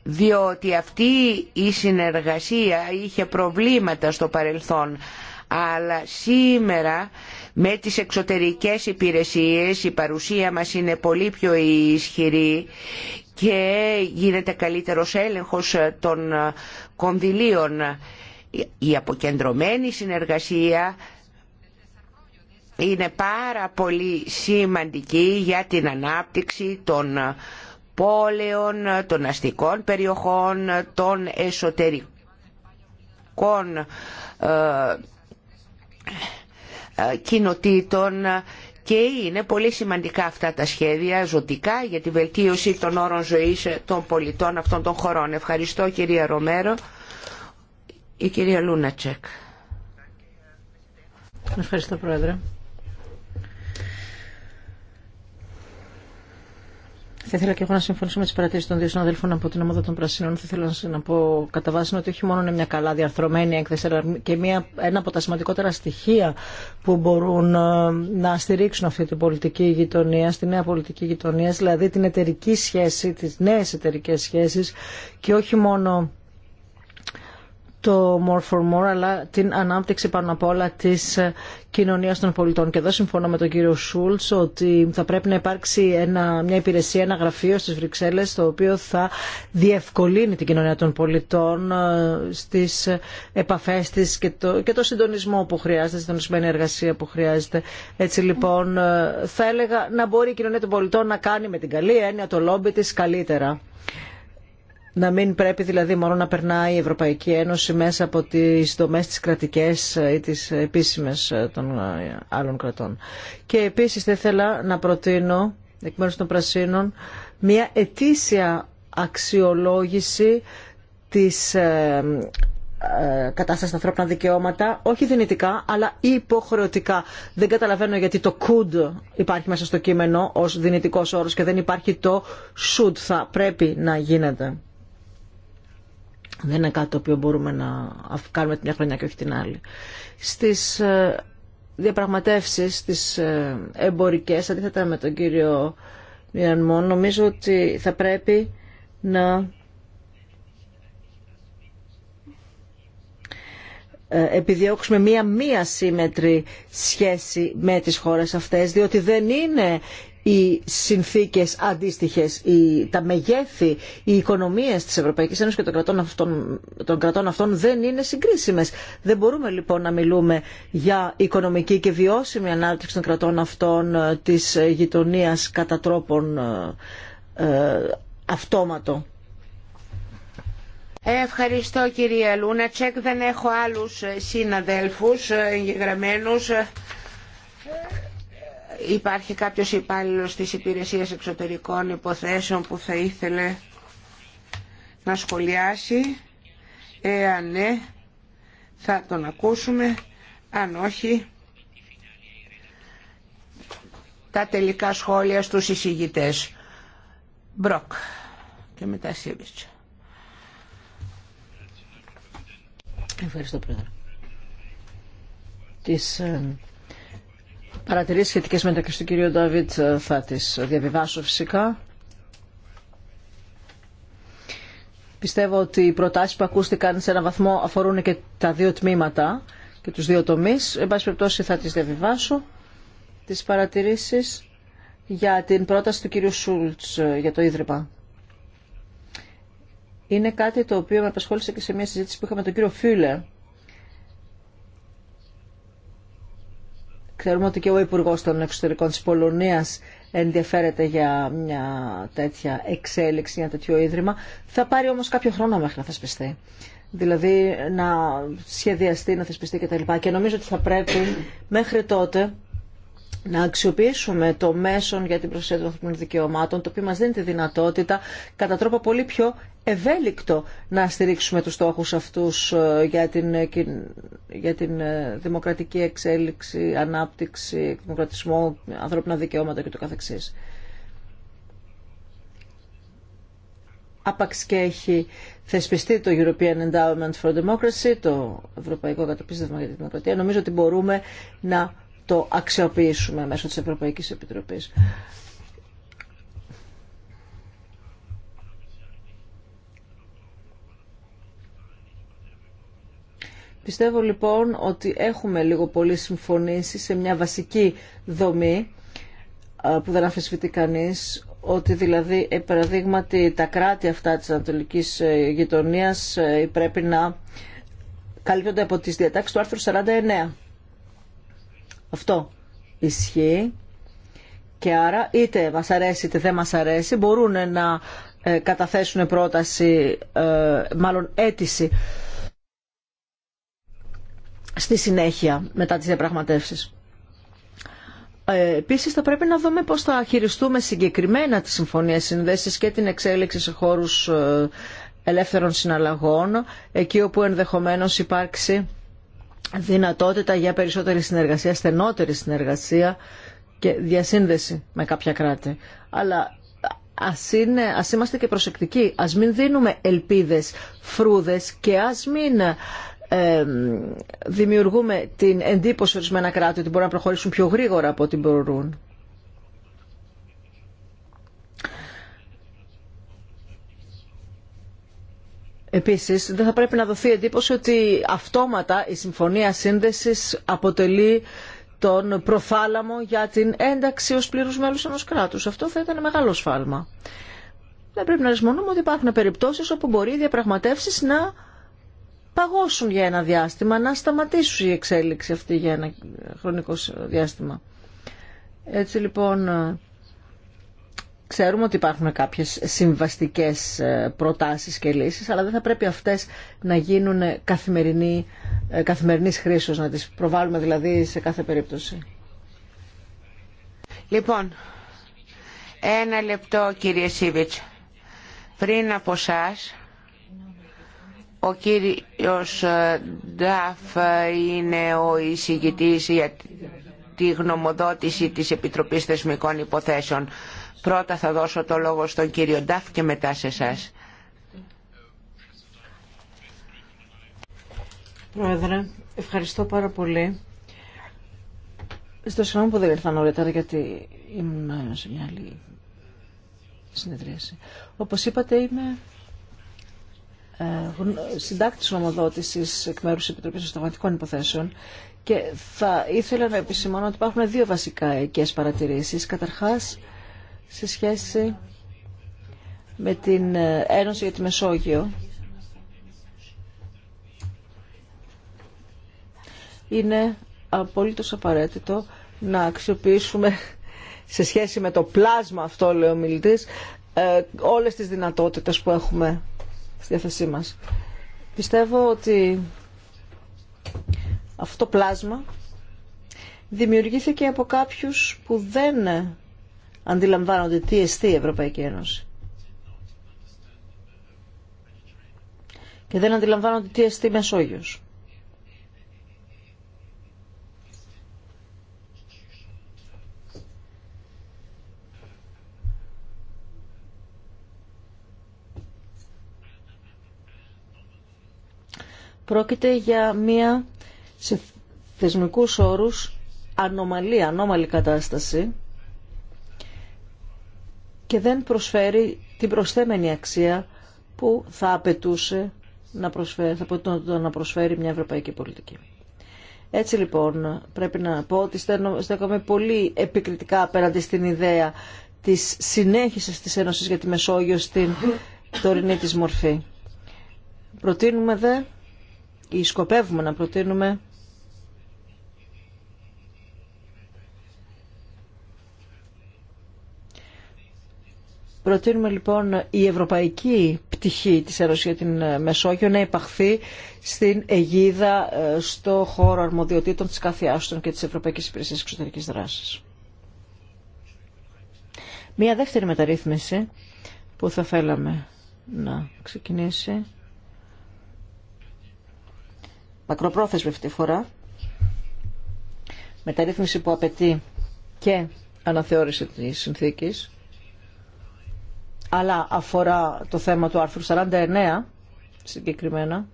[SPEAKER 1] διότι αυτή η συνεργασία είχε προβλήματα στο παρελθόν αλλά σήμερα με τις εξωτερικές υπηρεσίες η παρουσία μας είναι πολύ πιο ισχυρή και γίνεται καλύτερος έλεγχος ε, των ε, κονδυλίων. Η αποκεντρωμένη συνεργασία είναι πάρα πολύ σημαντική για την ανάπτυξη των ε, πόλεων, των αστικών περιοχών, των εσωτερικών κοινοτήτων και είναι πολύ σημαντικά αυτά τα σχέδια ζωτικά για τη βελτίωση των όρων ζωής των πολιτών αυτών των χωρών. Ευχαριστώ κυρία Ρομέρο. Η κυρία Λούνατσεκ.
[SPEAKER 3] Ευχαριστώ πρόεδρε. Θα ήθελα και εγώ να συμφωνήσω με τι παρατηρήσει των δύο συναδέλφων από την ομάδα των Πρασίνων. Θα ήθελα να πω κατά βάση ότι όχι μόνο είναι μια καλά διαρθρωμένη έκθεση, αλλά και μια, ένα από τα σημαντικότερα στοιχεία που μπορούν ε, να στηρίξουν αυτή την πολιτική γειτονία, τη νέα πολιτική γειτονία, δηλαδή την εταιρική σχέση, τι νέε εταιρικέ σχέσει και όχι μόνο το More for More, αλλά την ανάπτυξη πάνω απ' όλα της ε, κοινωνίας των πολιτών. Και εδώ συμφωνώ με τον κύριο Σούλτς ότι θα πρέπει να υπάρξει ένα, μια υπηρεσία, ένα γραφείο στις Βρυξέλλες, το οποίο θα διευκολύνει την κοινωνία των πολιτών ε, στις επαφές της και το, και το συντονισμό που χρειάζεται, συντονισμένη εργασία που χρειάζεται. Έτσι λοιπόν ε, θα έλεγα να μπορεί η κοινωνία των πολιτών να κάνει με την καλή έννοια το λόμπι της καλύτερα. Να μην πρέπει δηλαδή μόνο να περνάει η Ευρωπαϊκή Ένωση μέσα από τις δομές της κρατικές ή τις επίσημες των άλλων κρατών. Και επίσης θα ήθελα να προτείνω εκ μέρους των Πρασίνων μια ετήσια αξιολόγηση της ε, ε, κατάστασης των ανθρώπινων δικαιώματα, όχι δυνητικά, αλλά υποχρεωτικά. Δεν καταλαβαίνω γιατί το could υπάρχει μέσα στο κείμενο ως δυνητικός όρος και δεν υπάρχει το should, θα πρέπει να γίνεται. Δεν είναι κάτι το οποίο μπορούμε να κάνουμε τη μια χρονιά και όχι την άλλη. Στις ε, διαπραγματεύσεις, στις ε, εμπορικές, αντίθετα με τον κύριο Μιανμό, νομίζω ότι θα πρέπει να ε, επιδιώξουμε μία μία σύμμετρη σχέση με τις χώρες αυτές, διότι δεν είναι οι συνθήκες αντίστοιχες, οι, τα μεγέθη, οι οικονομίες της Ευρωπαϊκής Ένωσης και των κρατών, αυτών, δεν είναι συγκρίσιμες. Δεν μπορούμε λοιπόν να μιλούμε για οικονομική και βιώσιμη ανάπτυξη των κρατών αυτών ε, της γειτονίας κατά τρόπον ε, ε, αυτόματο.
[SPEAKER 1] Ευχαριστώ κυρία Λούνατσεκ. Δεν έχω άλλους ε, συναδέλφους εγγεγραμμένους. Υπάρχει κάποιος υπάλληλος της Υπηρεσίας Εξωτερικών Υποθέσεων που θα ήθελε να σχολιάσει. Εάν ναι, θα τον ακούσουμε. Αν όχι, τα τελικά σχόλια στους εισηγητές. Μπροκ και μετά Σίβιτς. Ευχαριστώ,
[SPEAKER 3] Πρόεδρε. Τις ε, Παρατηρήσεις σχετικέ μεταξύ του κυρίου Ντάβιτ ε, θα τι διαβιβάσω φυσικά. Πιστεύω ότι οι προτάσει που ακούστηκαν σε έναν βαθμό αφορούν και τα δύο τμήματα και τους δύο τομείς. Εν πάση περιπτώσει θα τις διαβιβάσω τις παρατηρήσεις για την πρόταση του κυρίου Σούλτ ε, για το Ίδρυμα. Είναι κάτι το οποίο με απασχόλησε και σε μια συζήτηση που είχαμε τον κύριο Φίλε Ξέρουμε ότι και ο Υπουργό των Εξωτερικών τη Πολωνία ενδιαφέρεται για μια τέτοια εξέλιξη, για ένα τέτοιο ίδρυμα. Θα πάρει όμω κάποιο χρόνο μέχρι να θεσπιστεί. Δηλαδή να σχεδιαστεί, να θεσπιστεί κτλ. Και, και νομίζω ότι θα πρέπει μέχρι τότε να αξιοποιήσουμε το μέσον για την προσέγγιση των ανθρωπίνων δικαιωμάτων, το οποίο μα δίνει τη δυνατότητα κατά τρόπο πολύ πιο ευέλικτο να στηρίξουμε τους στόχους αυτούς ε, για την, ε, για την ε, δημοκρατική εξέλιξη, ανάπτυξη, δημοκρατισμό, ανθρώπινα δικαιώματα και το καθεξής. Άπαξ και έχει θεσπιστεί το European Endowment for Democracy, το Ευρωπαϊκό Κατοπίστευμα για τη Δημοκρατία. Νομίζω ότι μπορούμε να το αξιοποιήσουμε μέσω της Ευρωπαϊκής Επιτροπής. Πιστεύω λοιπόν ότι έχουμε λίγο πολύ συμφωνήσει σε μια βασική δομή που δεν αφισβητεί κανείς ότι δηλαδή ε, παραδείγματι τα κράτη αυτά της Ανατολικής ε, Γειτονίας ε, πρέπει να καλύπτονται από τις διατάξεις του άρθρου 49. Αυτό ισχύει και άρα είτε μας αρέσει είτε δεν μας αρέσει μπορούν να καταθέσουν πρόταση, μάλλον αίτηση στη συνέχεια μετά τις διαπραγματεύσεις. Ε, επίσης θα πρέπει να δούμε πώς θα χειριστούμε συγκεκριμένα τις συμφωνίες συνδέσεις και την εξέλιξη σε χώρους ε, ελεύθερων συναλλαγών, εκεί όπου ενδεχομένως υπάρξει δυνατότητα για περισσότερη συνεργασία, στενότερη συνεργασία και διασύνδεση με κάποια κράτη. Αλλά ας, είναι, ας είμαστε και προσεκτικοί, ας μην δίνουμε ελπίδες, φρούδες και ας μην δημιουργούμε την εντύπωση ορισμένα κράτη ότι μπορούν να προχωρήσουν πιο γρήγορα από ό,τι μπορούν. Επίσης, δεν θα πρέπει να δοθεί εντύπωση ότι αυτόματα η Συμφωνία Σύνδεσης αποτελεί τον προθάλαμο για την ένταξη ως πλήρους μέλους ενός κράτους. Αυτό θα ήταν μεγάλο σφάλμα. Δεν πρέπει να ρισμονούμε ότι υπάρχουν περιπτώσεις όπου μπορεί οι διαπραγματεύσεις να παγώσουν για ένα διάστημα, να σταματήσουν η εξέλιξη αυτή για ένα χρονικό διάστημα. Έτσι λοιπόν ε, ξέρουμε ότι υπάρχουν κάποιες συμβαστικές ε, προτάσεις και λύσεις, αλλά δεν θα πρέπει αυτές να γίνουν καθημερινή, ε, καθημερινής χρήσης, να τις προβάλλουμε δηλαδή σε κάθε περίπτωση.
[SPEAKER 1] Λοιπόν, ένα λεπτό κύριε Σίβιτς. Πριν από σας, ο κύριος Νταφ είναι ο εισηγητής για τη γνωμοδότηση της Επιτροπής Θεσμικών Υποθέσεων. Πρώτα θα δώσω το λόγο στον κύριο Νταφ και μετά σε εσά.
[SPEAKER 3] Πρόεδρε, ευχαριστώ πάρα πολύ. Στο συγγνώμη που δεν ήρθα νωρίτερα γιατί ήμουν σε μια άλλη συνεδρίαση. Όπως είπατε είμαι ε, συντάκτης νομοδότησης εκ μέρου της Επιτροπής Συνταγματικών Υποθέσεων και θα ήθελα να επισημάνω ότι υπάρχουν δύο βασικά εκείες παρατηρήσεις. Καταρχάς, σε σχέση με την ε, Ένωση για τη Μεσόγειο, είναι απολύτως απαραίτητο να αξιοποιήσουμε σε σχέση με το πλάσμα αυτό, λέει ο μιλητής, ε, όλες τις δυνατότητες που έχουμε διάθεσή μας. Πιστεύω ότι αυτό το πλάσμα δημιουργήθηκε από κάποιους που δεν αντιλαμβάνονται τι εστί η Ευρωπαϊκή Ένωση. Και δεν αντιλαμβάνονται τι εστί η Μεσόγειος. Πρόκειται για μία σε θεσμικούς όρους ανομαλία, ανώμαλη κατάσταση και δεν προσφέρει την προσθέμενη αξία που θα απαιτούσε να προσφέρει, θα να προσφέρει μια ευρωπαϊκή πολιτική. Έτσι λοιπόν πρέπει να πω ότι στέκομαι πολύ επικριτικά απέναντι στην ιδέα της συνέχισης της Ένωσης για τη Μεσόγειο στην τωρινή της μορφή. Προτείνουμε δε ή σκοπεύουμε να προτείνουμε Προτείνουμε λοιπόν η ευρωπαϊκή πτυχή της Ένωσης για την ε, Μεσόγειο να υπαχθεί στην αιγίδα ε, στο χώρο αρμοδιοτήτων της κάθε και της Ευρωπαϊκής Υπηρεσίας Εξωτερικής Δράσης. Μία δεύτερη μεταρρύθμιση που θα θέλαμε να ξεκινήσει μακροπρόθεσμη αυτή τη φορά, μεταρρύθμιση που απαιτεί και αναθεώρηση τη συνθήκης, αλλά αφορά το θέμα του άρθρου 49 συγκεκριμένα,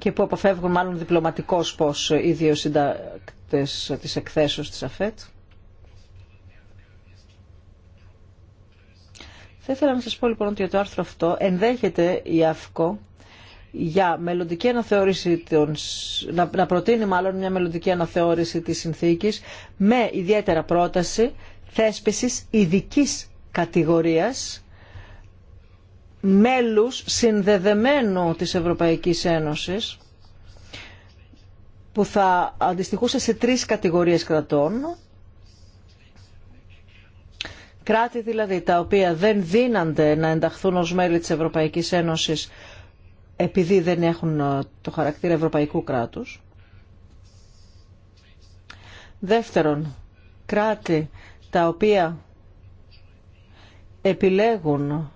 [SPEAKER 3] και που αποφεύγουν μάλλον διπλωματικός πως οι δύο συντάκτες της εκθέσεως της ΑΦΕΤ. Θα ήθελα να σας πω λοιπόν ότι το άρθρο αυτό ενδέχεται η ΑΦΚΟ για μελλοντική αναθεώρηση των, να, να προτείνει μάλλον μια μελλοντική αναθεώρηση της συνθήκης με ιδιαίτερα πρόταση θέσπισης ειδική κατηγορίας μέλους συνδεδεμένου της Ευρωπαϊκής Ένωσης που θα αντιστοιχούσε σε τρεις κατηγορίες κρατών κράτη δηλαδή τα οποία δεν δίνανται να ενταχθούν ως μέλη της Ευρωπαϊκής Ένωσης επειδή δεν έχουν ε, το χαρακτήρα ευρωπαϊκού κράτους. Δεύτερον, κράτη τα οποία επιλέγουν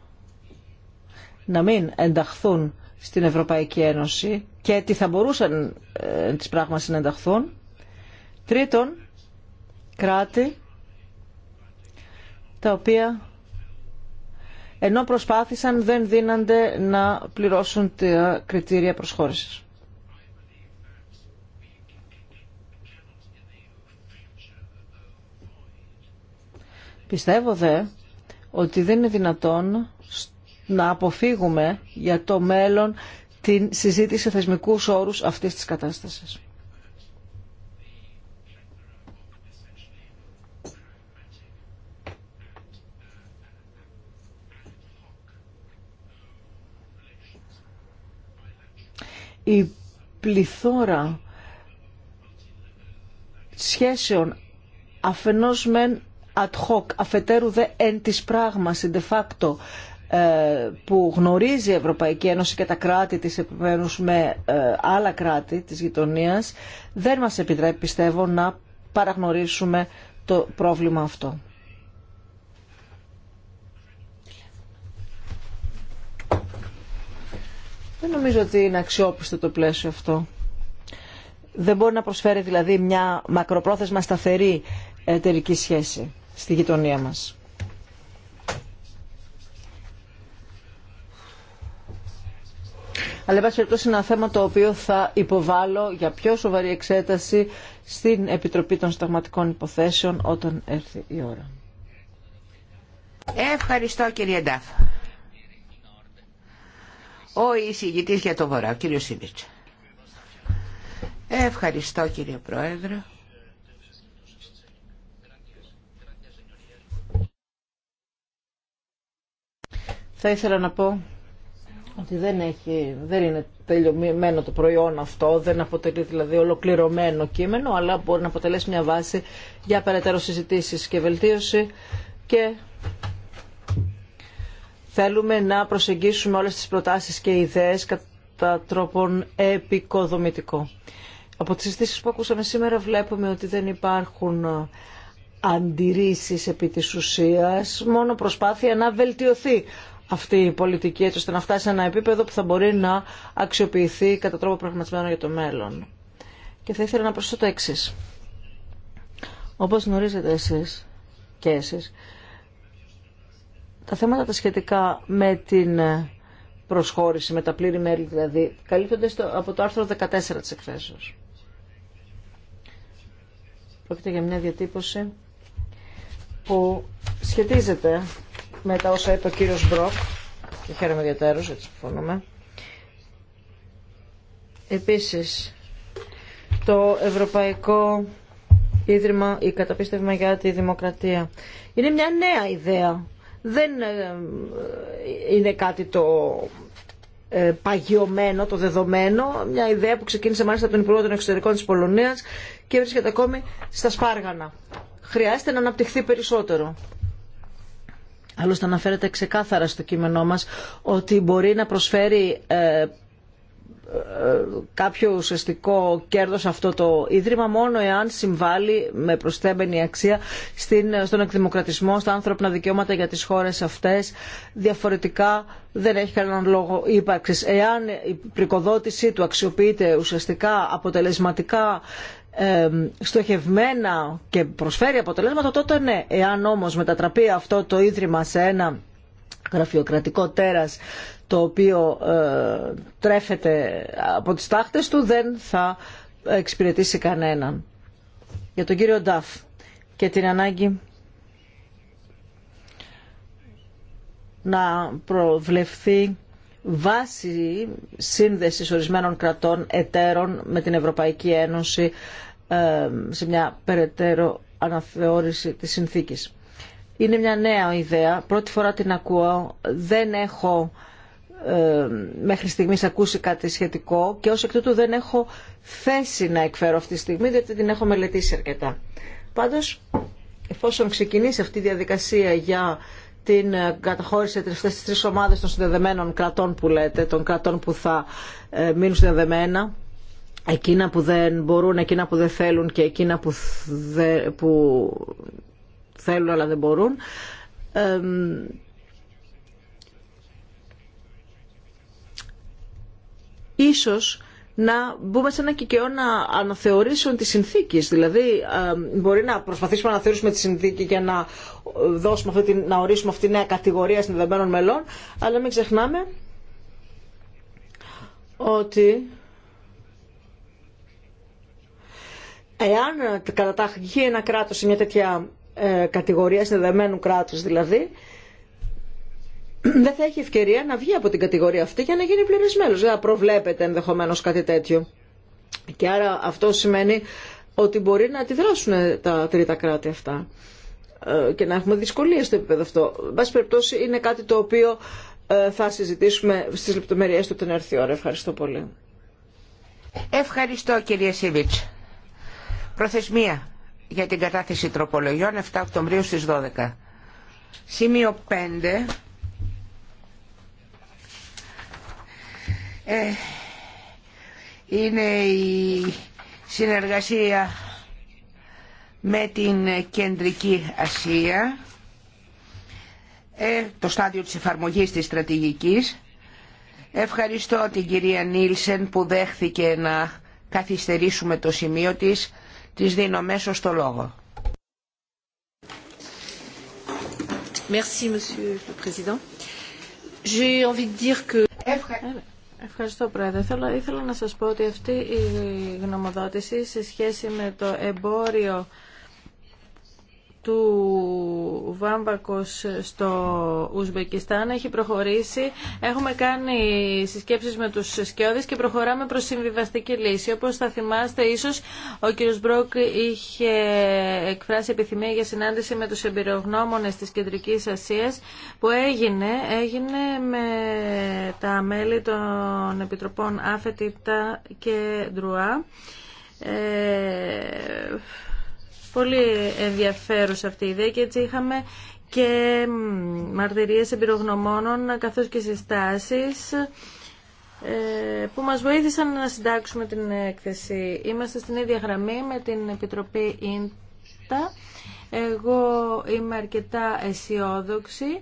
[SPEAKER 3] να μην ενταχθούν στην Ευρωπαϊκή Ένωση και τι θα μπορούσαν ε, τις πράγματι να ενταχθούν. Τρίτον, κράτη τα οποία ενώ προσπάθησαν δεν δίνανται να πληρώσουν τα κριτήρια προσχώρησης. Πιστεύω δε ότι δεν είναι δυνατόν να αποφύγουμε για το μέλλον την συζήτηση θεσμικούς όρους αυτή τη κατάσταση. η πληθώρα σχέσεων αφενός μεν ad hoc, αφετέρου δε εν της πράγμαση de facto ε, που γνωρίζει η Ευρωπαϊκή Ένωση και τα κράτη της επιμένους με ε, άλλα κράτη της γειτονίας δεν μας επιτρέπει πιστεύω να παραγνωρίσουμε το πρόβλημα αυτό. Δεν νομίζω ότι είναι αξιόπιστο το πλαίσιο αυτό. Δεν μπορεί να προσφέρει δηλαδή μια μακροπρόθεσμα σταθερή εταιρική σχέση στη γειτονία μας. Αλλά, εν είναι ένα θέμα το οποίο θα υποβάλω για πιο σοβαρή εξέταση στην Επιτροπή των Σταγματικών Υποθέσεων
[SPEAKER 1] όταν έρθει η ώρα. Ευχαριστώ, κύριε Ντάφ. Ο εισηγητής για το Βορρά, ο κύριος Σίβιτς. Ευχαριστώ, κύριε Πρόεδρε. Θα
[SPEAKER 3] ήθελα να πω ότι δεν, έχει, δεν είναι τελειωμένο το προϊόν αυτό, δεν αποτελεί δηλαδή ολοκληρωμένο κείμενο, αλλά μπορεί να αποτελέσει μια βάση για περαιτέρω συζητήσει και βελτίωση και θέλουμε να προσεγγίσουμε όλες τις προτάσεις και ιδέες κατά τρόπον επικοδομητικό. Από τις συζητήσεις που ακούσαμε σήμερα βλέπουμε ότι δεν υπάρχουν αντιρρήσεις επί της ουσίας, μόνο προσπάθεια να βελτιωθεί αυτή η πολιτική έτσι ώστε να φτάσει σε ένα επίπεδο που θα μπορεί να αξιοποιηθεί κατά τρόπο προγραμματισμένο για το μέλλον. Και θα ήθελα να προσθέσω το εξή. Όπως γνωρίζετε εσείς και εσείς, τα θέματα τα σχετικά με την προσχώρηση, με τα πλήρη μέλη δηλαδή, καλύπτονται από το άρθρο 14 της εκθέσεως. Πρόκειται για μια διατύπωση που σχετίζεται μετά όσα είπε ο κύριος Μπροκ και χαίρομαι ιδιαίτερως, έτσι συμφωνούμε. Επίσης, το Ευρωπαϊκό Ίδρυμα ή Καταπίστευμα για τη Δημοκρατία. Είναι μια νέα ιδέα. Δεν ε, είναι κάτι το ε, παγιωμένο, το δεδομένο. Μια ιδέα που ξεκίνησε μάλιστα από τον Υπουργό των Εξωτερικών της Πολωνίας και βρίσκεται ακόμη στα Σπάργανα. Χρειάζεται να αναπτυχθεί περισσότερο. Άλλωστε αναφέρεται ξεκάθαρα στο κείμενό μας ότι μπορεί να προσφέρει ε, ε, κάποιο ουσιαστικό κέρδος αυτό το ίδρυμα μόνο εάν συμβάλλει με προσθέμενη αξία στην, στον εκδημοκρατισμό, στα άνθρωπνα δικαιώματα για τις χώρες αυτές. Διαφορετικά δεν έχει κανέναν λόγο ύπαρξης. Εάν η πρικοδότησή του αξιοποιείται ουσιαστικά αποτελεσματικά στοχευμένα και προσφέρει αποτελέσματα, τότε ναι. Εάν όμως μετατραπεί αυτό το ίδρυμα σε ένα γραφειοκρατικό τέρας το οποίο ε, τρέφεται από τις τάχτες του δεν θα εξυπηρετήσει κανέναν. Για τον κύριο Νταφ και την ανάγκη να προβλεφθεί βάση σύνδεσης ορισμένων κρατών εταίρων με την Ευρωπαϊκή Ένωση ε, σε μια περαιτέρω αναθεώρηση της συνθήκης. Είναι μια νέα ιδέα, πρώτη φορά την ακούω, δεν έχω ε, μέχρι στιγμής ακούσει κάτι σχετικό και ως εκ τούτου δεν έχω θέση να εκφέρω αυτή τη στιγμή διότι την έχω μελετήσει αρκετά. Πάντως, εφόσον ξεκινήσει αυτή η διαδικασία για την ε, καταχώρηση αυτές τις τρεις ομάδες των συνδεδεμένων κρατών που λέτε, των κρατών που θα ε, μείνουν συνδεδεμένα, εκείνα που δεν μπορούν, εκείνα που δεν θέλουν και εκείνα που, που θέλουν αλλά δεν μπορούν. Ε, ίσως να μπούμε σε ένα κυκαιό να αναθεωρήσουν τις συνθήκες. Δηλαδή ε, μπορεί να προσπαθήσουμε να αναθεωρήσουμε τη συνθήκη για να, δώσουμε αυτή, να ορίσουμε αυτή τη νέα κατηγορία συνδεδεμένων μελών, αλλά μην ξεχνάμε ότι εάν κατατάχει ένα κράτος σε μια τέτοια ε, κατηγορία συνδεδεμένου κράτους δηλαδή, δεν θα έχει ευκαιρία να βγει από την κατηγορία αυτή για να γίνει πλήρες Δεν θα προβλέπεται ενδεχομένως κάτι τέτοιο. Και άρα αυτό σημαίνει ότι μπορεί να αντιδράσουν τα τρίτα κράτη αυτά ε, και να έχουμε δυσκολίες στο επίπεδο αυτό. Εν πάση περιπτώσει είναι κάτι το οποίο
[SPEAKER 1] ε, θα συζητήσουμε στις λεπτομέρειές του την έρθει ώρα. Ευχαριστώ πολύ. Ευχαριστώ κυρία Σίβιτς. Προθεσμία για την κατάθεση τροπολογιών 7 Οκτωβρίου στις 12. Σημείο 5. Ε, είναι η συνεργασία με την Κεντρική Ασία, ε, το στάδιο της εφαρμογής της στρατηγικής. Ευχαριστώ την κυρία Νίλσεν που δέχθηκε να καθυστερήσουμε το σημείο της. Της δίνω μέσω στο λόγο.
[SPEAKER 3] Merci, Monsieur le Président.
[SPEAKER 2] J'ai envie de dire Ευχαριστώ Πρόεδρε. Θέλω, ήθελα να σας πω ότι αυτή η γνωμοδότηση σε σχέση με το εμπόριο του Βάμβακος στο Ουσμπεκιστάν έχει προχωρήσει. Έχουμε κάνει συσκέψεις με τους σκιώδεις και προχωράμε προς συμβιβαστική λύση. Όπως θα θυμάστε ίσως ο κ. Μπρόκ είχε εκφράσει επιθυμία για συνάντηση με τους εμπειρογνώμονες της Κεντρικής Ασίας που έγινε, έγινε με τα μέλη των Επιτροπών άφετίπτα και Ντρουά. Ε, Πολύ ενδιαφέρουσα αυτή η ιδέα και έτσι είχαμε και μαρτυρίες εμπειρογνωμόνων καθώς και συστάσεις ε, που μας βοήθησαν να συντάξουμε την έκθεση. Είμαστε στην ίδια γραμμή με την Επιτροπή ΙΝΤΑ. Εγώ είμαι αρκετά αισιόδοξη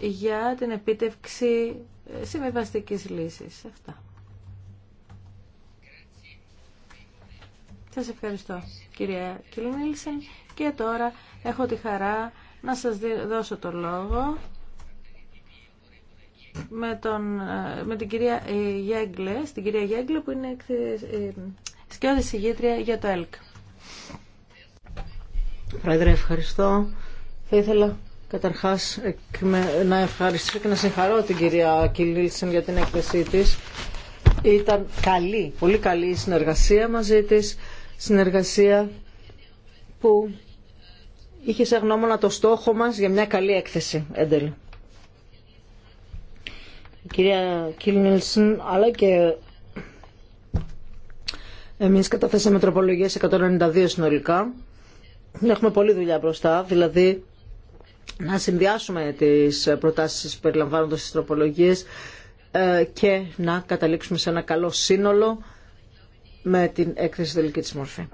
[SPEAKER 2] για την επίτευξη συμβιβαστικής λύσης. Αυτά. Σας ευχαριστώ κυρία Κιλνίλσεν και τώρα έχω τη χαρά να σας δώσω το λόγο με, τον, ε, με την κυρία ε, Γέγκλε, στην κυρία Γέγκλε που είναι
[SPEAKER 3] σκιώδη ε, συγγήτρια για το ΕΛΚ. Πρόεδρε, ευχαριστώ. Θα ήθελα καταρχάς να ευχαριστήσω και να συγχαρώ την κυρία Κιλίλσεν για την έκθεσή της. Ήταν καλή, πολύ καλή η συνεργασία μαζί της συνεργασία που είχε σε γνώμονα το στόχο μας για μια καλή έκθεση έντελ. Η κυρία Κιλνίλσον αλλά και εμείς καταθέσαμε τροπολογίες 192 συνολικά. Έχουμε πολλή δουλειά μπροστά, δηλαδή να συνδυάσουμε τις προτάσεις περιλαμβάνοντας τις τροπολογίες ε, και να καταλήξουμε σε ένα καλό σύνολο με την έκθεση τελική της μορφή.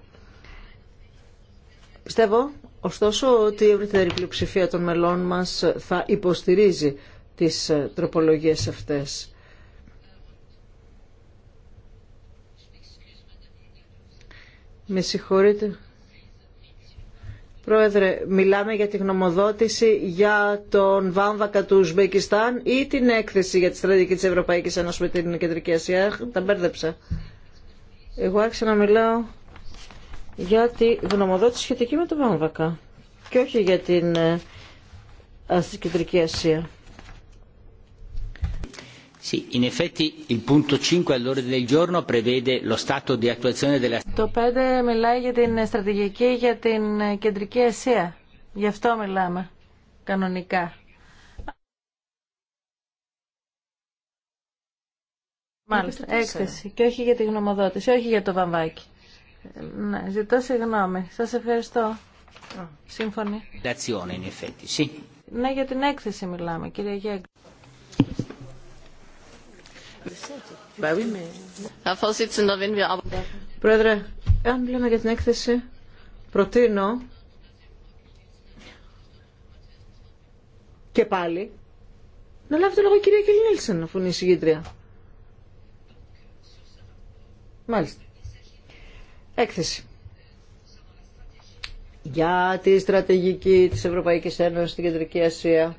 [SPEAKER 3] Πιστεύω, ωστόσο, ότι η ευρύτερη πλειοψηφία των μελών μας θα υποστηρίζει τις ε, τροπολογίες αυτές. Με συγχωρείτε. Πρόεδρε, μιλάμε για τη γνωμοδότηση για τον βάμβακα του Ουσμπεκιστάν ή την έκθεση για τη στρατηγική της Ευρωπαϊκής Ένωσης με την Κεντρική Ασία. Τα μπέρδεψα. Εγώ άρχισα να μιλάω για τη γνωμοδότηση σχετική με το Βάμβακα και όχι για την ε, Κεντρική Ασία.
[SPEAKER 2] Το 5 μιλάει για την στρατηγική για την ε, Κεντρική Ασία. Γι' αυτό μιλάμε κανονικά. Μάλιστα, έκθεση. Και όχι για τη γνωμοδότηση, όχι για το βαμβάκι. Ναι, ζητώ συγγνώμη. Σας ευχαριστώ. Σύμφωνοι. Ναι, για την έκθεση μιλάμε, κύριε Γέγκ.
[SPEAKER 3] Πρόεδρε, αν μιλάμε για την έκθεση, προτείνω και πάλι να λάβει το λόγο η κυρία Κιλνίλσεν, αφού είναι η συγγήτρια. Μάλιστα. Έκθεση. Για τη στρατηγική της Ευρωπαϊκής Ένωσης στην Κεντρική Ασία.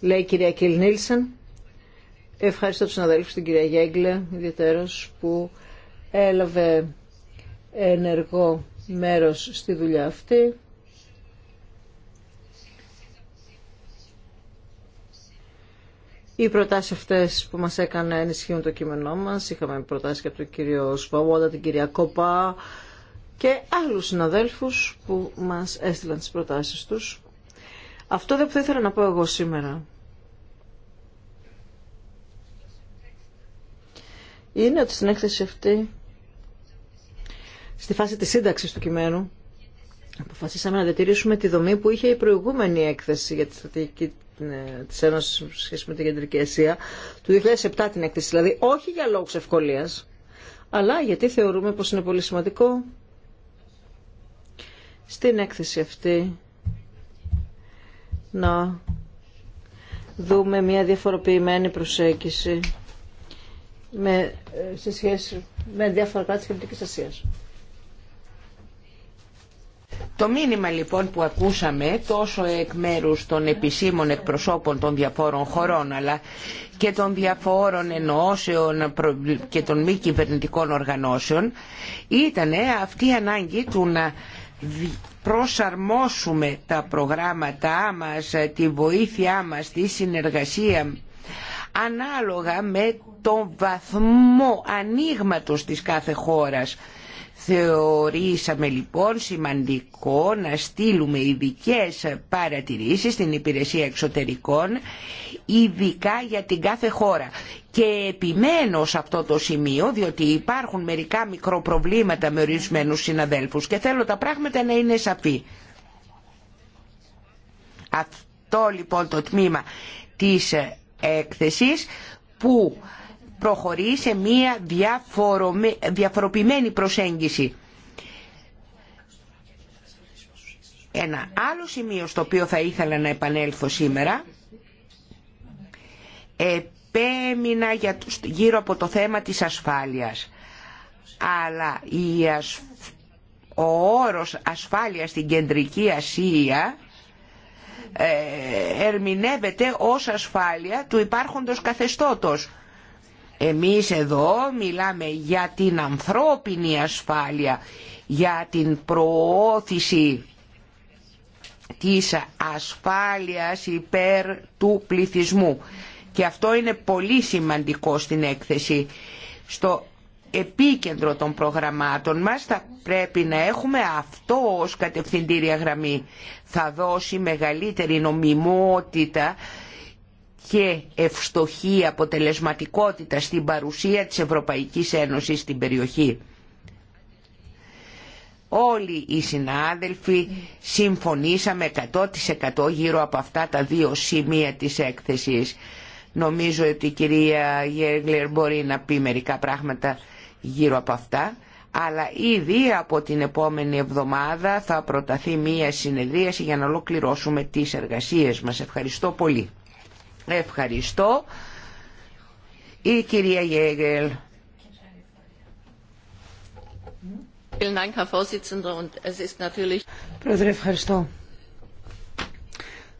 [SPEAKER 3] Λέει η κυρία Κιλ Νίλσεν. Ευχαριστώ τους συναδέλφους, την κυρία Γέγκλε, ιδιαίτερος, που έλαβε ενεργό μέρος στη δουλειά αυτή. Οι προτάσει αυτέ που μα έκανε ενισχύουν το κείμενό μα. Είχαμε προτάσει και από τον κύριο Σπαβόντα, την κυρία Κοπά και άλλου συναδέλφου που μα έστειλαν τι προτάσει του. Αυτό δεν θα ήθελα να πω εγώ σήμερα. Είναι ότι στην έκθεση αυτή, στη φάση της σύνταξης του κειμένου, αποφασίσαμε να διατηρήσουμε τη δομή που είχε η προηγούμενη έκθεση για τη στρατηγική ε, της σε σχέση με την Κεντρική Ασία του 2007 την έκθεση δηλαδή όχι για λόγους ευκολία, αλλά γιατί θεωρούμε πως είναι πολύ σημαντικό στην έκθεση αυτή να δούμε μια διαφοροποιημένη προσέγγιση με, ε, σε σχέση με διάφορα κράτη της Κεντρικής Ασίας.
[SPEAKER 1] Το μήνυμα λοιπόν που ακούσαμε τόσο εκ μέρου των επισήμων εκπροσώπων των διαφόρων χωρών αλλά και των διαφόρων ενώσεων και των μη κυβερνητικών οργανώσεων ήταν αυτή η ανάγκη του να προσαρμόσουμε τα προγράμματά μας, τη βοήθειά μας, τη συνεργασία ανάλογα με τον βαθμό ανοίγματο της κάθε χώρας Θεωρήσαμε λοιπόν σημαντικό να στείλουμε ειδικέ παρατηρήσεις στην Υπηρεσία Εξωτερικών, ειδικά για την κάθε χώρα. Και επιμένω σε αυτό το σημείο, διότι υπάρχουν μερικά μικροπροβλήματα με ορισμένου συναδέλφους και θέλω τα πράγματα να είναι σαφή. Αυτό λοιπόν το τμήμα της έκθεσης που προχωρεί σε μία διαφοροποιημένη προσέγγιση. Ένα άλλο σημείο στο οποίο θα ήθελα να επανέλθω σήμερα επέμεινα για, γύρω από το θέμα της ασφάλειας αλλά η ο όρος ασφάλεια στην Κεντρική Ασία ε, ερμηνεύεται ως ασφάλεια του υπάρχοντος καθεστώτος εμείς εδώ μιλάμε για την ανθρώπινη ασφάλεια, για την προώθηση της ασφάλειας υπέρ του πληθυσμού. Και αυτό είναι πολύ σημαντικό στην έκθεση. Στο επίκεντρο των προγραμμάτων μας θα πρέπει να έχουμε αυτό ως κατευθυντήρια γραμμή. Θα δώσει μεγαλύτερη νομιμότητα και ευστοχή αποτελεσματικότητα στην παρουσία της Ευρωπαϊκής Ένωσης στην περιοχή. Όλοι οι συνάδελφοι συμφωνήσαμε 100% γύρω από αυτά τα δύο σημεία της έκθεσης. Νομίζω ότι η κυρία Γέγλερ μπορεί να πει μερικά πράγματα γύρω από αυτά, αλλά ήδη από την επόμενη εβδομάδα θα προταθεί μία συνεδρίαση για να ολοκληρώσουμε τις εργασίες μας. Ευχαριστώ πολύ. Ευχαριστώ. Η κυρία Γέγελ.
[SPEAKER 3] Πρόεδρε, ευχαριστώ.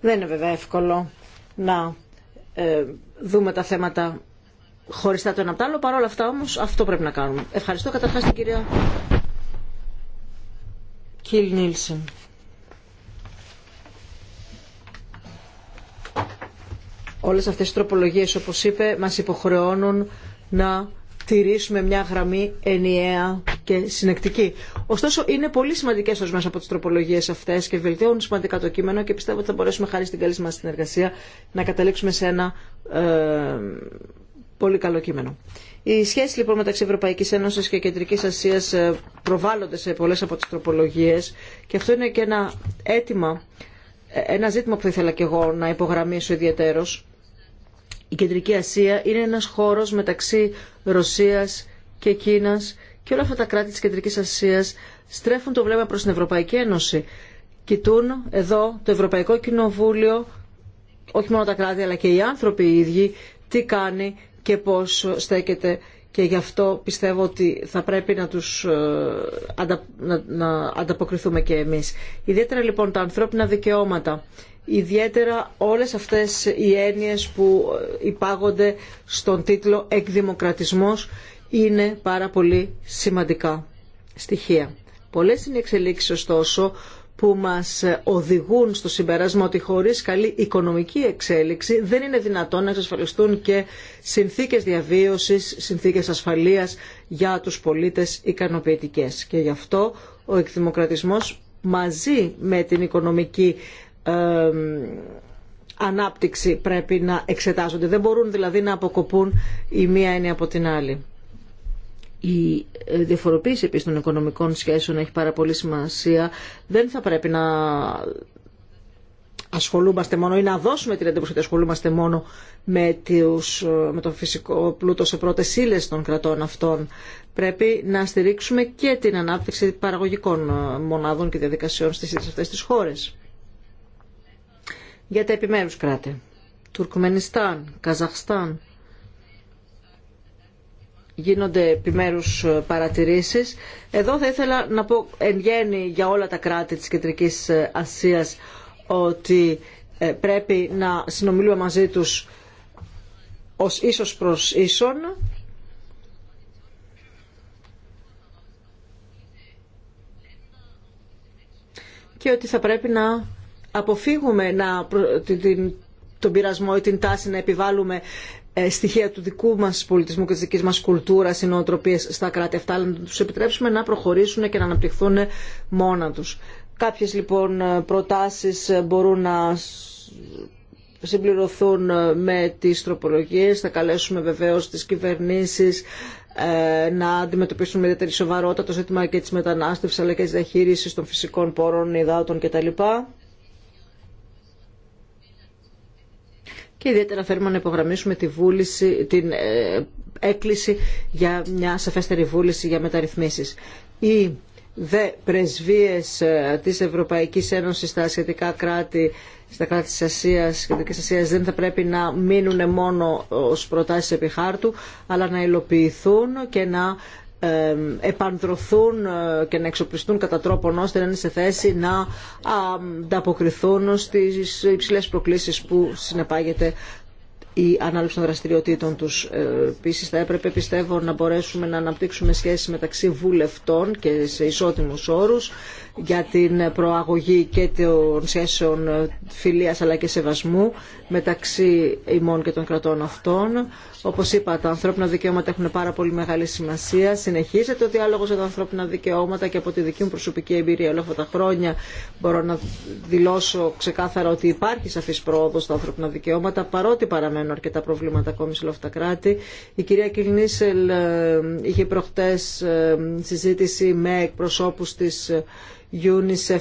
[SPEAKER 3] Δεν είναι βέβαια εύκολο να ε, δούμε τα θέματα χωριστά το ένα από το άλλο. Παρ' όλα αυτά όμως αυτό πρέπει να κάνουμε. Ευχαριστώ καταρχάς την κυρία Κιλ Νίλσεν. Όλες αυτές οι τροπολογίες, όπως είπε, μας υποχρεώνουν να τηρήσουμε μια γραμμή ενιαία και συνεκτική. Ωστόσο, είναι πολύ σημαντικέ μέσα από τι τροπολογίε αυτέ και βελτιώνουν σημαντικά το κείμενο και πιστεύω ότι θα μπορέσουμε χάρη στην καλή μα συνεργασία να καταλήξουμε σε ένα ε, πολύ καλό κείμενο. Οι σχέσει λοιπόν μεταξύ Ευρωπαϊκή Ένωση και Κεντρική Ασία ε, προβάλλονται σε πολλέ από τι τροπολογίε και αυτό είναι και ένα αίτημα, ε, ένα ζήτημα που θα ήθελα και εγώ να υπογραμμίσω ιδιαίτερω η Κεντρική Ασία είναι ένας χώρος μεταξύ Ρωσίας και Κίνας και όλα αυτά τα κράτη της Κεντρικής Ασίας στρέφουν το βλέμμα προς την Ευρωπαϊκή Ένωση. Κοιτούν εδώ το Ευρωπαϊκό Κοινοβούλιο, όχι μόνο τα κράτη αλλά και οι άνθρωποι οι ίδιοι, τι κάνει και πώς στέκεται και γι' αυτό πιστεύω ότι θα πρέπει να τους ε, να, να ανταποκριθούμε και εμείς. Ιδιαίτερα λοιπόν τα ανθρώπινα δικαιώματα ιδιαίτερα όλες αυτές οι έννοιες που υπάγονται στον τίτλο «Εκδημοκρατισμός» είναι πάρα πολύ σημαντικά στοιχεία. Πολλές είναι οι εξελίξεις ωστόσο που μας οδηγούν στο συμπεράσμα ότι χωρίς καλή οικονομική εξέλιξη δεν είναι δυνατόν να εξασφαλιστούν και συνθήκες διαβίωσης, συνθήκες ασφαλείας για τους πολίτες ικανοποιητικές. Και γι' αυτό ο εκδημοκρατισμός μαζί με την οικονομική ανάπτυξη πρέπει να εξετάζονται. Δεν μπορούν δηλαδή να αποκοπούν η μία έννοια από την άλλη. Η ε, διαφοροποίηση επίσης των οικονομικών σχέσεων έχει πάρα πολύ σημασία. Δεν θα πρέπει να ασχολούμαστε μόνο ή να δώσουμε την εντύπωση ότι ασχολούμαστε μόνο με, τους, ε, με το φυσικό πλούτο σε πρώτες ύλε των κρατών αυτών. Πρέπει να στηρίξουμε και την ανάπτυξη παραγωγικών ε, μονάδων και διαδικασιών στις αυτές τις χώρες για τα επιμέρους κράτη. Τουρκμενιστάν, Καζαχστάν. Γίνονται επιμέρους ε, παρατηρήσεις. Εδώ θα ήθελα να πω εν γέννη για όλα τα κράτη της Κεντρικής ε, Ασίας ότι ε, πρέπει να συνομιλούμε μαζί τους ως ίσως προς ίσον και ότι θα πρέπει να αποφύγουμε να, την, τον πειρασμό ή την τάση να επιβάλλουμε ε, στοιχεία του δικού μας πολιτισμού και της δικής μας κουλτούρας, ή νοοτροπίες στα κράτη αυτά, αλλά να τους επιτρέψουμε να προχωρήσουν και να αναπτυχθούν μόνα τους. Κάποιες λοιπόν προτάσεις μπορούν να συμπληρωθούν ε, με τις τροπολογίες. Θα καλέσουμε βεβαίως τις κυβερνήσεις ε, να αντιμετωπίσουν με ιδιαίτερη σοβαρότητα το ζήτημα και της μετανάστευσης αλλά και της διαχείρισης των φυσικών πόρων, υδάτων κτλ. και ιδιαίτερα θέλουμε να υπογραμμίσουμε τη βούληση, την ε, έκκληση για μια σαφέστερη βούληση για μεταρρυθμίσεις. Οι δε πρεσβείες ε, της Ευρωπαϊκής Ένωσης στα σχετικά κράτη στα κράτη της Ασίας, της Ασίας δεν θα πρέπει να μείνουν μόνο ως προτάσεις επί χάρτου, αλλά να υλοποιηθούν και να επανδρωθούν ε, και να εξοπλιστούν κατά τρόπον ώστε να είναι σε θέση να ανταποκριθούν στις υψηλές προκλήσεις που συνεπάγεται η ανάληψη των δραστηριοτήτων τους. Ε, Επίση, θα έπρεπε, πιστεύω, να μπορέσουμε να αναπτύξουμε σχέσεις μεταξύ βουλευτών και σε ισότιμους όρους για την προαγωγή και των σχέσεων φιλίας αλλά και σεβασμού μεταξύ ημών και των κρατών αυτών. Όπως είπα, τα ανθρώπινα δικαιώματα έχουν πάρα πολύ μεγάλη σημασία. Συνεχίζεται ο διάλογος για τα ανθρώπινα δικαιώματα και από τη δική μου προσωπική εμπειρία όλα αυτά τα χρόνια μπορώ να δηλώσω ξεκάθαρα ότι υπάρχει σαφής πρόοδος στα ανθρώπινα δικαιώματα παρότι παραμένουν αρκετά προβλήματα ακόμη σε όλα αυτά τα κράτη. Η κυρία Κιλνίσελ ε, είχε προχτές ε, συζήτηση με εκπροσώπους της UNICEF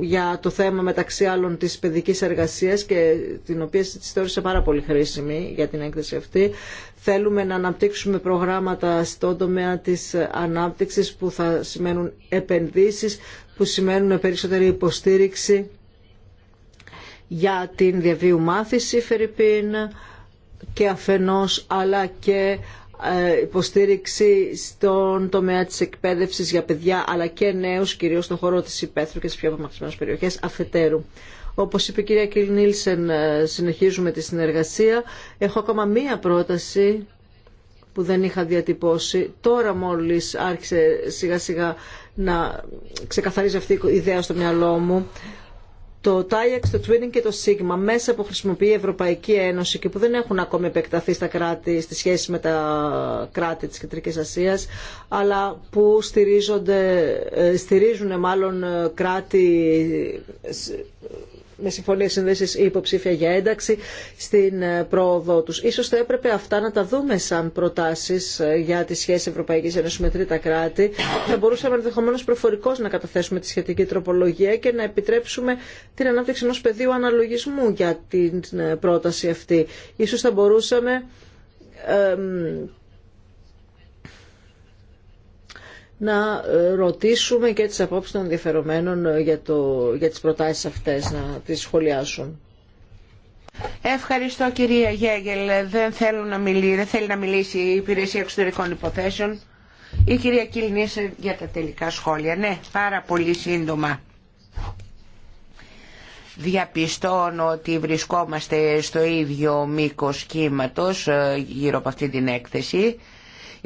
[SPEAKER 3] για το θέμα μεταξύ άλλων της παιδικής εργασίας και την οποία τη θεώρησε πάρα πολύ χρήσιμη για την έκθεση αυτή. Θέλουμε να αναπτύξουμε προγράμματα στον τομέα της ανάπτυξης που θα σημαίνουν επενδύσεις, που σημαίνουν περισσότερη υποστήριξη για την διαβίου μάθηση Φερρυπίν και αφενός αλλά και ε, υποστήριξη στον τομέα της εκπαίδευσης για παιδιά αλλά και νέους, κυρίως στον χώρο της υπαίθρου και στις πιο απομακρυσμένες περιοχές αφετέρου. Όπως είπε η κυρία Κιλ Νίλσεν, ε, συνεχίζουμε τη συνεργασία. Έχω ακόμα μία πρόταση που δεν είχα διατυπώσει. Τώρα μόλις άρχισε σιγά σιγά να ξεκαθαρίζει αυτή η ιδέα στο μυαλό μου το TIEX, το Twinning και το Sigma μέσα που χρησιμοποιεί η Ευρωπαϊκή Ένωση και που δεν έχουν ακόμη επεκταθεί στα κράτη, στη σχέση με τα κράτη της Κεντρικής Ασίας αλλά που στηρίζονται, ε, στηρίζουν μάλλον ε, κράτη ε, με συμφωνίε συνδέσεις ή υποψήφια για ένταξη στην ε, πρόοδό τους. Ίσως θα έπρεπε αυτά να τα δούμε σαν προτάσεις ε, για τη σχέση Ευρωπαϊκής Ένωσης με τρίτα κράτη. Θα μπορούσαμε ενδεχομένω προφορικώς να καταθέσουμε τη σχετική τροπολογία και να επιτρέψουμε την ανάπτυξη ενός πεδίου αναλογισμού για την ε, πρόταση αυτή. Ίσως θα μπορούσαμε να ε, ρωτήσουμε και τις απόψεις των ενδιαφερομένων ε, για, το, για τις προτάσεις αυτές, να τις σχολιάσουν.
[SPEAKER 1] Ευχαριστώ κυρία Γέγελ. Δεν, θέλω να μιλήσει, θέλει να μιλήσει η Υπηρεσία Εξωτερικών Υποθέσεων. Η κυρία Κιλνίσε για τα τελικά σχόλια. Ναι, πάρα πολύ σύντομα. Διαπιστώνω ότι βρισκόμαστε στο ίδιο μήκος κύματος ε, γύρω από αυτή την έκθεση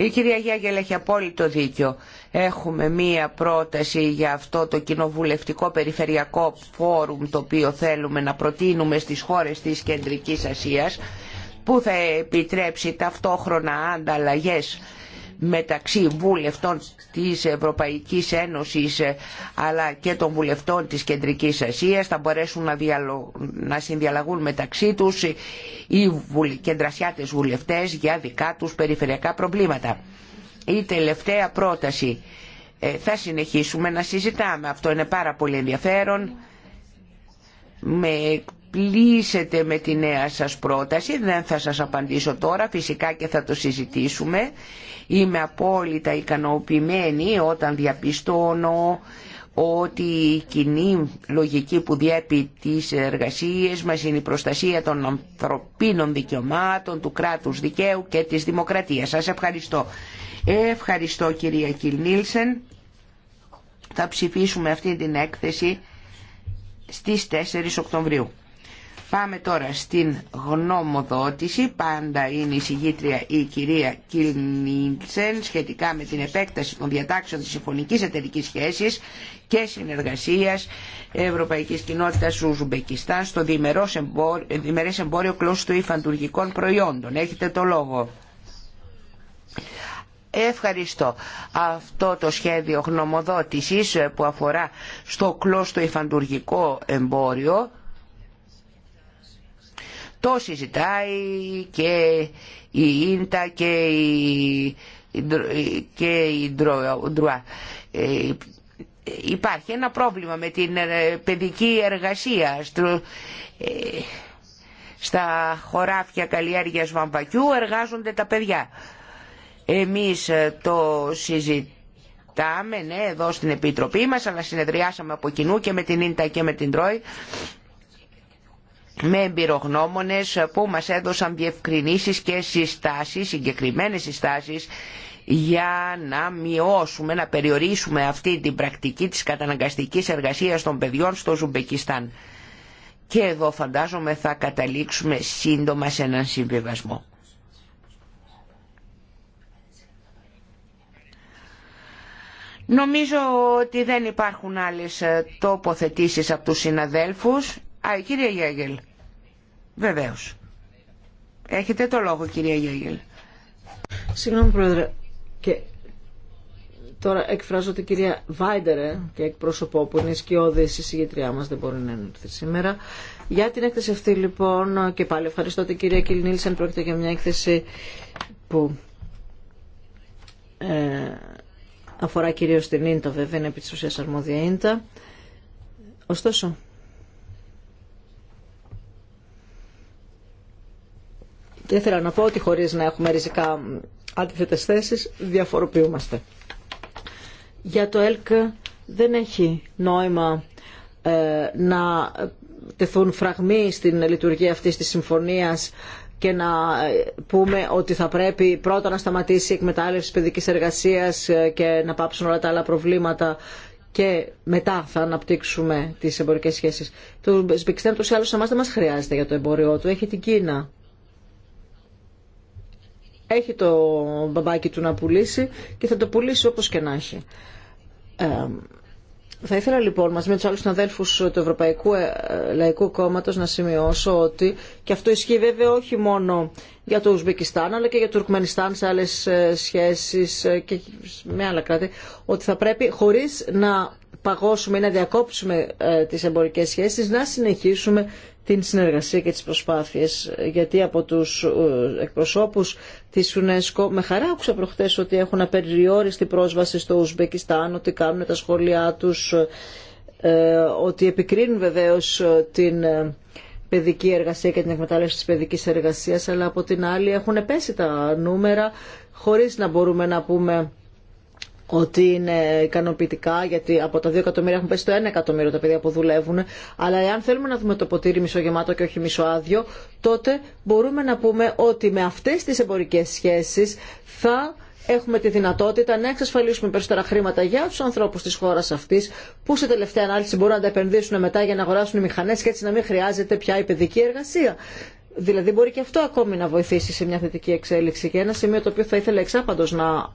[SPEAKER 1] η κυρία Γιάγελ έχει απόλυτο δίκιο. Έχουμε μία πρόταση για αυτό το κοινοβουλευτικό περιφερειακό φόρουμ το οποίο θέλουμε να προτείνουμε στις χώρες της Κεντρικής Ασίας που θα επιτρέψει ταυτόχρονα ανταλλαγές μεταξύ βουλευτών της Ευρωπαϊκής Ένωσης ε, αλλά και των βουλευτών της Κεντρικής Ασίας θα μπορέσουν να, διαλο... να συνδιαλλαγούν μεταξύ τους οι βουλ... κεντρασιάτες βουλευτές για δικά τους περιφερειακά προβλήματα. Η τελευταία πρόταση ε, θα συνεχίσουμε να συζητάμε. Αυτό είναι πάρα πολύ ενδιαφέρον με πλήσετε με τη νέα σας πρόταση, δεν θα σας απαντήσω τώρα, φυσικά και θα το συζητήσουμε. Είμαι απόλυτα ικανοποιημένη όταν διαπιστώνω ότι η κοινή λογική που διέπει τις εργασίες μας είναι η προστασία των ανθρωπίνων δικαιωμάτων, του κράτους δικαίου και της δημοκρατίας. Σας ευχαριστώ. Ευχαριστώ κυρία Κιλ Θα ψηφίσουμε αυτή την έκθεση στις 4 Οκτωβρίου. Πάμε τώρα στην γνωμοδότηση, πάντα είναι η συγγήτρια η κυρία Κιλνίτσεν σχετικά με την επέκταση των διατάξεων της συμφωνικής εταιρικής σχέσης και συνεργασίας Ευρωπαϊκής Κοινότητας Ουζουμπεκιστάν στο διμερές εμπόριο, διμερές εμπόριο υφαντουργικών προϊόντων. Έχετε το λόγο. Ευχαριστώ. Αυτό το σχέδιο γνωμοδότησης που αφορά στο κλώστο υφαντουργικό εμπόριο το συζητάει και η Ίντα και η, και η ε, Υπάρχει ένα πρόβλημα με την ε, παιδική εργασία ε, στα χωράφια καλλιέργειας βαμβακιού εργάζονται τα παιδιά. Εμείς το συζητάμε, ναι, εδώ στην Επιτροπή μας, αλλά συνεδριάσαμε από κοινού και με την Ίντα και με την Τρόη με εμπειρογνώμονες που μας έδωσαν διευκρινήσεις και συστάσεις, συγκεκριμένες συστάσεις για να μειώσουμε, να περιορίσουμε αυτή την πρακτική της καταναγκαστικής εργασίας των παιδιών στο Ζουμπεκιστάν. Και εδώ φαντάζομαι θα καταλήξουμε σύντομα σε έναν συμβιβασμό. Νομίζω ότι δεν υπάρχουν άλλες τοποθετήσεις από τους συναδέλφους. Α, κυρία Βεβαίω. Έχετε το λόγο κυρία Γιώργη. Συγγνώμη πρόεδρε. Και
[SPEAKER 3] τώρα εκφράζω την κυρία Βάιντερε και εκπρόσωπό που είναι η σκιώδη η συγγετριά μας δεν μπορεί να έρθει σήμερα. Για την έκθεση αυτή λοιπόν και πάλι ευχαριστώ την κυρία Κιλνίλσεν πρόκειται για μια έκθεση που ε, αφορά κυρίως την ίντα βέβαια είναι επί της ουσίας αρμόδια ίντα. Ωστόσο ήθελα να πω ότι χωρίς να έχουμε ριζικά αντιθέτες θέσεις διαφοροποιούμαστε. Για το ΕΛΚ δεν έχει νόημα ε, να τεθούν φραγμοί στην λειτουργία αυτής της συμφωνίας και να ε, πούμε ότι θα πρέπει πρώτα να σταματήσει η εκμετάλλευση παιδικής εργασίας ε, και να πάψουν όλα τα άλλα προβλήματα και μετά θα αναπτύξουμε τις εμπορικές σχέσεις. Το Σμπικιστάν τους άλλους εμάς δεν μας χρειάζεται για το εμπόριό του, έχει την Κίνα έχει το μπαμπάκι του να πουλήσει και θα το πουλήσει όπως και να έχει. Ε, θα ήθελα λοιπόν μαζί με τους άλλους συναδέλφους του Ευρωπαϊκού ε, Λαϊκού Κόμματος να σημειώσω ότι και αυτό ισχύει βέβαια όχι μόνο για το Ουσμπικιστάν αλλά και για το Τουρκμενιστάν σε άλλες ε, σχέσεις και με άλλα κράτη ότι θα πρέπει χωρίς να παγώσουμε ή να διακόψουμε τις εμπορικές σχέσεις να συνεχίσουμε την συνεργασία και τις προσπάθειες. Γιατί από τους ε, εκπροσώπους της UNESCO με χαρά άκουσα προχτές ότι έχουν απεριόριστη πρόσβαση στο Ουσμπεκιστάν, ότι κάνουν τα σχόλιά τους, ε, ότι επικρίνουν βεβαίως ε, την παιδική εργασία και την εκμετάλλευση της παιδικής εργασίας, αλλά από την άλλη έχουν πέσει τα νούμερα χωρίς να μπορούμε να πούμε ότι είναι ικανοποιητικά, γιατί από τα 2 εκατομμύρια έχουν πέσει το 1 εκατομμύριο τα παιδιά που δουλεύουν. Αλλά εάν θέλουμε να δούμε το ποτήρι μισογεμάτο και όχι μισοάδιο, τότε μπορούμε να πούμε ότι με αυτέ τι εμπορικέ σχέσει θα έχουμε τη δυνατότητα να εξασφαλίσουμε περισσότερα χρήματα για του ανθρώπου τη χώρα αυτή, που σε τελευταία ανάλυση μπορούν να τα επενδύσουν μετά για να αγοράσουν οι μηχανέ και έτσι να μην χρειάζεται πια η παιδική εργασία. Δηλαδή μπορεί και αυτό ακόμη να βοηθήσει σε μια θετική εξέλιξη και ένα σημείο το οποίο θα ήθελα εξάπαντος να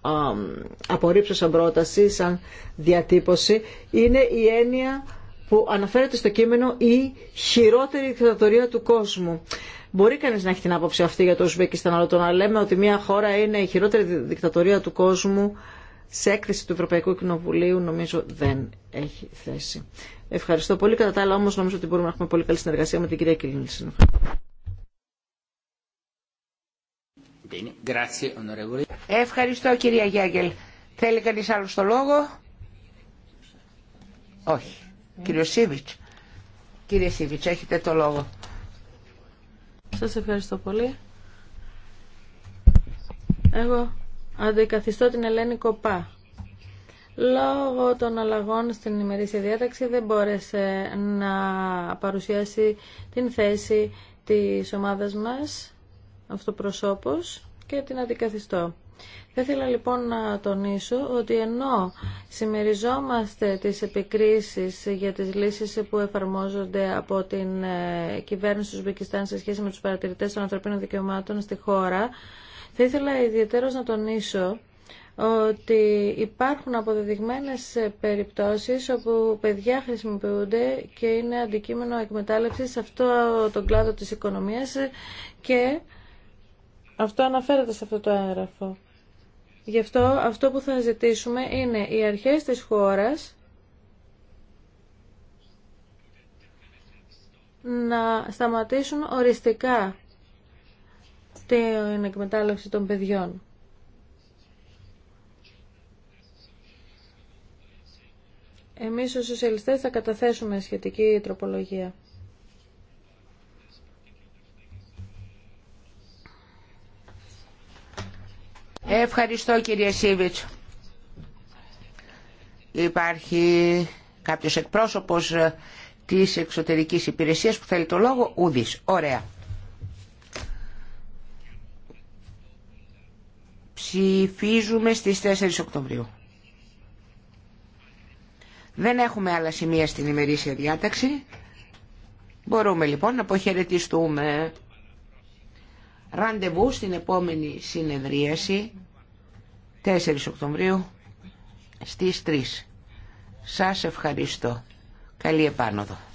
[SPEAKER 3] απορρίψω σαν πρόταση, σαν διατύπωση, είναι η έννοια που αναφέρεται στο κείμενο η χειρότερη δικτατορία του κόσμου. Μπορεί κανεί να έχει την άποψη αυτή για το Ουσβέκισταν, αλλά το να λέμε ότι μια χώρα είναι η χειρότερη δικτατορία του κόσμου σε έκθεση του Ευρωπαϊκού Κοινοβουλίου νομίζω δεν έχει θέση. Ευχαριστώ πολύ. Κατά τα άλλα όμω νομίζω ότι μπορούμε να έχουμε πολύ καλή συνεργασία με την κυρία Κιλίνη.
[SPEAKER 1] Ευχαριστώ κυρία Γιάγκελ. Θέλει κανείς άλλο το λόγο. Όχι. Κύριο Σίβιτς. Κύριε Σίβιτς, έχετε το λόγο. Σας ευχαριστώ
[SPEAKER 2] πολύ. Εγώ αντικαθιστώ την Ελένη Κοπά. Λόγω των αλλαγών στην ημερήσια διάταξη δεν μπόρεσε να παρουσιάσει την θέση της ομάδας μας αυτοπροσώπως και την αντικαθιστώ. Θα ήθελα λοιπόν να τονίσω ότι ενώ συμμεριζόμαστε τις επικρίσεις για τις λύσεις που εφαρμόζονται από την ε, κυβέρνηση του Ουσμπεκιστάν σε σχέση με τους παρατηρητές των ανθρωπίνων δικαιωμάτων στη χώρα, θα ήθελα ιδιαίτερως να τονίσω ότι υπάρχουν αποδεδειγμένες περιπτώσεις όπου παιδιά χρησιμοποιούνται και είναι αντικείμενο εκμετάλλευσης σε αυτό τον κλάδο της οικονομίας και αυτό αναφέρεται σε αυτό το έγγραφο. Γι' αυτό αυτό που θα ζητήσουμε είναι οι αρχές της χώρας να σταματήσουν οριστικά την εκμετάλλευση των παιδιών. Εμείς ως σοσιαλιστές θα καταθέσουμε
[SPEAKER 1] σχετική τροπολογία. Ευχαριστώ κύριε Σίβιτς. Υπάρχει κάποιος εκπρόσωπος ε, της εξωτερικής υπηρεσίας που θέλει το λόγο. Ούδης. Ωραία. Ψηφίζουμε στις 4 Οκτωβρίου. Δεν έχουμε άλλα σημεία στην ημερήσια διάταξη. Μπορούμε λοιπόν να αποχαιρετιστούμε. Ραντεβού στην επόμενη συνεδρίαση 4 Οκτωβρίου στις 3. Σας ευχαριστώ. Καλή επάνωδο.